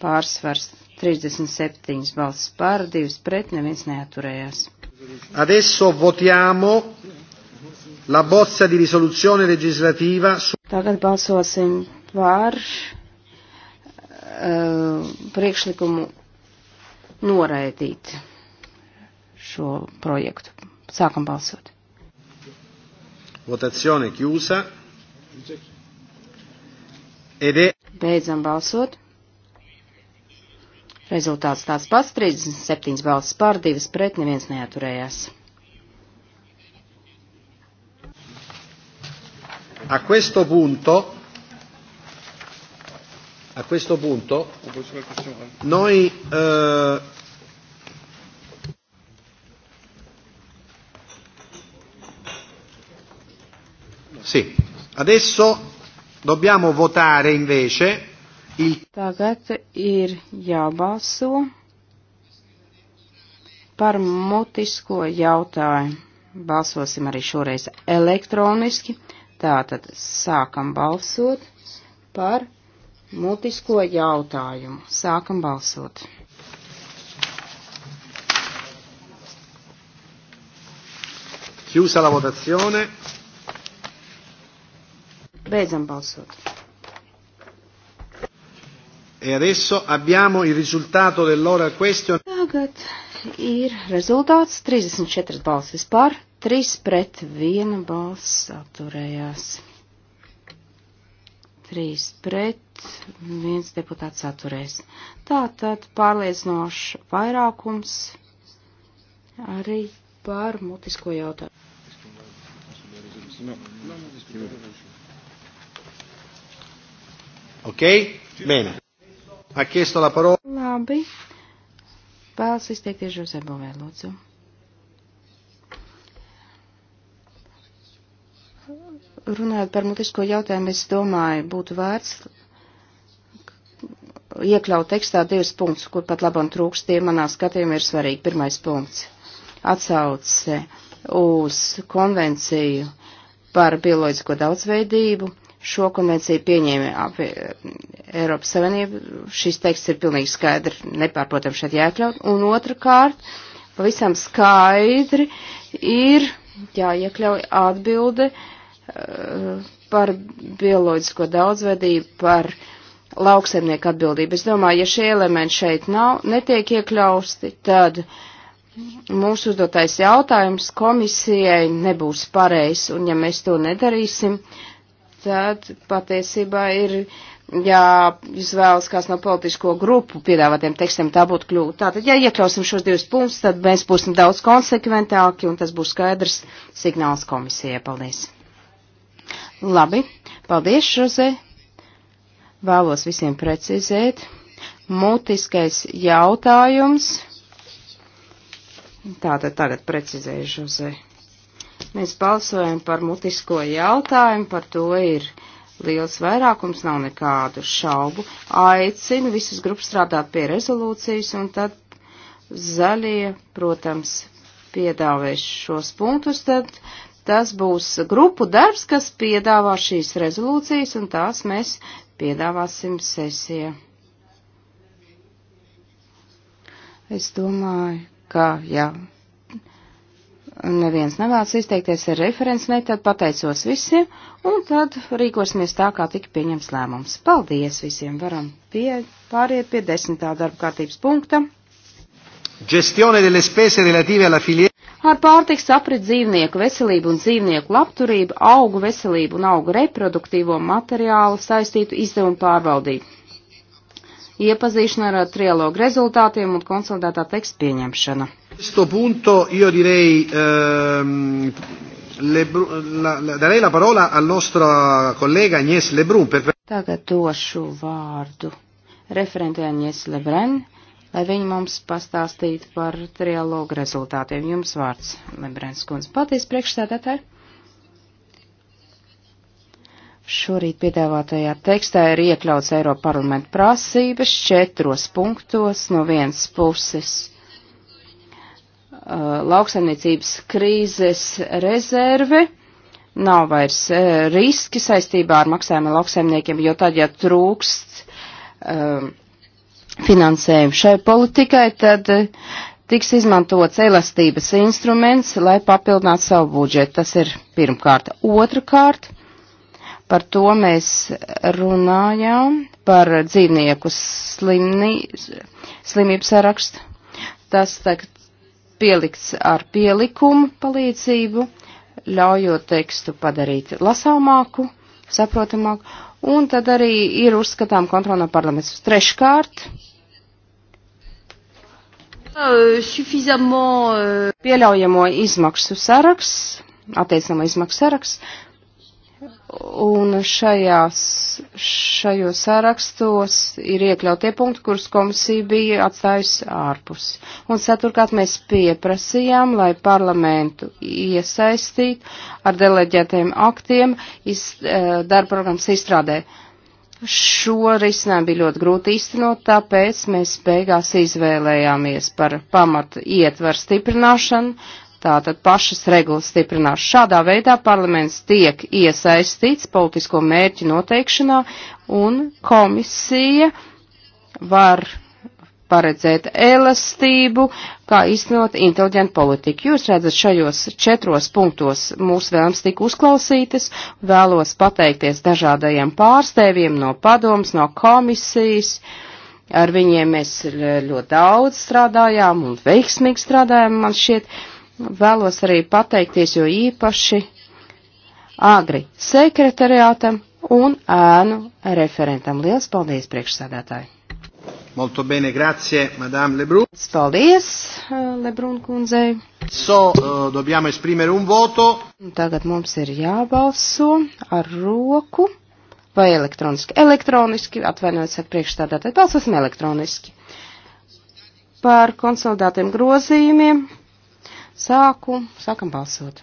pārsvars 37 balsis pār, 2 pret, neviens neaturējās. Adesso votiamo la bozza di risoluzione legislativa su... Tagad balsosim par uh, priekšlikumu noraidīt šo projektu. Sākam balsot. Votazione chiusa. Ed è... Beidzam balsot. Rezultāts tāds pats - 37 balsis pār, 2 pret, neviens neaturējās. A questo punto, a questo punto noi eh, Sì. Adesso dobbiamo votare invece il... Tagad ir jābalso par mutisko jautājumu. Balsosim arī šoreiz elektroniski. Tātad sākam balsot par mutisko jautājumu. Sākam balsot. Chiusa la votazione. Beidzam balsot. E adesso abbiamo il risultato dell'oral question. Tagad ir rezultāts 34 balsis par, 3 pret 1 balss atturējās. 3 pret 1 deputāts atturēs. Tātad pārliecinošs vairākums arī par mutisko jautājumu. No, no, no, Ok? Bene. Ha chiesto la parola. Labi. Vēlas izteikties Žozebovē, lūdzu. Runājot par mutisko jautājumu, es domāju, būtu vērts iekļaut tekstā divus punktus, kur pat labam trūkst, tie manā skatījumā ir svarīgi. Pirmais punkts atsauce uz konvenciju par bioloģisko daudzveidību šo konvenciju pieņēma ap eh, Eiropas Savienību. Šis teksts ir pilnīgi skaidri, nepārprotam šeit jāiekļaut. Un otrkārt, pavisam skaidri ir jāiekļauj atbilde uh, par bioloģisko daudzvedību, par lauksaimnieku atbildību. Es domāju, ja šie elementi šeit nav, netiek iekļausti, tad mūsu uzdotais jautājums komisijai nebūs pareizs, un ja mēs to nedarīsim, uh, tad patiesībā ir jāizvēlas kāds no politisko grupu piedāvātiem tekstiem, tā būtu kļūda. Tātad, ja iekļausim šos divus punktus, tad mēs būsim daudz konsekventāki un tas būs skaidrs signāls komisijai. Paldies! Labi, paldies, Žoze! Vēlos visiem precizēt. Mutiskais jautājums. Tātad tagad precizēju, Žoze. Mēs balsojam par mutisko jautājumu, par to ir liels vairākums, nav nekādu šaubu. Aicinu visas grupas strādāt pie rezolūcijas, un tad zaļie, protams, piedāvēs šos punktus, tad tas būs grupu darbs, kas piedāvā šīs rezolūcijas, un tās mēs piedāvāsim sesijā. Es domāju, ka jā. Ja neviens nevēlas izteikties ar referents, ne tad pateicos visiem, un tad rīkosimies tā, kā tika pieņems lēmums. Paldies visiem, varam pie, pāriet pie desmitā darba kārtības punkta. Gestione delle spese relative alla filiera. Ar pārtiks aprit dzīvnieku veselību un dzīvnieku labturību, augu veselību un augu reproduktīvo materiālu saistītu izdevumu pārvaldību. Iepazīšana ar trialogu rezultātiem un konsolidētā teksta pieņemšana. Questo punto io direi ehm, Lebrun, la, la, darei la parola al nostro collega Agnès Lebrun. Per... Tagad došu vārdu referentē Agnès Lebrun, lai viņi mums pastāstītu par trialogu rezultātiem. Jums vārds, Lebruns kundze. Paldies, priekšstādātāji. Šorīt piedāvātajā tekstā ir iekļauts Eiropa parlamenta prasības četros punktos no vienas puses Uh, lauksaimniecības krīzes rezerve nav vairs uh, riski saistībā ar maksājumiem lauksaimniekiem, jo tad, ja trūkst um, finansējumu šai politikai, tad uh, tiks izmantots elastības instruments, lai papildinātu savu budžetu. Tas ir pirmkārt. Otrakārt, par to mēs runājām, par dzīvnieku slimni, slimību sarakstu. Tas tagad pielikts ar pielikumu palīdzību, ļaujot tekstu padarīt lasāmāku, saprotamāku, un tad arī ir uzskatām kontrola no parlaments. Treškārt, ah, euh, pieļaujamo izmaksu saraksts, attiecamo izmaksu saraksts, Un šajās, šajos sārakstos ir iekļautie punkti, kurus komisija bija atstājusi ārpus. Un ceturkārt mēs pieprasījām, lai parlamentu iesaistīt ar deleģētiem aktiem iz, eh, darba programmas izstrādē. Šo risinājumu bija ļoti grūti īstenot, tāpēc mēs beigās izvēlējāmies par pamatu ietvaru stiprināšanu, tātad pašas regulas stiprinās. Šādā veidā parlaments tiek iesaistīts politisko mērķu noteikšanā un komisija var paredzēt elastību, kā iznot inteliģentu politiku. Jūs redzat, šajos četros punktos mūsu vēlams tika uzklausītas. Vēlos pateikties dažādajiem pārstēviem no padomas, no komisijas. Ar viņiem mēs ļoti daudz strādājām un veiksmīgi strādājām, man šķiet. Uh, Vēlos arī pateikties jo īpaši agri sekretariātam un ēnu referentam. Liels paldies, priekšsādātāji! Molto bene, grazie, Madame Lebrun. Paldies, eh, Lebrun kundzei. So, uh, dobbiamo esprimere un voto. Tagad mums ir jābalso ar roku vai elektroniski. Elektroniski, atvainojiet, saka priekšstādātāji, balsosim elektroniski. Par konsolidētiem grozījumiem Sāku, sākam balsot.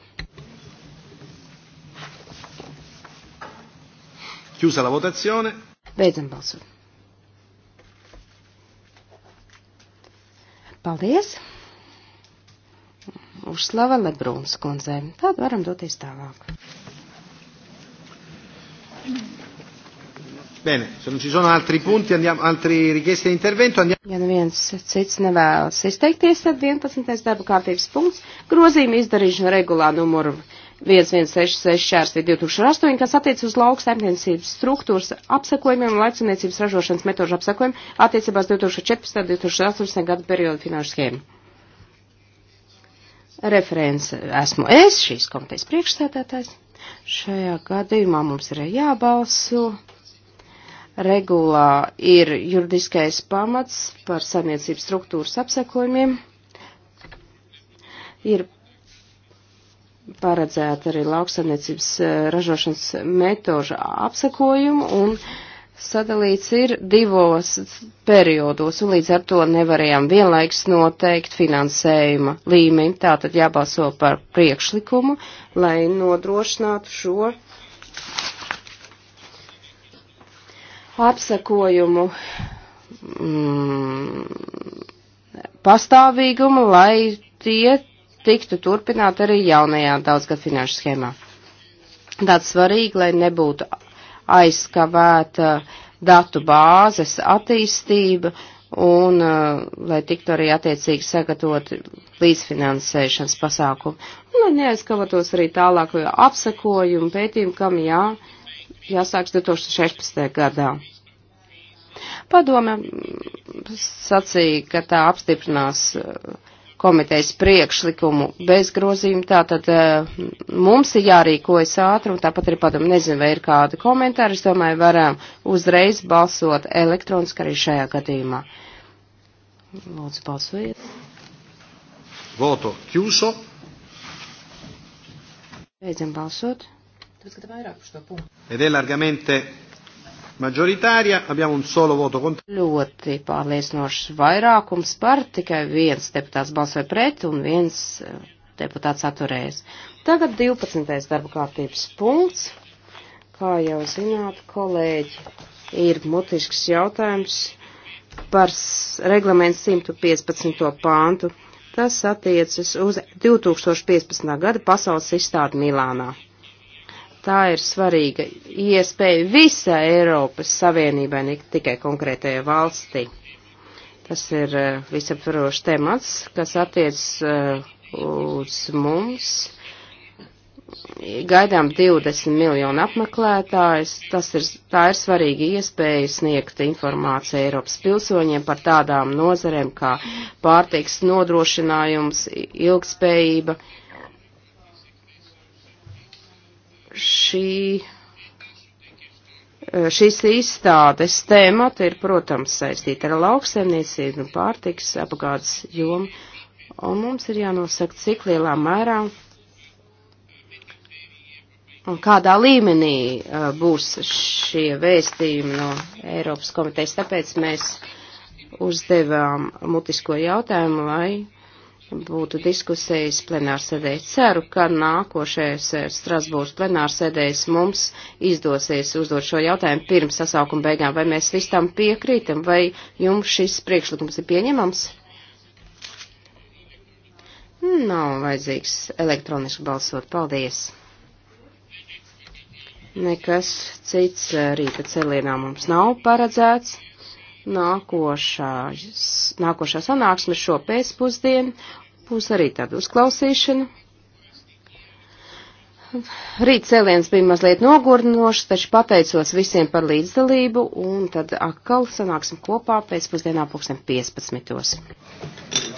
Chiusa la votazione. Beidzam balsot. Paldies! Uzslava Lebrūnas kundzei. Tad varam doties tālāk. Mm. Bene, se non ci sono altri punti, andiamo, altri richieste di intervento, andiamo. Ja neviens cits nevēlas izteikties, tad 11. darba kārtības punkts - grozījuma izdarīšana regulā numuru 1166 2008, kas attiec uz lauksaimniecības struktūras apsekojumiem un lauksaimniecības ražošanas metožu apsekojumiem attiecībās 2014. un 2018. gada periodu finanšu schēmu. Referents esmu es, šīs komitejas priekšsēdētājs. Šajā gadījumā mums ir jābalso regulā ir juridiskais pamats par saimniecības struktūras apsekojumiem. Ir paredzēta arī lauksaimniecības eh, ražošanas metožu apsekojumu un sadalīts ir divos periodos, un līdz ar to nevarējām vienlaiks noteikt finansējuma līmeni. Tātad jābalso par priekšlikumu, lai nodrošinātu šo apsekojumu mm, pastāvīgumu, lai tie tiktu turpināti arī jaunajā daudzgad finanšu schēmā. Tāds svarīgi, lai nebūtu aizskavēta datu bāzes attīstība un uh, lai tiktu arī attiecīgi sagatavoti līdzfinansēšanas pasākumi. Un lai neaizskavatos arī tālāko apsakojumu pētījumu, kam jā. Ja, jāsāks 2016. gadā. Padome sacīja, ka tā apstiprinās uh, komitejas priekšlikumu bez grozījuma, tātad uh, mums ir jārīkojas ātri, un tāpat arī padomu nezinu, vai ir kādi komentāri, es domāju, varam uzreiz balsot elektroniski arī šajā gadījumā. Lūdzu, balsojiet. Voto Kjūso. Beidzam balsot. Tāpēc, ka tā vairāk uz to punktu. Ed è largamente maģoritārija, abbiamo un solo voto contro. Ļoti pārliecinošs vairākums par, tikai viens deputāts balsoja pret un viens eh, deputāts atturējas. Tagad 12. darba kārtības punkts. Kā jau zināt, kolēģi, ir mutisks jautājums par reglamentu 115. pāntu. Tas attiecas uz 2015. gada pasaules izstādi Milānā. Tā ir svarīga iespēja visai Eiropas Savienībai, ne tikai konkrētajai valstī. Tas ir eh, visaptvarošs temats, kas attiec eh, uz mums gaidām 20 miljonu apmeklētājus. Tas ir, tā ir svarīga iespēja sniegt informāciju Eiropas pilsoņiem par tādām nozarēm kā pārtiks nodrošinājums, ilgspējība, Šī, eh, šīs izstādes tēmata ir, protams, saistīta ar lauksaimniecību un pārtiks apgādes jomu, un mums ir jānosaka, cik lielā mērā un kādā līmenī uh, būs šie vēstījumi no Eiropas komitejas. Tāpēc mēs uzdevām mutisko jautājumu, lai būtu diskusijas plenārsēdē. Ceru, ka nākošais eh, Strasbūras plenārsēdēs mums izdosies uzdot šo jautājumu pirms sasaukuma beigām, vai mēs vis tam piekrītam, vai jums šis priekšlikums ir pieņemams? Nav vajadzīgs elektroniski balsot. Paldies! Nekas cits eh, rīta celienā mums nav paredzēts. Nākošā, nākošā sanāksme šo pēcpusdienu būs arī tāda uzklausīšana. Rīt cēliens bija mazliet nogurinošs, taču pateicos visiem par līdzdalību, un tad atkal sanāksim kopā pēcpusdienā pulksten 15.